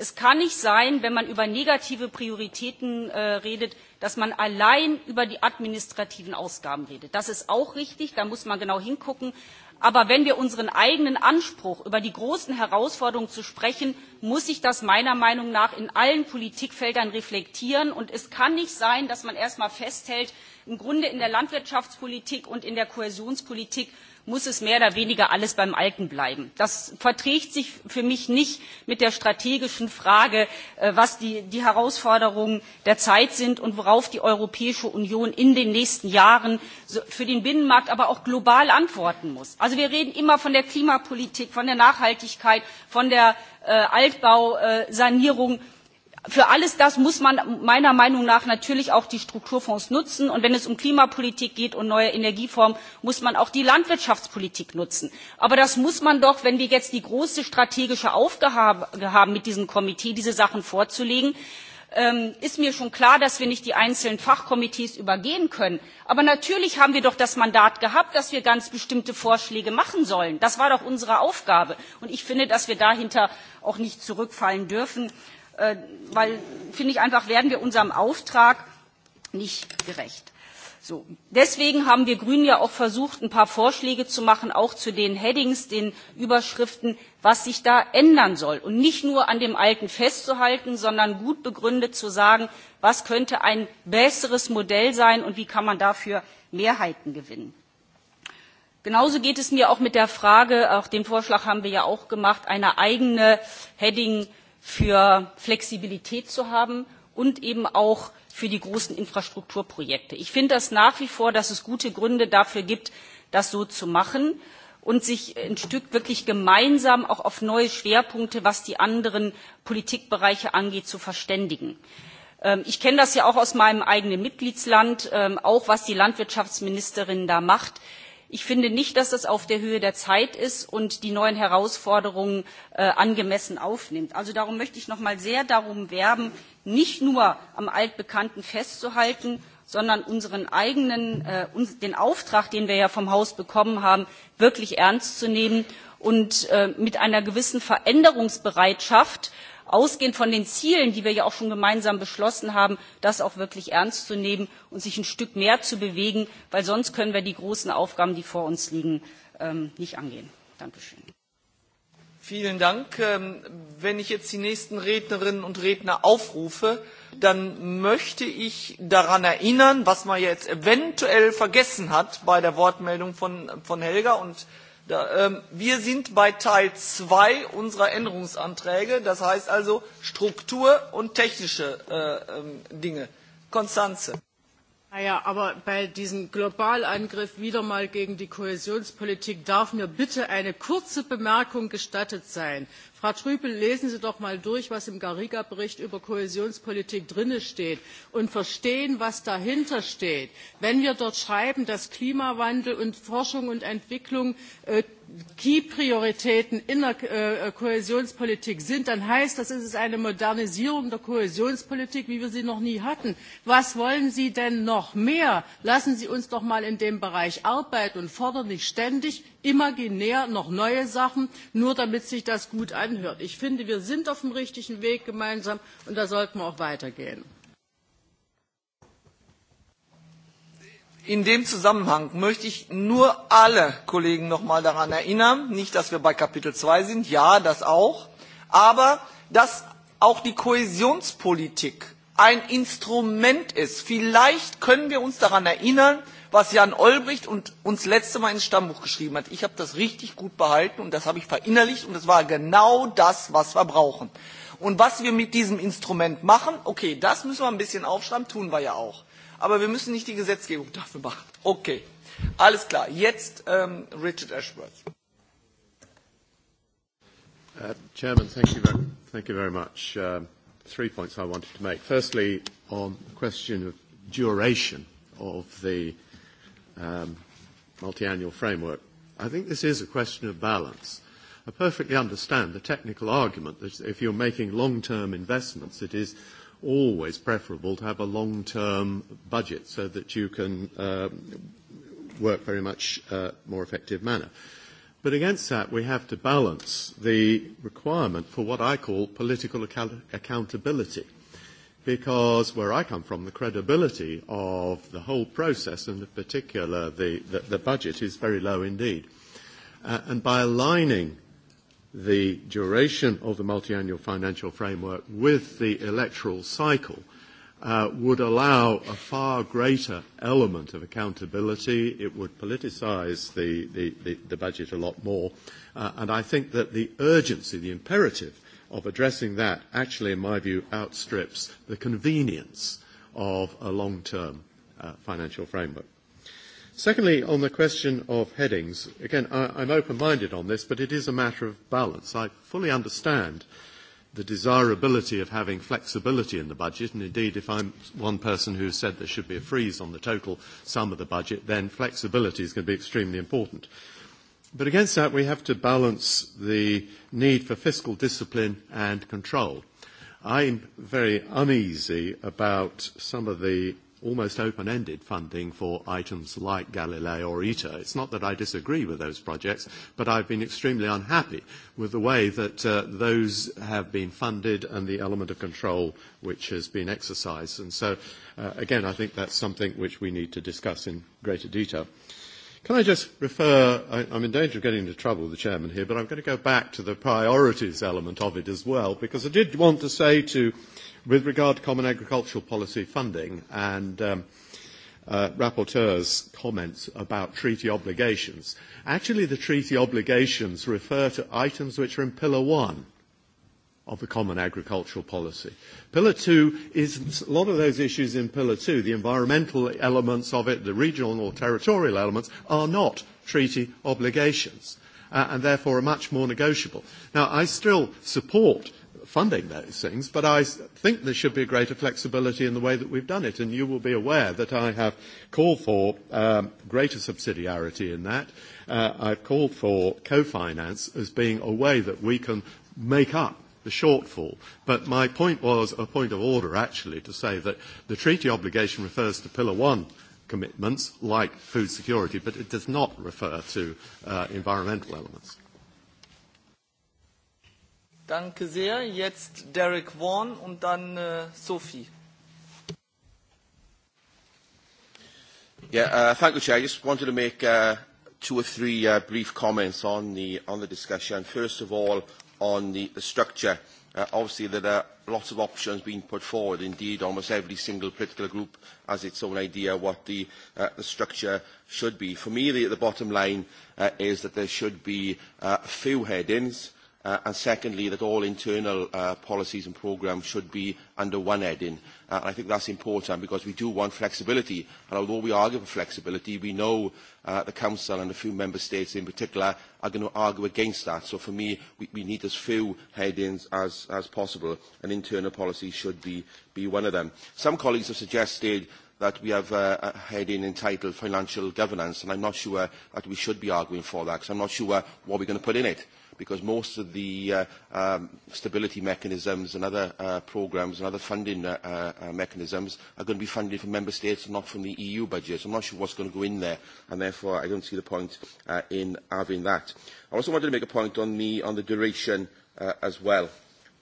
Es kann nicht sein, wenn man über negative Prioritäten äh, redet, dass man allein über die administrativen Ausgaben redet. Das ist auch richtig, da muss man genau hingucken. Aber wenn wir unseren eigenen Anspruch, über die großen Herausforderungen zu sprechen, muss sich das meiner Meinung nach in allen Politikfeldern reflektieren. Und es kann nicht sein, dass man erst einmal festhält, im Grunde in der Landwirtschaftspolitik und in der Kohäsionspolitik muss es mehr oder weniger alles beim Alten bleiben. Das verträgt sich für mich nicht mit der strategischen Frage, äh, was die, die Herausforderungen der Zeit sind und worauf die Europäische Union in den nächsten Jahren für den Binnenmarkt, aber auch global antworten muss. Also wir reden immer von der Klimapolitik, von der Nachhaltigkeit, von der äh, Altbausanierung für alles das muss man meiner Meinung nach natürlich auch die Strukturfonds nutzen. Und wenn es um Klimapolitik geht und neue Energieformen, muss man auch die Landwirtschaftspolitik nutzen. Aber das muss man doch, wenn wir jetzt die große strategische Aufgabe haben, mit diesem Komitee diese Sachen vorzulegen, ähm, ist mir schon klar, dass wir nicht die einzelnen Fachkomitees übergehen können. Aber natürlich haben wir doch das Mandat gehabt, dass wir ganz bestimmte Vorschläge machen sollen. Das war doch unsere Aufgabe. Und ich finde, dass wir dahinter auch nicht zurückfallen dürfen äh, weil, finde ich einfach, werden wir unserem Auftrag nicht gerecht. So. Deswegen haben wir Grünen ja auch versucht, ein paar Vorschläge zu machen, auch zu den Headings, den Überschriften, was sich da ändern soll. Und nicht nur an dem Alten festzuhalten, sondern gut begründet zu sagen, was könnte ein besseres Modell sein und wie kann man dafür Mehrheiten gewinnen. Genauso geht es mir auch mit der Frage, auch den Vorschlag haben wir ja auch gemacht, eine eigene Heading für Flexibilität zu haben und eben auch für die großen Infrastrukturprojekte. Ich finde das nach wie vor, dass es gute Gründe dafür gibt, das so zu machen und sich ein Stück wirklich gemeinsam auch auf neue Schwerpunkte, was die anderen Politikbereiche angeht, zu verständigen. Ähm, ich kenne das ja auch aus meinem eigenen Mitgliedsland, ähm, auch was die Landwirtschaftsministerin da macht. Ich finde nicht, dass das auf der Höhe der Zeit ist und die neuen Herausforderungen äh, angemessen aufnimmt. Also darum möchte ich noch mal sehr darum werben, nicht nur am Altbekannten festzuhalten, sondern unseren eigenen, äh, uns, den Auftrag, den wir ja vom Haus bekommen haben, wirklich ernst zu nehmen und äh, mit einer gewissen Veränderungsbereitschaft äh, ausgehend von den Zielen, die wir ja auch schon gemeinsam beschlossen haben, das auch wirklich ernst zu nehmen und sich ein Stück mehr zu bewegen, weil sonst können wir die großen Aufgaben, die vor uns liegen, ähm, nicht angehen. Dankeschön. Vielen Dank. Ähm, wenn ich jetzt die nächsten Rednerinnen und Redner aufrufe, dann möchte ich daran erinnern, was man jetzt eventuell vergessen hat bei der Wortmeldung von, von Helga und Da, ähm, wir sind bei Teil 2 unserer Änderungsanträge, das heißt also Struktur und technische äh, ähm, Dinge. Konstanze. Naja, aber bei diesem Globalangriff wieder mal gegen die Kohäsionspolitik darf mir bitte eine kurze Bemerkung gestattet sein. Frau Trüpel, lesen Sie doch mal durch, was im Garriga-Bericht über Kohäsionspolitik drin steht und verstehen, was dahinter steht. Wenn wir dort schreiben, dass Klimawandel und Forschung und Entwicklung äh, Key Prioritäten in der äh, Kohäsionspolitik sind, dann heißt das, es ist eine Modernisierung der Kohäsionspolitik, wie wir sie noch nie hatten. Was wollen Sie denn noch mehr? Lassen Sie uns doch mal in dem Bereich arbeiten und fordern nicht ständig imaginär noch neue Sachen, nur damit sich das gut anhört. Ich finde, wir sind auf dem richtigen Weg gemeinsam und da sollten wir auch weitergehen. In dem Zusammenhang möchte ich nur alle Kollegen noch mal daran erinnern, nicht, dass wir bei Kapitel 2 sind, ja, das auch, aber dass auch die Kohäsionspolitik ein Instrument ist. Vielleicht können wir uns daran erinnern, was Jan Olbricht und uns letzte Mal ins Stammbuch geschrieben hat. Ich habe das richtig gut behalten und das habe ich verinnerlicht und das war genau das, was wir brauchen. Und was wir mit diesem Instrument machen, okay, das müssen wir ein bisschen aufschreiben, tun wir ja auch aber wir müssen nicht die Gesetzgebung dafür machen. Okay, alles klar. Jetzt ähm, Richard Ashworth. Uh, Chairman, thank you very, thank you very much. Uh, three points I wanted to make. Firstly, on the question of duration of the um, multi-annual framework, I think this is a question of balance. I perfectly understand the technical argument that if you're making long-term investments, it is always preferable to have a long-term budget so that you can um, work very much uh, more effective manner. But against that, we have to balance the requirement for what I call political account accountability, because where I come from, the credibility of the whole process, and in particular the, the, the budget, is very low indeed. Uh, and by aligning the duration of the multiannual financial framework with the electoral cycle uh, would allow a far greater element of accountability. It would politicize the, the, the, the budget a lot more. Uh, and I think that the urgency, the imperative of addressing that actually, in my view, outstrips the convenience of a long-term uh, financial framework. Secondly, on the question of headings, again, I, I'm open-minded on this, but it is a matter of balance. I fully understand the desirability of having flexibility in the budget, and indeed, if I'm one person who said there should be a freeze on the total sum of the budget, then flexibility is going to be extremely important. But against that, we have to balance the need for fiscal discipline and control. I'm very uneasy about some of the almost open-ended funding for items like Galileo or ITER. It's not that I disagree with those projects, but I've been extremely unhappy with the way that uh, those have been funded and the element of control which has been exercised. And so, uh, again, I think that's something which we need to discuss in greater detail. Can I just refer, I, I'm in danger of getting into trouble with the chairman here, but I'm going to go back to the priorities element of it as well, because I did want to say to uh, With regard to common agricultural policy funding and um, uh, rapporteur's comments about treaty obligations, actually the treaty obligations refer to items which are in Pillar 1 of the common agricultural policy. Pillar two is a lot of those issues in pillar two, the environmental elements of it, the regional or territorial elements, are not treaty obligations uh, and therefore are much more negotiable. Now, I still support funding those things, but I think there should be greater flexibility in the way that we've done it, and you will be aware that I have called for um, greater subsidiarity in that. Uh, I've called for co-finance as being a way that we can make up the shortfall. But my point was a point of order, actually, to say that the treaty obligation refers to Pillar 1 commitments, like food security, but it does not refer to uh, environmental elements. Danke sehr. Jetzt Derek Vaughan und dann äh, Sophie. Yeah, uh, thank you, Chair. I just wanted to make uh, two or three uh, brief comments on the, on the discussion. First of all, on the, the structure. Uh, obviously, there are lots of options being put forward. Indeed, almost every single political group has its own idea what the, uh, the structure should be. For me, the, the bottom line uh, is that there should be uh, few headings uh, and secondly that all internal uh, policies and programmes should be under one heading. Uh, and I think that's important because we do want flexibility and although we argue for flexibility we know uh, the Council and a few Member States in particular are going to argue against that so for me we, we need as few headings as, as possible and internal policy should be, be one of them. Some colleagues have suggested that we have a, uh, a heading entitled financial governance and I'm not sure that we should be arguing for that because I'm not sure what we're going to put in it because most of the uh, um, stability mechanisms and other uh, programs and other funding uh, uh, mechanisms are going to be funded from member states and not from the EU budget. So I'm not sure what's going to go in there and therefore I don't see the point uh, in having that. I also wanted to make a point on the, on the duration uh, as well.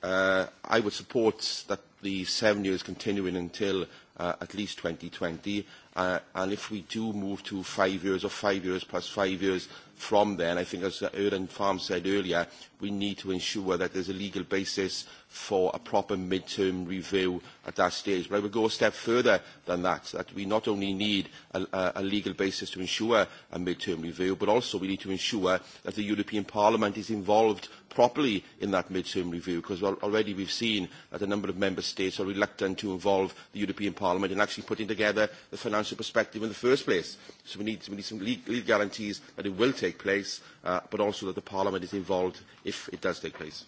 Uh, I would support that the seven years continuing until uh, at least 2020. Uh, and if we do move to five years or five years plus five years, from there. And I think, as Erin Farm said earlier, we need to ensure that there's a legal basis for a proper mid-term review at that stage. But I would go a step further than that, that we not only need a, a legal basis to ensure a mid-term review, but also we need to ensure that the European Parliament is involved properly in that mid-term review, because already we've seen that a number of member states are reluctant to involve the European Parliament in actually putting together the financial perspective in the first place. So we need, we need some legal guarantees that it will take take place, uh, but also that the Parliament is involved if it does take place.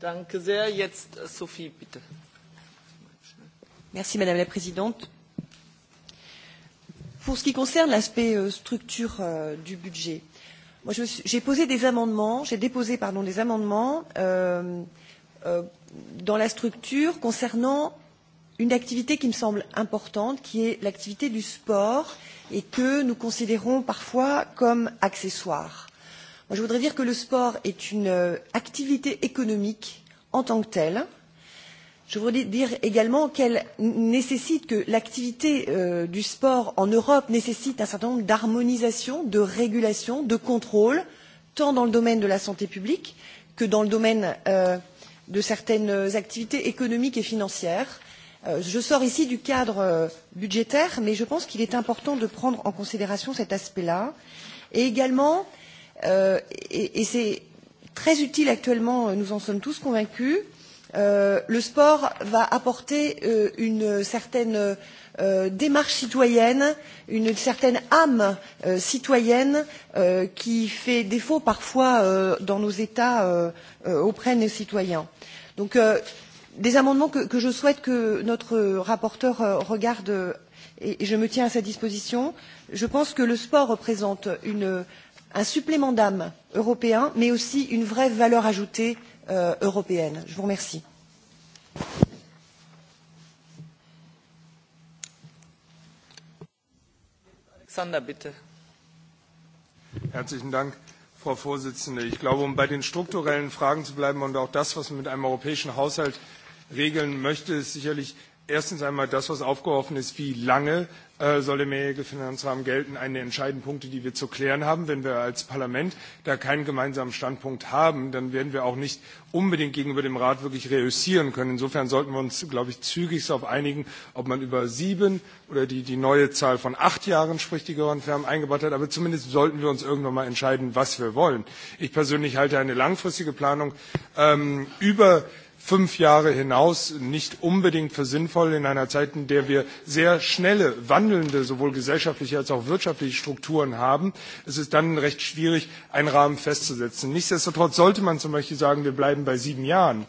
Danke sehr. Jetzt äh, Sophie, bitte. Merci Madame la Présidente. Pour ce qui concerne l'aspect euh, structure euh, du budget, j'ai posé des amendements, j'ai déposé pardon, des amendements euh, euh, dans la structure concernant une activité qui me semble importante, qui est l'activité du sport et que nous considérons parfois comme accessoires. Moi, je voudrais dire que le sport est une euh, activité économique en tant que telle. Je voudrais dire également qu'elle nécessite que l'activité euh, du sport en Europe nécessite un certain nombre d'harmonisation, de régulation, de contrôle, tant dans le domaine de la santé publique que dans le domaine euh, de certaines activités économiques et financières. Euh, je sors ici du cadre euh, budgétaire, mais je pense qu'il est important de prendre en considération cet aspect-là. Et également, euh, et, et c'est très utile actuellement, euh, nous en sommes tous convaincus, euh, le sport va apporter euh, une certaine euh, démarche citoyenne, une certaine âme euh, citoyenne euh, qui fait défaut parfois euh, dans nos États euh, euh, auprès de nos citoyens. Donc euh, des amendements que, que je souhaite que notre rapporteur euh, regarde euh, et, je me tiens à sa disposition. Je pense que le sport représente une, un supplément d'âme européen, mais aussi une vraie valeur ajoutée euh, européenne. Je vous remercie. Alexander, bitte. Herzlichen Dank, Frau Vorsitzende. Ich glaube, um bei den strukturellen Fragen zu bleiben und auch das, was mit einem europäischen Haushalt regeln möchte, ist sicherlich erstens einmal das, was aufgeworfen ist, wie lange äh, soll der mehrjährige Finanzrahmen gelten, eine entscheidende Punkte, die wir zu klären haben. Wenn wir als Parlament da keinen gemeinsamen Standpunkt haben, dann werden wir auch nicht unbedingt gegenüber dem Rat wirklich reüssieren können. Insofern sollten wir uns, glaube ich, zügig darauf einigen, ob man über sieben oder die, die neue Zahl von acht Jahren spricht, die Göran Färm eingebaut hat. Aber zumindest sollten wir uns irgendwann mal entscheiden, was wir wollen. Ich persönlich halte eine langfristige Planung ähm, über fünf Jahre hinaus nicht unbedingt für sinnvoll in einer Zeit, in der wir sehr schnelle, wandelnde, sowohl gesellschaftliche als auch wirtschaftliche Strukturen haben. Es ist dann recht schwierig, einen Rahmen festzusetzen. Nichtsdestotrotz sollte man zum Beispiel sagen, wir bleiben bei sieben Jahren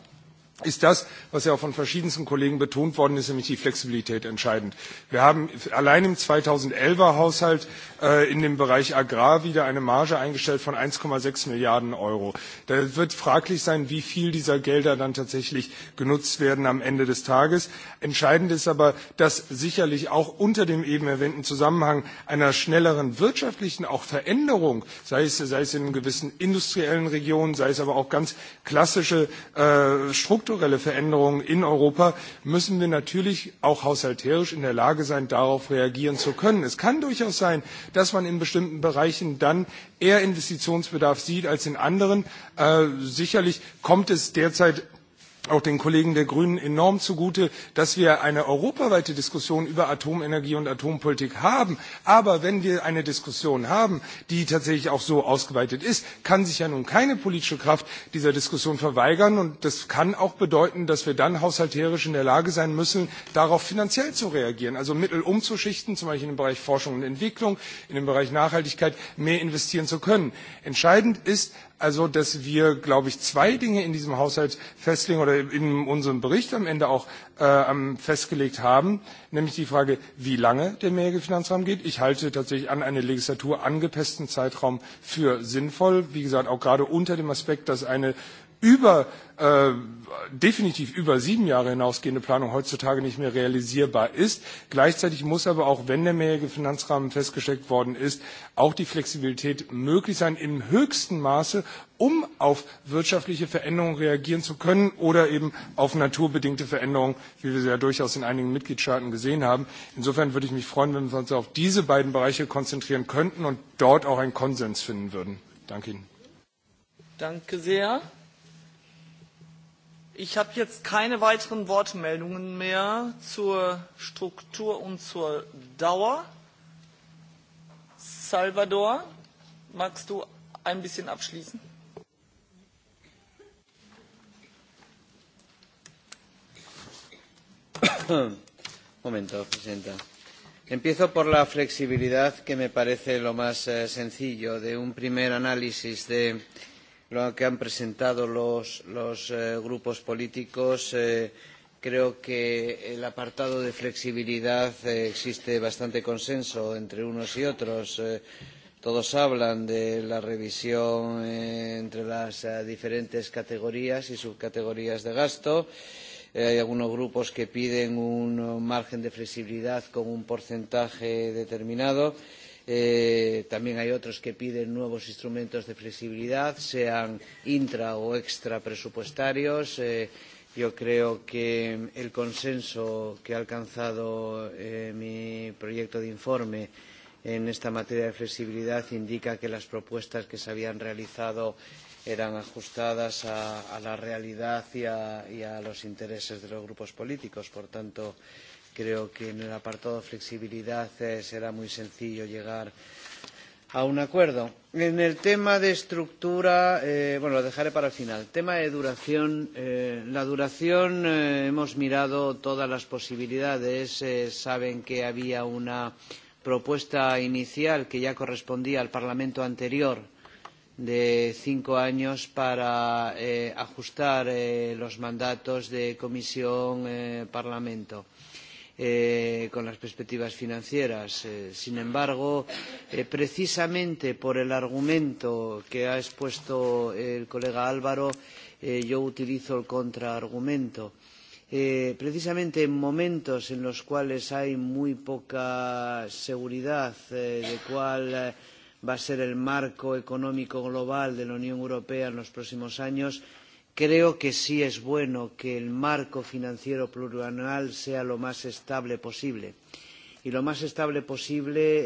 ist das, was ja auch von verschiedensten Kollegen betont worden ist, nämlich die Flexibilität entscheidend. Wir haben allein im 2011er Haushalt Äh, in dem Bereich Agrar wieder eine Marge eingestellt von 1,6 Milliarden Euro. Da wird fraglich sein, wie viel dieser Gelder dann tatsächlich genutzt werden am Ende des Tages. Entscheidend ist aber, dass sicherlich auch unter dem eben erwähnten Zusammenhang einer schnelleren wirtschaftlichen auch Veränderung, sei es, sei es in gewissen industriellen Regionen, sei es aber auch ganz klassische äh, strukturelle Veränderungen in Europa, müssen wir natürlich auch haushalterisch in der Lage sein, darauf reagieren zu können. Es kann durchaus sein, dass man in bestimmten Bereichen dann eher Investitionsbedarf sieht als in anderen. Äh, sicherlich kommt es derzeit auch den Kollegen der Grünen enorm zugute, dass wir eine europaweite Diskussion über Atomenergie und Atompolitik haben. Aber wenn wir eine Diskussion haben, die tatsächlich auch so ausgeweitet ist, kann sich ja nun keine politische Kraft dieser Diskussion verweigern. Und das kann auch bedeuten, dass wir dann haushalterisch in der Lage sein müssen, darauf finanziell zu reagieren, also Mittel umzuschichten, zum Beispiel im Bereich Forschung und Entwicklung, in dem Bereich Nachhaltigkeit mehr investieren zu können. Entscheidend ist Also, dass wir, glaube ich, zwei Dinge in diesem Haushalt festlegen oder in unserem Bericht am Ende auch äh, festgelegt haben, nämlich die Frage, wie lange der mehrjährige Finanzrahmen geht. Ich halte tatsächlich an eine Legislatur angepassten Zeitraum für sinnvoll. Wie gesagt, auch gerade unter dem Aspekt, dass eine über äh, definitiv über sieben Jahre hinausgehende Planung heutzutage nicht mehr realisierbar ist. Gleichzeitig muss aber auch, wenn der mehrjährige Finanzrahmen festgesteckt worden ist, auch die Flexibilität möglich sein im höchsten Maße, um auf wirtschaftliche Veränderungen reagieren zu können oder eben auf naturbedingte Veränderungen, wie wir sie ja durchaus in einigen Mitgliedstaaten gesehen haben. Insofern würde ich mich freuen, wenn wir uns auf diese beiden Bereiche konzentrieren könnten und dort auch einen Konsens finden würden. Danke Ihnen. Danke sehr. Ich habe jetzt keine weiteren Wortmeldungen mehr zur Struktur und zur Dauer. Salvador, magst du ein bisschen abschließen? Momento, Presidenta. Empiezo por la flexibilidad, que me parece lo más eh, sencillo de un primer análisis de lo que han presentado los, los eh, grupos políticos, eh, creo que el apartado de flexibilidad eh, existe bastante consenso entre unos y otros. Eh, todos hablan de la revisión eh, entre las eh, diferentes categorías y subcategorías de gasto. Eh, hay algunos grupos que piden un margen de flexibilidad con un porcentaje determinado. Eh, Eh, también hay otros que piden nuevos instrumentos de flexibilidad, sean intra o extra presupuestarios. Eh, yo creo que el consenso que ha alcanzado eh, mi proyecto de informe en esta materia de flexibilidad indica que las propuestas que se habían realizado eran ajustadas a, a la realidad y a, y a los intereses de los grupos políticos. Por tanto, eh, Creo que en el apartado de flexibilidad eh, será muy sencillo llegar a un acuerdo. En el tema de estructura, eh, bueno, lo dejaré para el final. Tema de duración. Eh, la duración eh, hemos mirado todas las posibilidades. Eh, saben que había una propuesta inicial que ya correspondía al Parlamento anterior de cinco años para eh, ajustar eh, los mandatos de comisión-parlamento. Eh, eh, con las perspectivas financieras. Eh, sin embargo, eh, precisamente por el argumento que ha expuesto el colega Álvaro, eh, yo utilizo el contraargumento. Eh, precisamente en momentos en los cuales hay muy poca seguridad eh, de cuál eh, va a ser el marco económico global de la Unión Europea en los próximos años, Creo que sí es bueno que el marco financiero plurianual sea lo más estable posible. Y lo más estable posible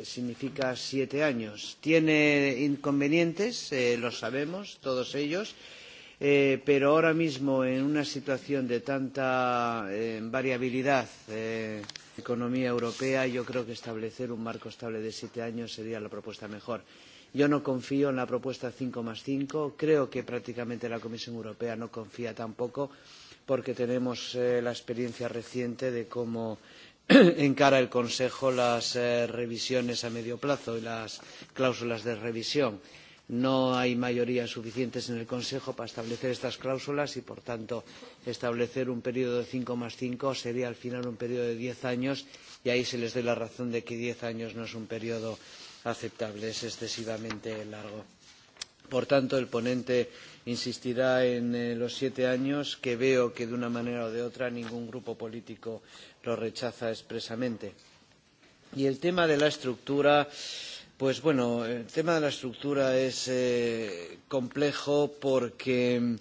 eh, significa siete años. Tiene inconvenientes, eh, lo sabemos, todos ellos, eh, pero ahora mismo en una situación de tanta eh, variabilidad eh, economía europea, yo creo que establecer un marco estable de siete años sería la propuesta mejor. Yo no confío en la propuesta 5 más 5. Creo que prácticamente la Comisión Europea no confía tampoco porque tenemos eh, la experiencia reciente de cómo encara el Consejo las eh, revisiones a medio plazo y las cláusulas de revisión. No hay mayorías suficientes en el Consejo para establecer estas cláusulas y, por tanto, establecer un periodo de cinco más cinco sería al final un periodo de diez años y ahí se les dé la razón de que diez años no es un periodo aceptable. Es excesivamente largo. Por tanto, el ponente insistirá en eh, los siete años, que veo que de una manera o de otra ningún grupo político lo rechaza expresamente. Y el tema de la estructura, pues bueno, el tema de la estructura es eh, complejo porque eh,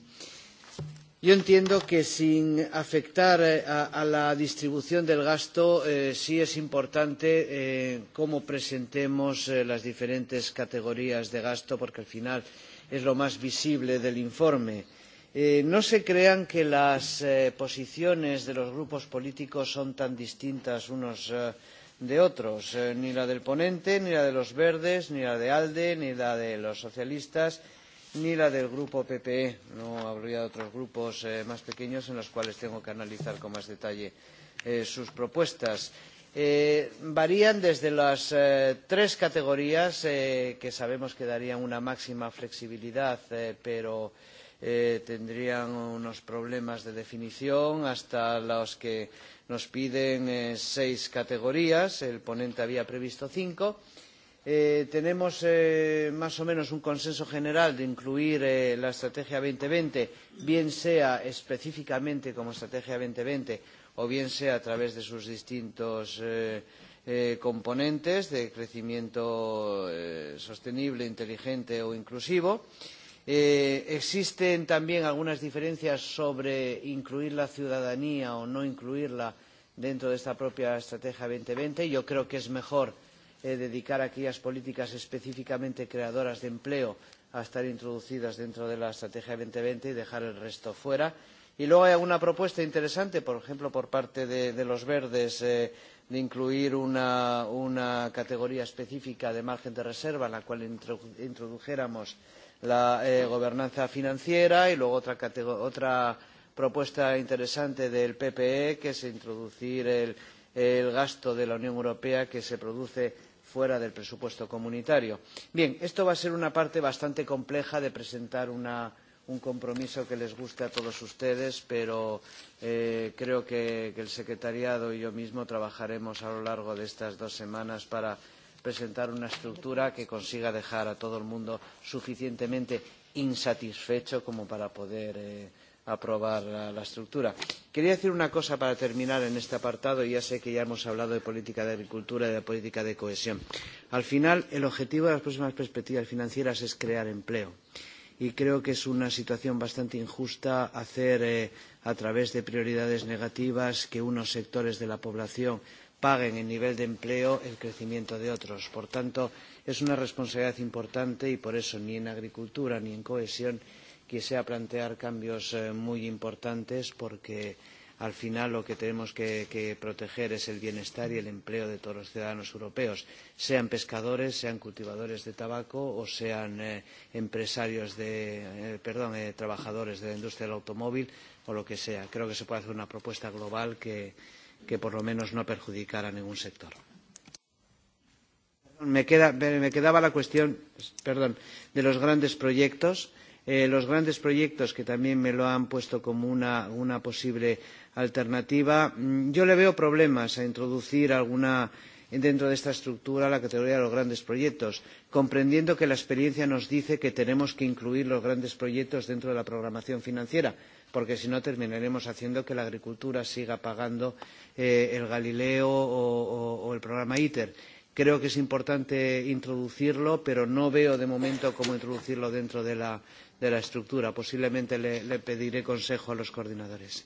Yo entiendo que sin afectar eh, a, a la distribución del gasto, eh, sí es importante eh, cómo presentemos eh, las diferentes categorías de gasto, porque al final es lo más visible del informe. Eh, no se crean que las eh, posiciones de los grupos políticos son tan distintas unos eh, de otros, eh, ni la del ponente, ni la de los verdes, ni la de ALDE, ni la de los socialistas, ni la del grupo PPE. No habría otros grupos eh, más pequeños en los cuales tengo que analizar con más detalle eh, sus propuestas. Eh, varían desde las eh, tres categorías eh, que sabemos que darían una máxima flexibilidad, eh, pero eh, tendrían unos problemas de definición hasta los que nos piden eh, seis categorías. El ponente había previsto cinco. Eh, tenemos eh, más o menos un consenso general de incluir eh, la Estrategia 2020, bien sea específicamente como Estrategia 2020 o bien sea a través de sus distintos eh, eh, componentes de crecimiento eh, sostenible, inteligente o inclusivo. Eh, existen también algunas diferencias sobre incluir la ciudadanía o no incluirla dentro de esta propia Estrategia 2020. Yo creo que es mejor eh, dedicar aquellas políticas específicamente creadoras de empleo a estar introducidas dentro de la Estrategia 2020 y dejar el resto fuera. Y luego hay alguna propuesta interesante, por ejemplo, por parte de, de los verdes, eh, de incluir una, una categoría específica de margen de reserva en la cual introdujéramos la eh, gobernanza financiera y luego otra, otra propuesta interesante del PPE, que es introducir el, el gasto de la Unión Europea que se produce fuera del presupuesto comunitario. Bien, esto va a ser una parte bastante compleja de presentar una, un compromiso que les guste a todos ustedes, pero eh, creo que, que el secretariado y yo mismo trabajaremos a lo largo de estas dos semanas para presentar una estructura que consiga dejar a todo el mundo suficientemente insatisfecho como para poder eh, aprobar la, la estructura. Quería decir una cosa para terminar en este apartado. y Ya sé que ya hemos hablado de política de agricultura y de política de cohesión. Al final, el objetivo de las próximas perspectivas financieras es crear empleo. Y creo que es una situación bastante injusta hacer eh, a través de prioridades negativas que unos sectores de la población paguen el nivel de empleo el crecimiento de otros. Por tanto, es una responsabilidad importante y por eso ni en agricultura ni en cohesión Quisiera plantear cambios eh, muy importantes porque al final lo que tenemos que, que proteger es el bienestar y el empleo de todos los ciudadanos europeos, sean pescadores, sean cultivadores de tabaco o sean eh, empresarios de, eh, perdón, eh, trabajadores de la industria del automóvil o lo que sea. Creo que se puede hacer una propuesta global que, que por lo menos no perjudicara a ningún sector. Me, queda, me quedaba la cuestión perdón, de los grandes proyectos. Eh, los grandes proyectos, que también me lo han puesto como una, una posible alternativa, mm, yo le veo problemas a introducir alguna dentro de esta estructura la categoría de los grandes proyectos, comprendiendo que la experiencia nos dice que tenemos que incluir los grandes proyectos dentro de la programación financiera, porque si no terminaremos haciendo que la agricultura siga pagando eh, el Galileo o, o, o el programa ITER. Creo que es importante introducirlo, pero no veo de momento cómo introducirlo dentro de la de la estructura. Posiblemente le, le pediré consejo a los coordinadores.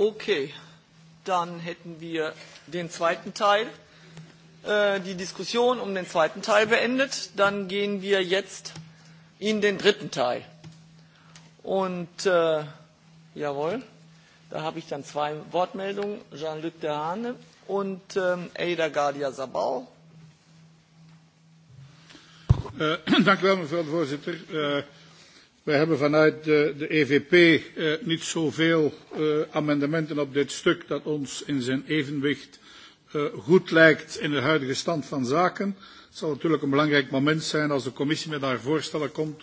Okay, dann hätten wir den zweiten Teil, äh, die Diskussion um den zweiten Teil beendet. Dann gehen wir jetzt in den dritten Teil. Und äh, jawohl, da habe ich dann zwei Wortmeldungen, Jean-Luc Dehane und äh, Ada Gardia Sabau. Eh, dank u wel, mevrouw de voorzitter. Uh, wij hebben vanuit de, de EVP uh, eh, niet zoveel uh, amendementen op dit stuk dat ons in zijn evenwicht uh, goed lijkt in de huidige stand van zaken. Het zal natuurlijk een belangrijk moment zijn als de commissie met haar voorstellen komt,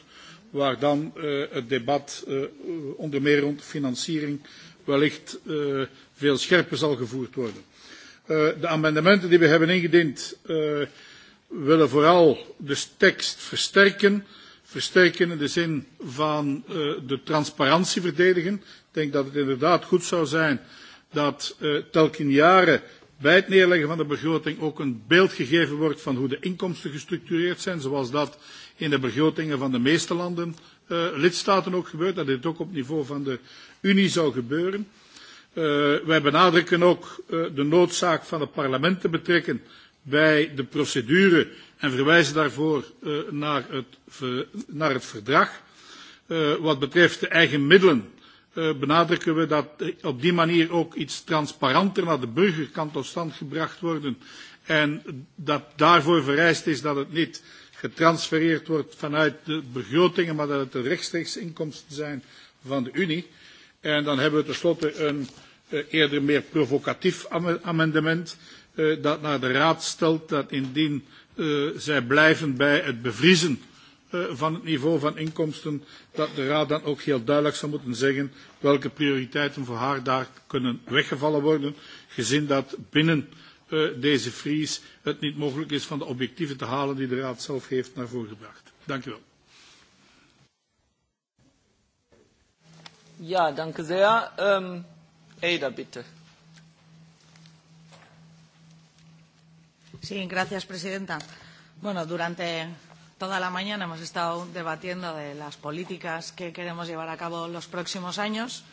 waar dan uh, het debat uh, onder meer rond financiering wellicht uh, veel scherper zal gevoerd worden. Uh, de amendementen die we hebben ingediend... Uh, We willen vooral de tekst versterken. Versterken in de zin van uh, de transparantie verdedigen. Ik denk dat het inderdaad goed zou zijn dat uh, telkens jaren bij het neerleggen van de begroting ook een beeld gegeven wordt van hoe de inkomsten gestructureerd zijn, zoals dat in de begrotingen van de meeste landen, uh, lidstaten ook gebeurt, dat dit ook op niveau van de Unie zou gebeuren. Uh, wij benadrukken ook uh, de noodzaak van het parlement te betrekken bij de procedure en verwijzen daarvoor uh, naar, het, ver, naar het verdrag. Uh, wat betreft de eigen middelen uh, benadrukken we dat op die manier ook iets transparanter naar de burger kan tot stand gebracht worden en dat daarvoor vereist is dat het niet getransfereerd wordt vanuit de begrotingen, maar dat het de rechtstreeks inkomsten zijn van de Unie. En dan hebben we tenslotte een eerder meer provocatief amendement uh, dat naar de Raad stelt dat indien uh, zij blijven bij het bevriezen uh, van het niveau van inkomsten, dat de Raad dan ook heel duidelijk zou moeten zeggen welke prioriteiten voor haar daar kunnen weggevallen worden, gezien dat binnen uh, deze vries het niet mogelijk is van de objectieven te halen die de Raad zelf heeft naar voren gebracht. Dank u wel. Ja, danke sehr. Ähm, Eda, bitte. Sí, gracias, presidenta. Bueno, durante toda la mañana hemos estado debatiendo de las políticas que queremos llevar a cabo los próximos años,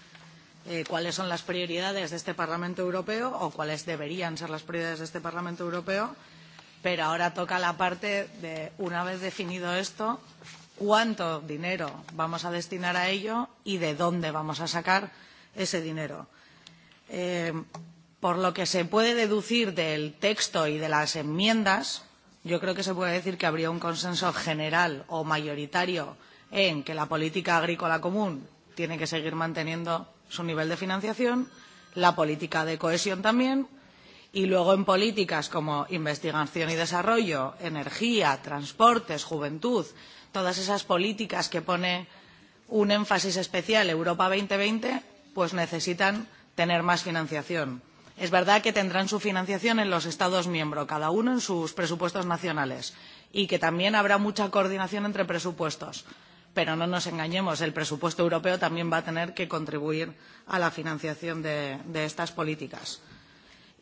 eh, cuáles son las prioridades de este Parlamento Europeo o cuáles deberían ser las prioridades de este Parlamento Europeo, pero ahora toca la parte de, una vez definido esto, cuánto dinero vamos a destinar a ello y de dónde vamos a sacar ese dinero. Eh, Por lo que se puede deducir del texto y de las enmiendas, yo creo que se puede decir que habría un consenso general o mayoritario en que la política agrícola común tiene que seguir manteniendo su nivel de financiación, la política de cohesión también, y luego en políticas como investigación y desarrollo, energía, transportes, juventud, todas esas políticas que pone un énfasis especial Europa 2020, pues necesitan tener más financiación. Es verdad que tendrán su financiación en los Estados miembros, cada uno en sus presupuestos nacionales, y que también habrá mucha coordinación entre presupuestos. Pero no nos engañemos, el presupuesto europeo también va a tener que contribuir a la financiación de, de estas políticas.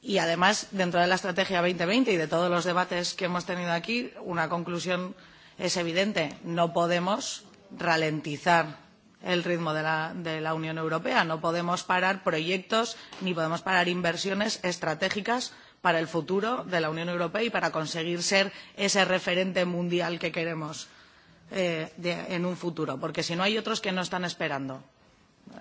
Y además, dentro de la Estrategia 2020 y de todos los debates que hemos tenido aquí, una conclusión es evidente. No podemos ralentizar el ritmo de la, de la Unión Europea. No podemos parar proyectos ni podemos parar inversiones estratégicas para el futuro de la Unión Europea y para conseguir ser ese referente mundial que queremos eh, de, en un futuro, porque si no hay otros que no están esperando.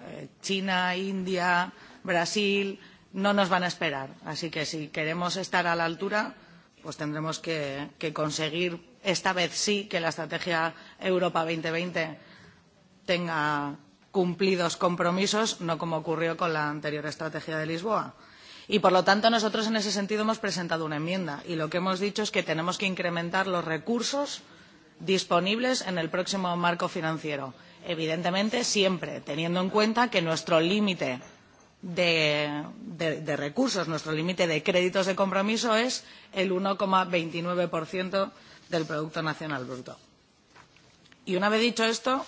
Eh, China, India, Brasil no nos van a esperar. Así que si queremos estar a la altura, pues tendremos que, que conseguir esta vez sí que la estrategia Europa 2020 tenga cumplidos compromisos, no como ocurrió con la anterior estrategia de Lisboa. Y por lo tanto nosotros en ese sentido hemos presentado una enmienda y lo que hemos dicho es que tenemos que incrementar los recursos disponibles en el próximo marco financiero. Evidentemente siempre teniendo en cuenta que nuestro límite de, de, de recursos, nuestro límite de créditos de compromiso es el 1,29% del Producto Nacional Bruto. Y una vez dicho esto,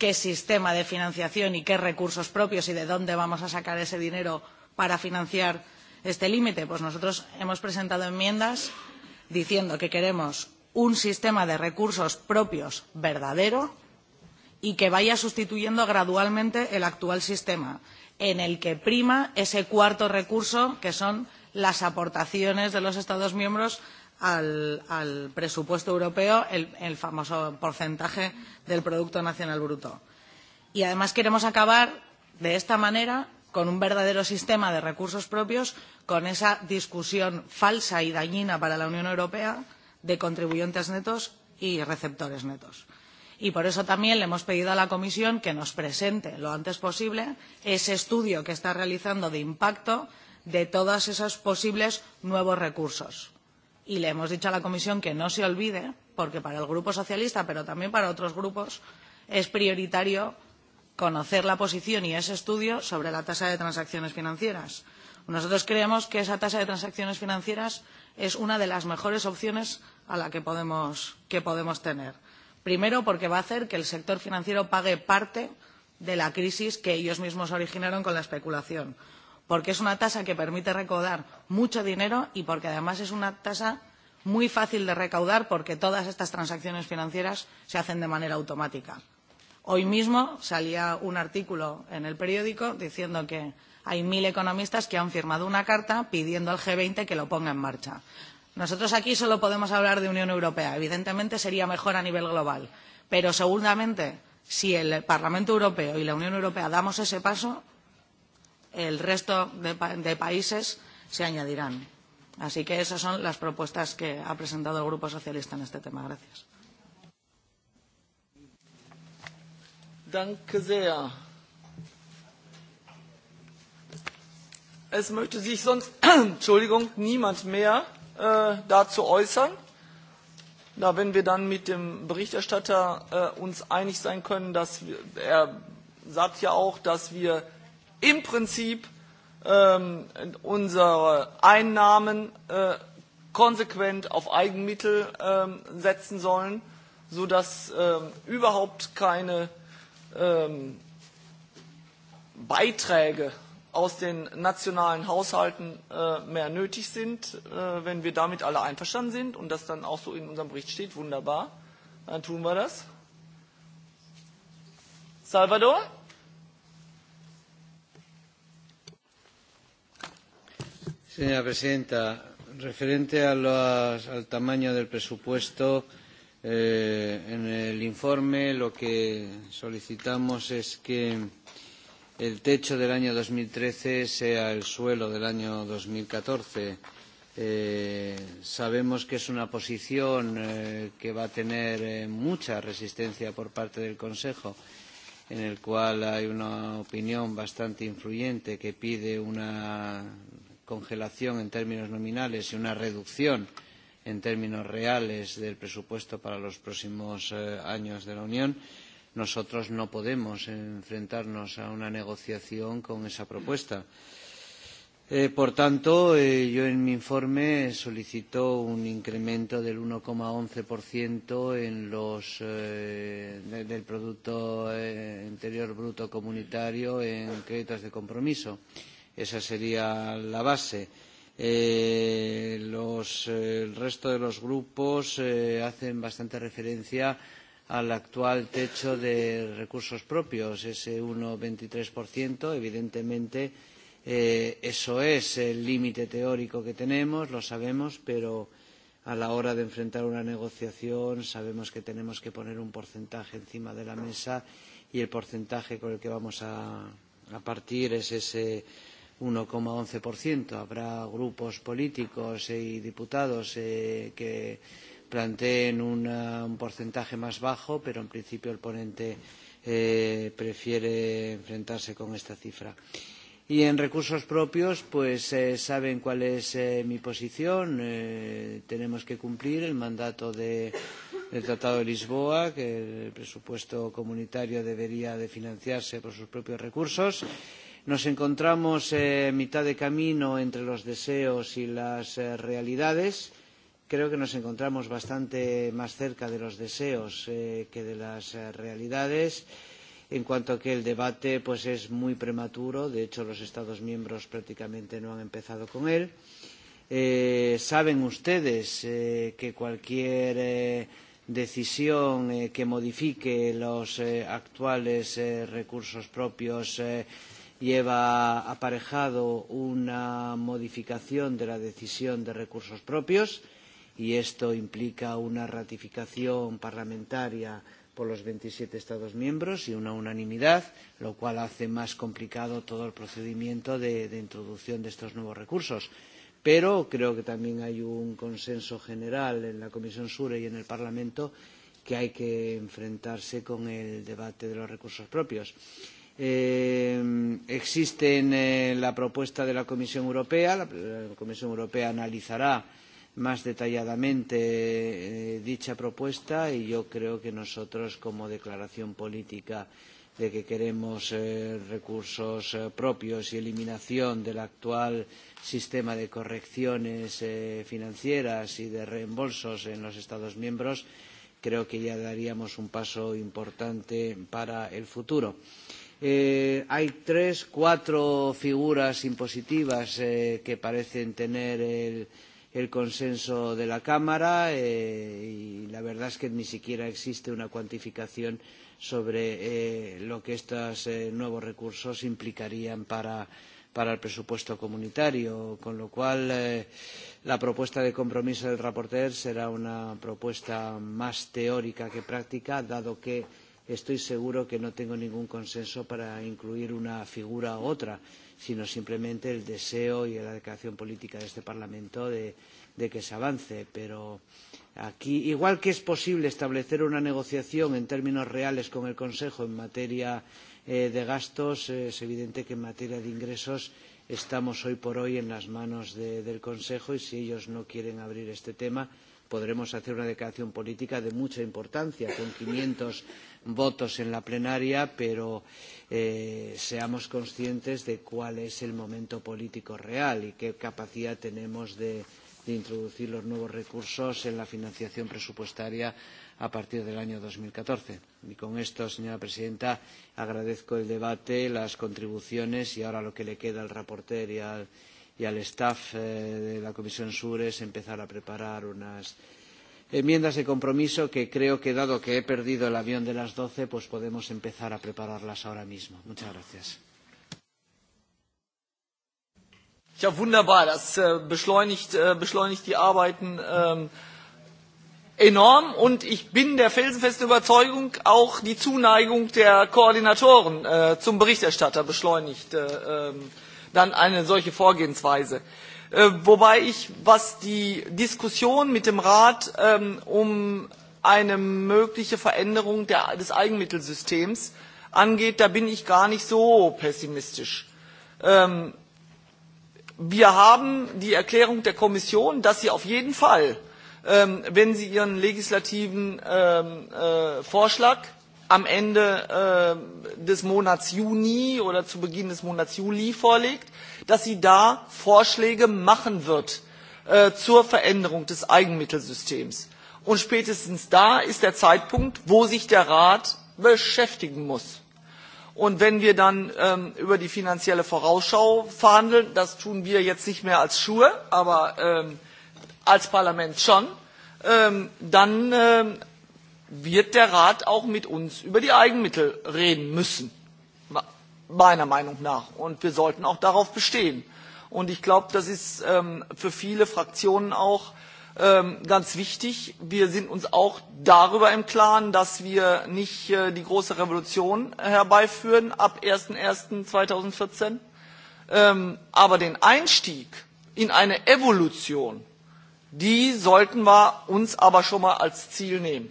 qué sistema de financiación y qué recursos propios y de dónde vamos a sacar ese dinero para financiar este límite. Pues nosotros hemos presentado enmiendas diciendo que queremos un sistema de recursos propios verdadero y que vaya sustituyendo gradualmente el actual sistema, en el que prima ese cuarto recurso que son las aportaciones de los Estados miembros al, al presupuesto europeo el, el famoso porcentaje del Producto Nacional Bruto. Y además queremos acabar de esta manera con un verdadero sistema de recursos propios, con esa discusión falsa y dañina para la Unión Europea de contribuyentes netos y receptores netos. Y por eso también le hemos pedido a la Comisión que nos presente lo antes posible ese estudio que está realizando de impacto de todos esos posibles nuevos recursos y le hemos dicho a la Comisión que no se olvide, porque para el Grupo Socialista, pero también para otros grupos, es prioritario conocer la posición y ese estudio sobre la tasa de transacciones financieras. Nosotros creemos que esa tasa de transacciones financieras es una de las mejores opciones a la que podemos, que podemos tener. Primero, porque va a hacer que el sector financiero pague parte de la crisis que ellos mismos originaron con la especulación porque es una tasa que permite recaudar mucho dinero y porque además es una tasa muy fácil de recaudar porque todas estas transacciones financieras se hacen de manera automática. Hoy mismo salía un artículo en el periódico diciendo que hay mil economistas que han firmado una carta pidiendo al G20 que lo ponga en marcha. Nosotros aquí solo podemos hablar de Unión Europea. Evidentemente sería mejor a nivel global. Pero seguramente, si el Parlamento Europeo y la Unión Europea damos ese paso, el resto de, pa de países se añadirán. Así que esas son las propuestas que ha presentado el Grupo Socialista en este tema. Gracias. Danke sehr. Es möchte sich sonst, Entschuldigung, niemand mehr äh, dazu äußern. Da wenn wir dann mit dem Berichterstatter äh, uns einig sein können, dass wir, er sagt ja auch, dass wir im Prinzip ähm, unsere Einnahmen äh, konsequent auf Eigenmittel äh, setzen sollen, sodass äh, überhaupt keine äh, Beiträge aus den nationalen Haushalten äh, mehr nötig sind. Äh, wenn wir damit alle einverstanden sind und das dann auch so in unserem Bericht steht, wunderbar, dann tun wir das. Salvador? Señora presidenta, referente a los, al tamaño del presupuesto, eh, en el informe lo que solicitamos es que el techo del año 2013 sea el suelo del año 2014. Eh, sabemos que es una posición eh, que va a tener eh, mucha resistencia por parte del Consejo, en el cual hay una opinión bastante influyente que pide una congelación en términos nominales y una reducción en términos reales del presupuesto para los próximos eh, años de la Unión, nosotros no podemos enfrentarnos a una negociación con esa propuesta. Eh, por tanto, eh, yo en mi informe solicito un incremento del 1,11% en los, eh, del Producto eh, Interior Bruto Comunitario en créditos de compromiso. Eh, Esa sería la base. Eh, los, eh, el resto de los grupos eh, hacen bastante referencia al actual techo de recursos propios, ese 1,23%. Evidentemente, eh, eso es el límite teórico que tenemos, lo sabemos, pero a la hora de enfrentar una negociación sabemos que tenemos que poner un porcentaje encima de la mesa y el porcentaje con el que vamos a, a partir es ese 1,11%. Habrá grupos políticos y diputados eh, que planteen una, un porcentaje más bajo, pero en principio el ponente eh, prefiere enfrentarse con esta cifra. Y en recursos propios, pues eh, saben cuál es eh, mi posición. Eh, tenemos que cumplir el mandato de, del Tratado de Lisboa, que el presupuesto comunitario debería de financiarse por sus propios recursos. Nos encontramos eh, mitad de camino entre los deseos y las eh, realidades. Creo que nos encontramos bastante más cerca de los deseos eh, que de las eh, realidades en cuanto a que el debate pues, es muy prematuro, de hecho los Estados miembros prácticamente no han empezado con él. Eh, saben ustedes eh, que cualquier eh, decisión eh, que modifique los eh, actuales eh, recursos propios eh, lleva aparejado una modificación de la decisión de recursos propios y esto implica una ratificación parlamentaria por los 27 Estados miembros y una unanimidad, lo cual hace más complicado todo el procedimiento de, de introducción de estos nuevos recursos. Pero creo que también hay un consenso general en la Comisión Sure y en el Parlamento que hay que enfrentarse con el debate de los recursos propios. Eh, existe en eh, la propuesta de la Comisión Europea, la, la Comisión Europea analizará más detalladamente eh, dicha propuesta y yo creo que nosotros como declaración política de que queremos eh, recursos eh, propios y eliminación del actual sistema de correcciones eh, financieras y de reembolsos en los Estados miembros, creo que ya daríamos un paso importante para el futuro. Eh, eh, hay tres, cuatro figuras impositivas eh, que parecen tener el, el consenso de la Cámara eh, y la verdad es que ni siquiera existe una cuantificación sobre eh, lo que estos eh, nuevos recursos implicarían para, para el presupuesto comunitario, con lo cual eh, la propuesta de compromiso del reporter será una propuesta más teórica que práctica, dado que estoy seguro que no tengo ningún consenso para incluir una figura u otra, sino simplemente el deseo y la declaración política de este Parlamento de, de que se avance. Pero aquí, igual que es posible establecer una negociación en términos reales con el Consejo en materia eh, de gastos, eh, es evidente que en materia de ingresos estamos hoy por hoy en las manos de, del Consejo y si ellos no quieren abrir este tema, podremos hacer una declaración política de mucha importancia con 500 votos en la plenaria, pero eh, seamos conscientes de cuál es el momento político real y qué capacidad tenemos de, de introducir los nuevos recursos en la financiación presupuestaria a partir del año 2014. Y con esto, señora presidenta, agradezco el debate, las contribuciones y ahora lo que le queda al reporter y al, y al staff eh, de la Comisión Sur es empezar a preparar unas enmiendas de compromiso que creo que, dado que he perdido el avión de las doce, pues podemos empezar a prepararlas ahora mismo. Muchas gracias. Ja, wunderbar. Das äh, beschleunigt, äh, beschleunigt die Arbeiten ähm, enorm und ich bin der felsenfesten Überzeugung, auch die Zuneigung der Koordinatoren äh, zum Berichterstatter beschleunigt ähm, dann eine solche Vorgehensweise. Äh, wobei ich, was die Diskussion mit dem Rat ähm, um eine mögliche Veränderung der, des Eigenmittelsystems angeht, da bin ich gar nicht so pessimistisch. Ähm, wir haben die Erklärung der Kommission, dass sie auf jeden Fall, ähm, wenn sie ihren legislativen ähm, äh, Vorschlag am Ende äh, des Monats Juni oder zu Beginn des Monats Juli vorlegt, dass sie da Vorschläge machen wird äh, zur Veränderung des Eigenmittelsystems. Und spätestens da ist der Zeitpunkt, wo sich der Rat beschäftigen muss. Und wenn wir dann ähm, über die finanzielle Vorausschau verhandeln, das tun wir jetzt nicht mehr als Schuhe, aber ähm, als Parlament schon, ähm, dann ähm, wird der Rat auch mit uns über die Eigenmittel reden müssen meiner Meinung nach. Und wir sollten auch darauf bestehen. Und ich glaube, das ist ähm, für viele Fraktionen auch ähm, ganz wichtig. Wir sind uns auch darüber im Klaren, dass wir nicht äh, die große Revolution herbeiführen ab 01.01.2014, ähm, aber den Einstieg in eine Evolution, die sollten wir uns aber schon mal als Ziel nehmen.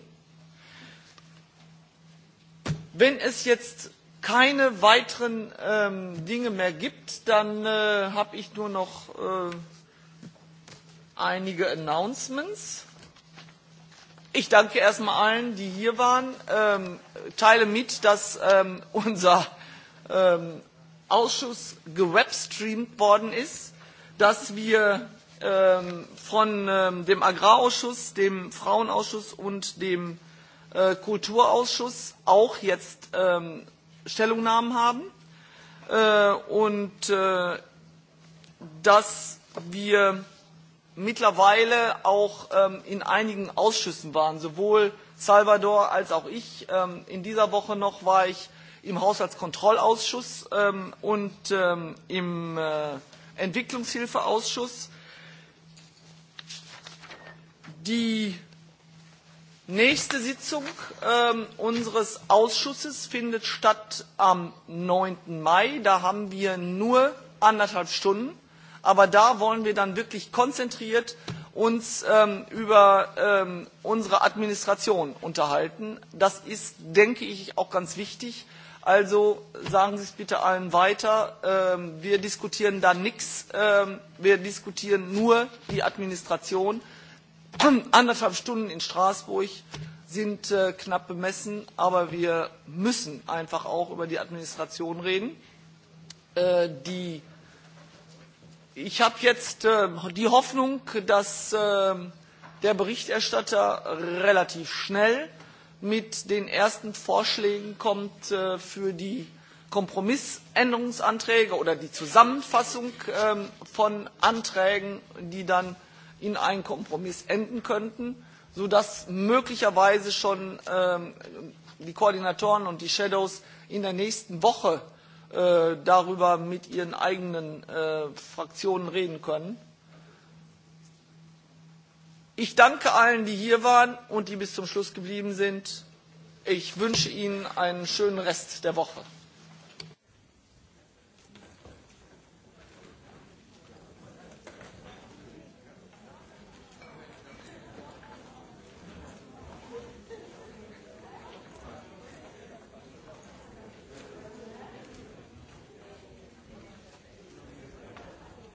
Wenn es jetzt keine weiteren ähm, Dinge mehr gibt, dann äh, habe ich nur noch äh, einige Announcements. Ich danke erstmal allen, die hier waren. Ähm, teile mit, dass ähm, unser ähm, Ausschuss gewebstreamt worden ist, dass wir ähm, von ähm, dem Agrarausschuss, dem Frauenausschuss und dem äh, Kulturausschuss auch jetzt ähm, Stellungnahmen haben äh, und äh, dass wir mittlerweile auch ähm, in einigen Ausschüssen waren. Sowohl Salvador als auch ich. Ähm, in dieser Woche noch war ich im Haushaltskontrollausschuss ähm, und ähm, im äh, Entwicklungshilfeausschuss. Die Nächste Sitzung ähm, unseres Ausschusses findet statt am 9. Mai. Da haben wir nur anderthalb Stunden. Aber da wollen wir dann wirklich konzentriert uns ähm, über ähm, unsere Administration unterhalten. Das ist, denke ich, auch ganz wichtig. Also sagen Sie es bitte allen weiter. Ähm, wir diskutieren da nichts. Ähm, wir diskutieren nur die Administration. anderthalb Stunden in Straßburg sind äh, knapp bemessen, aber wir müssen einfach auch über die Administration reden. Äh, die ich habe jetzt äh, die Hoffnung, dass äh, der Berichterstatter relativ schnell mit den ersten Vorschlägen kommt äh, für die Kompromissänderungsanträge oder die Zusammenfassung äh, von Anträgen, die dann in einen Kompromiss enden könnten, sodass möglicherweise schon ähm, die Koordinatoren und die Shadows in der nächsten Woche äh, darüber mit ihren eigenen äh, Fraktionen reden können. Ich danke allen, die hier waren und die bis zum Schluss geblieben sind. Ich wünsche Ihnen einen schönen Rest der Woche.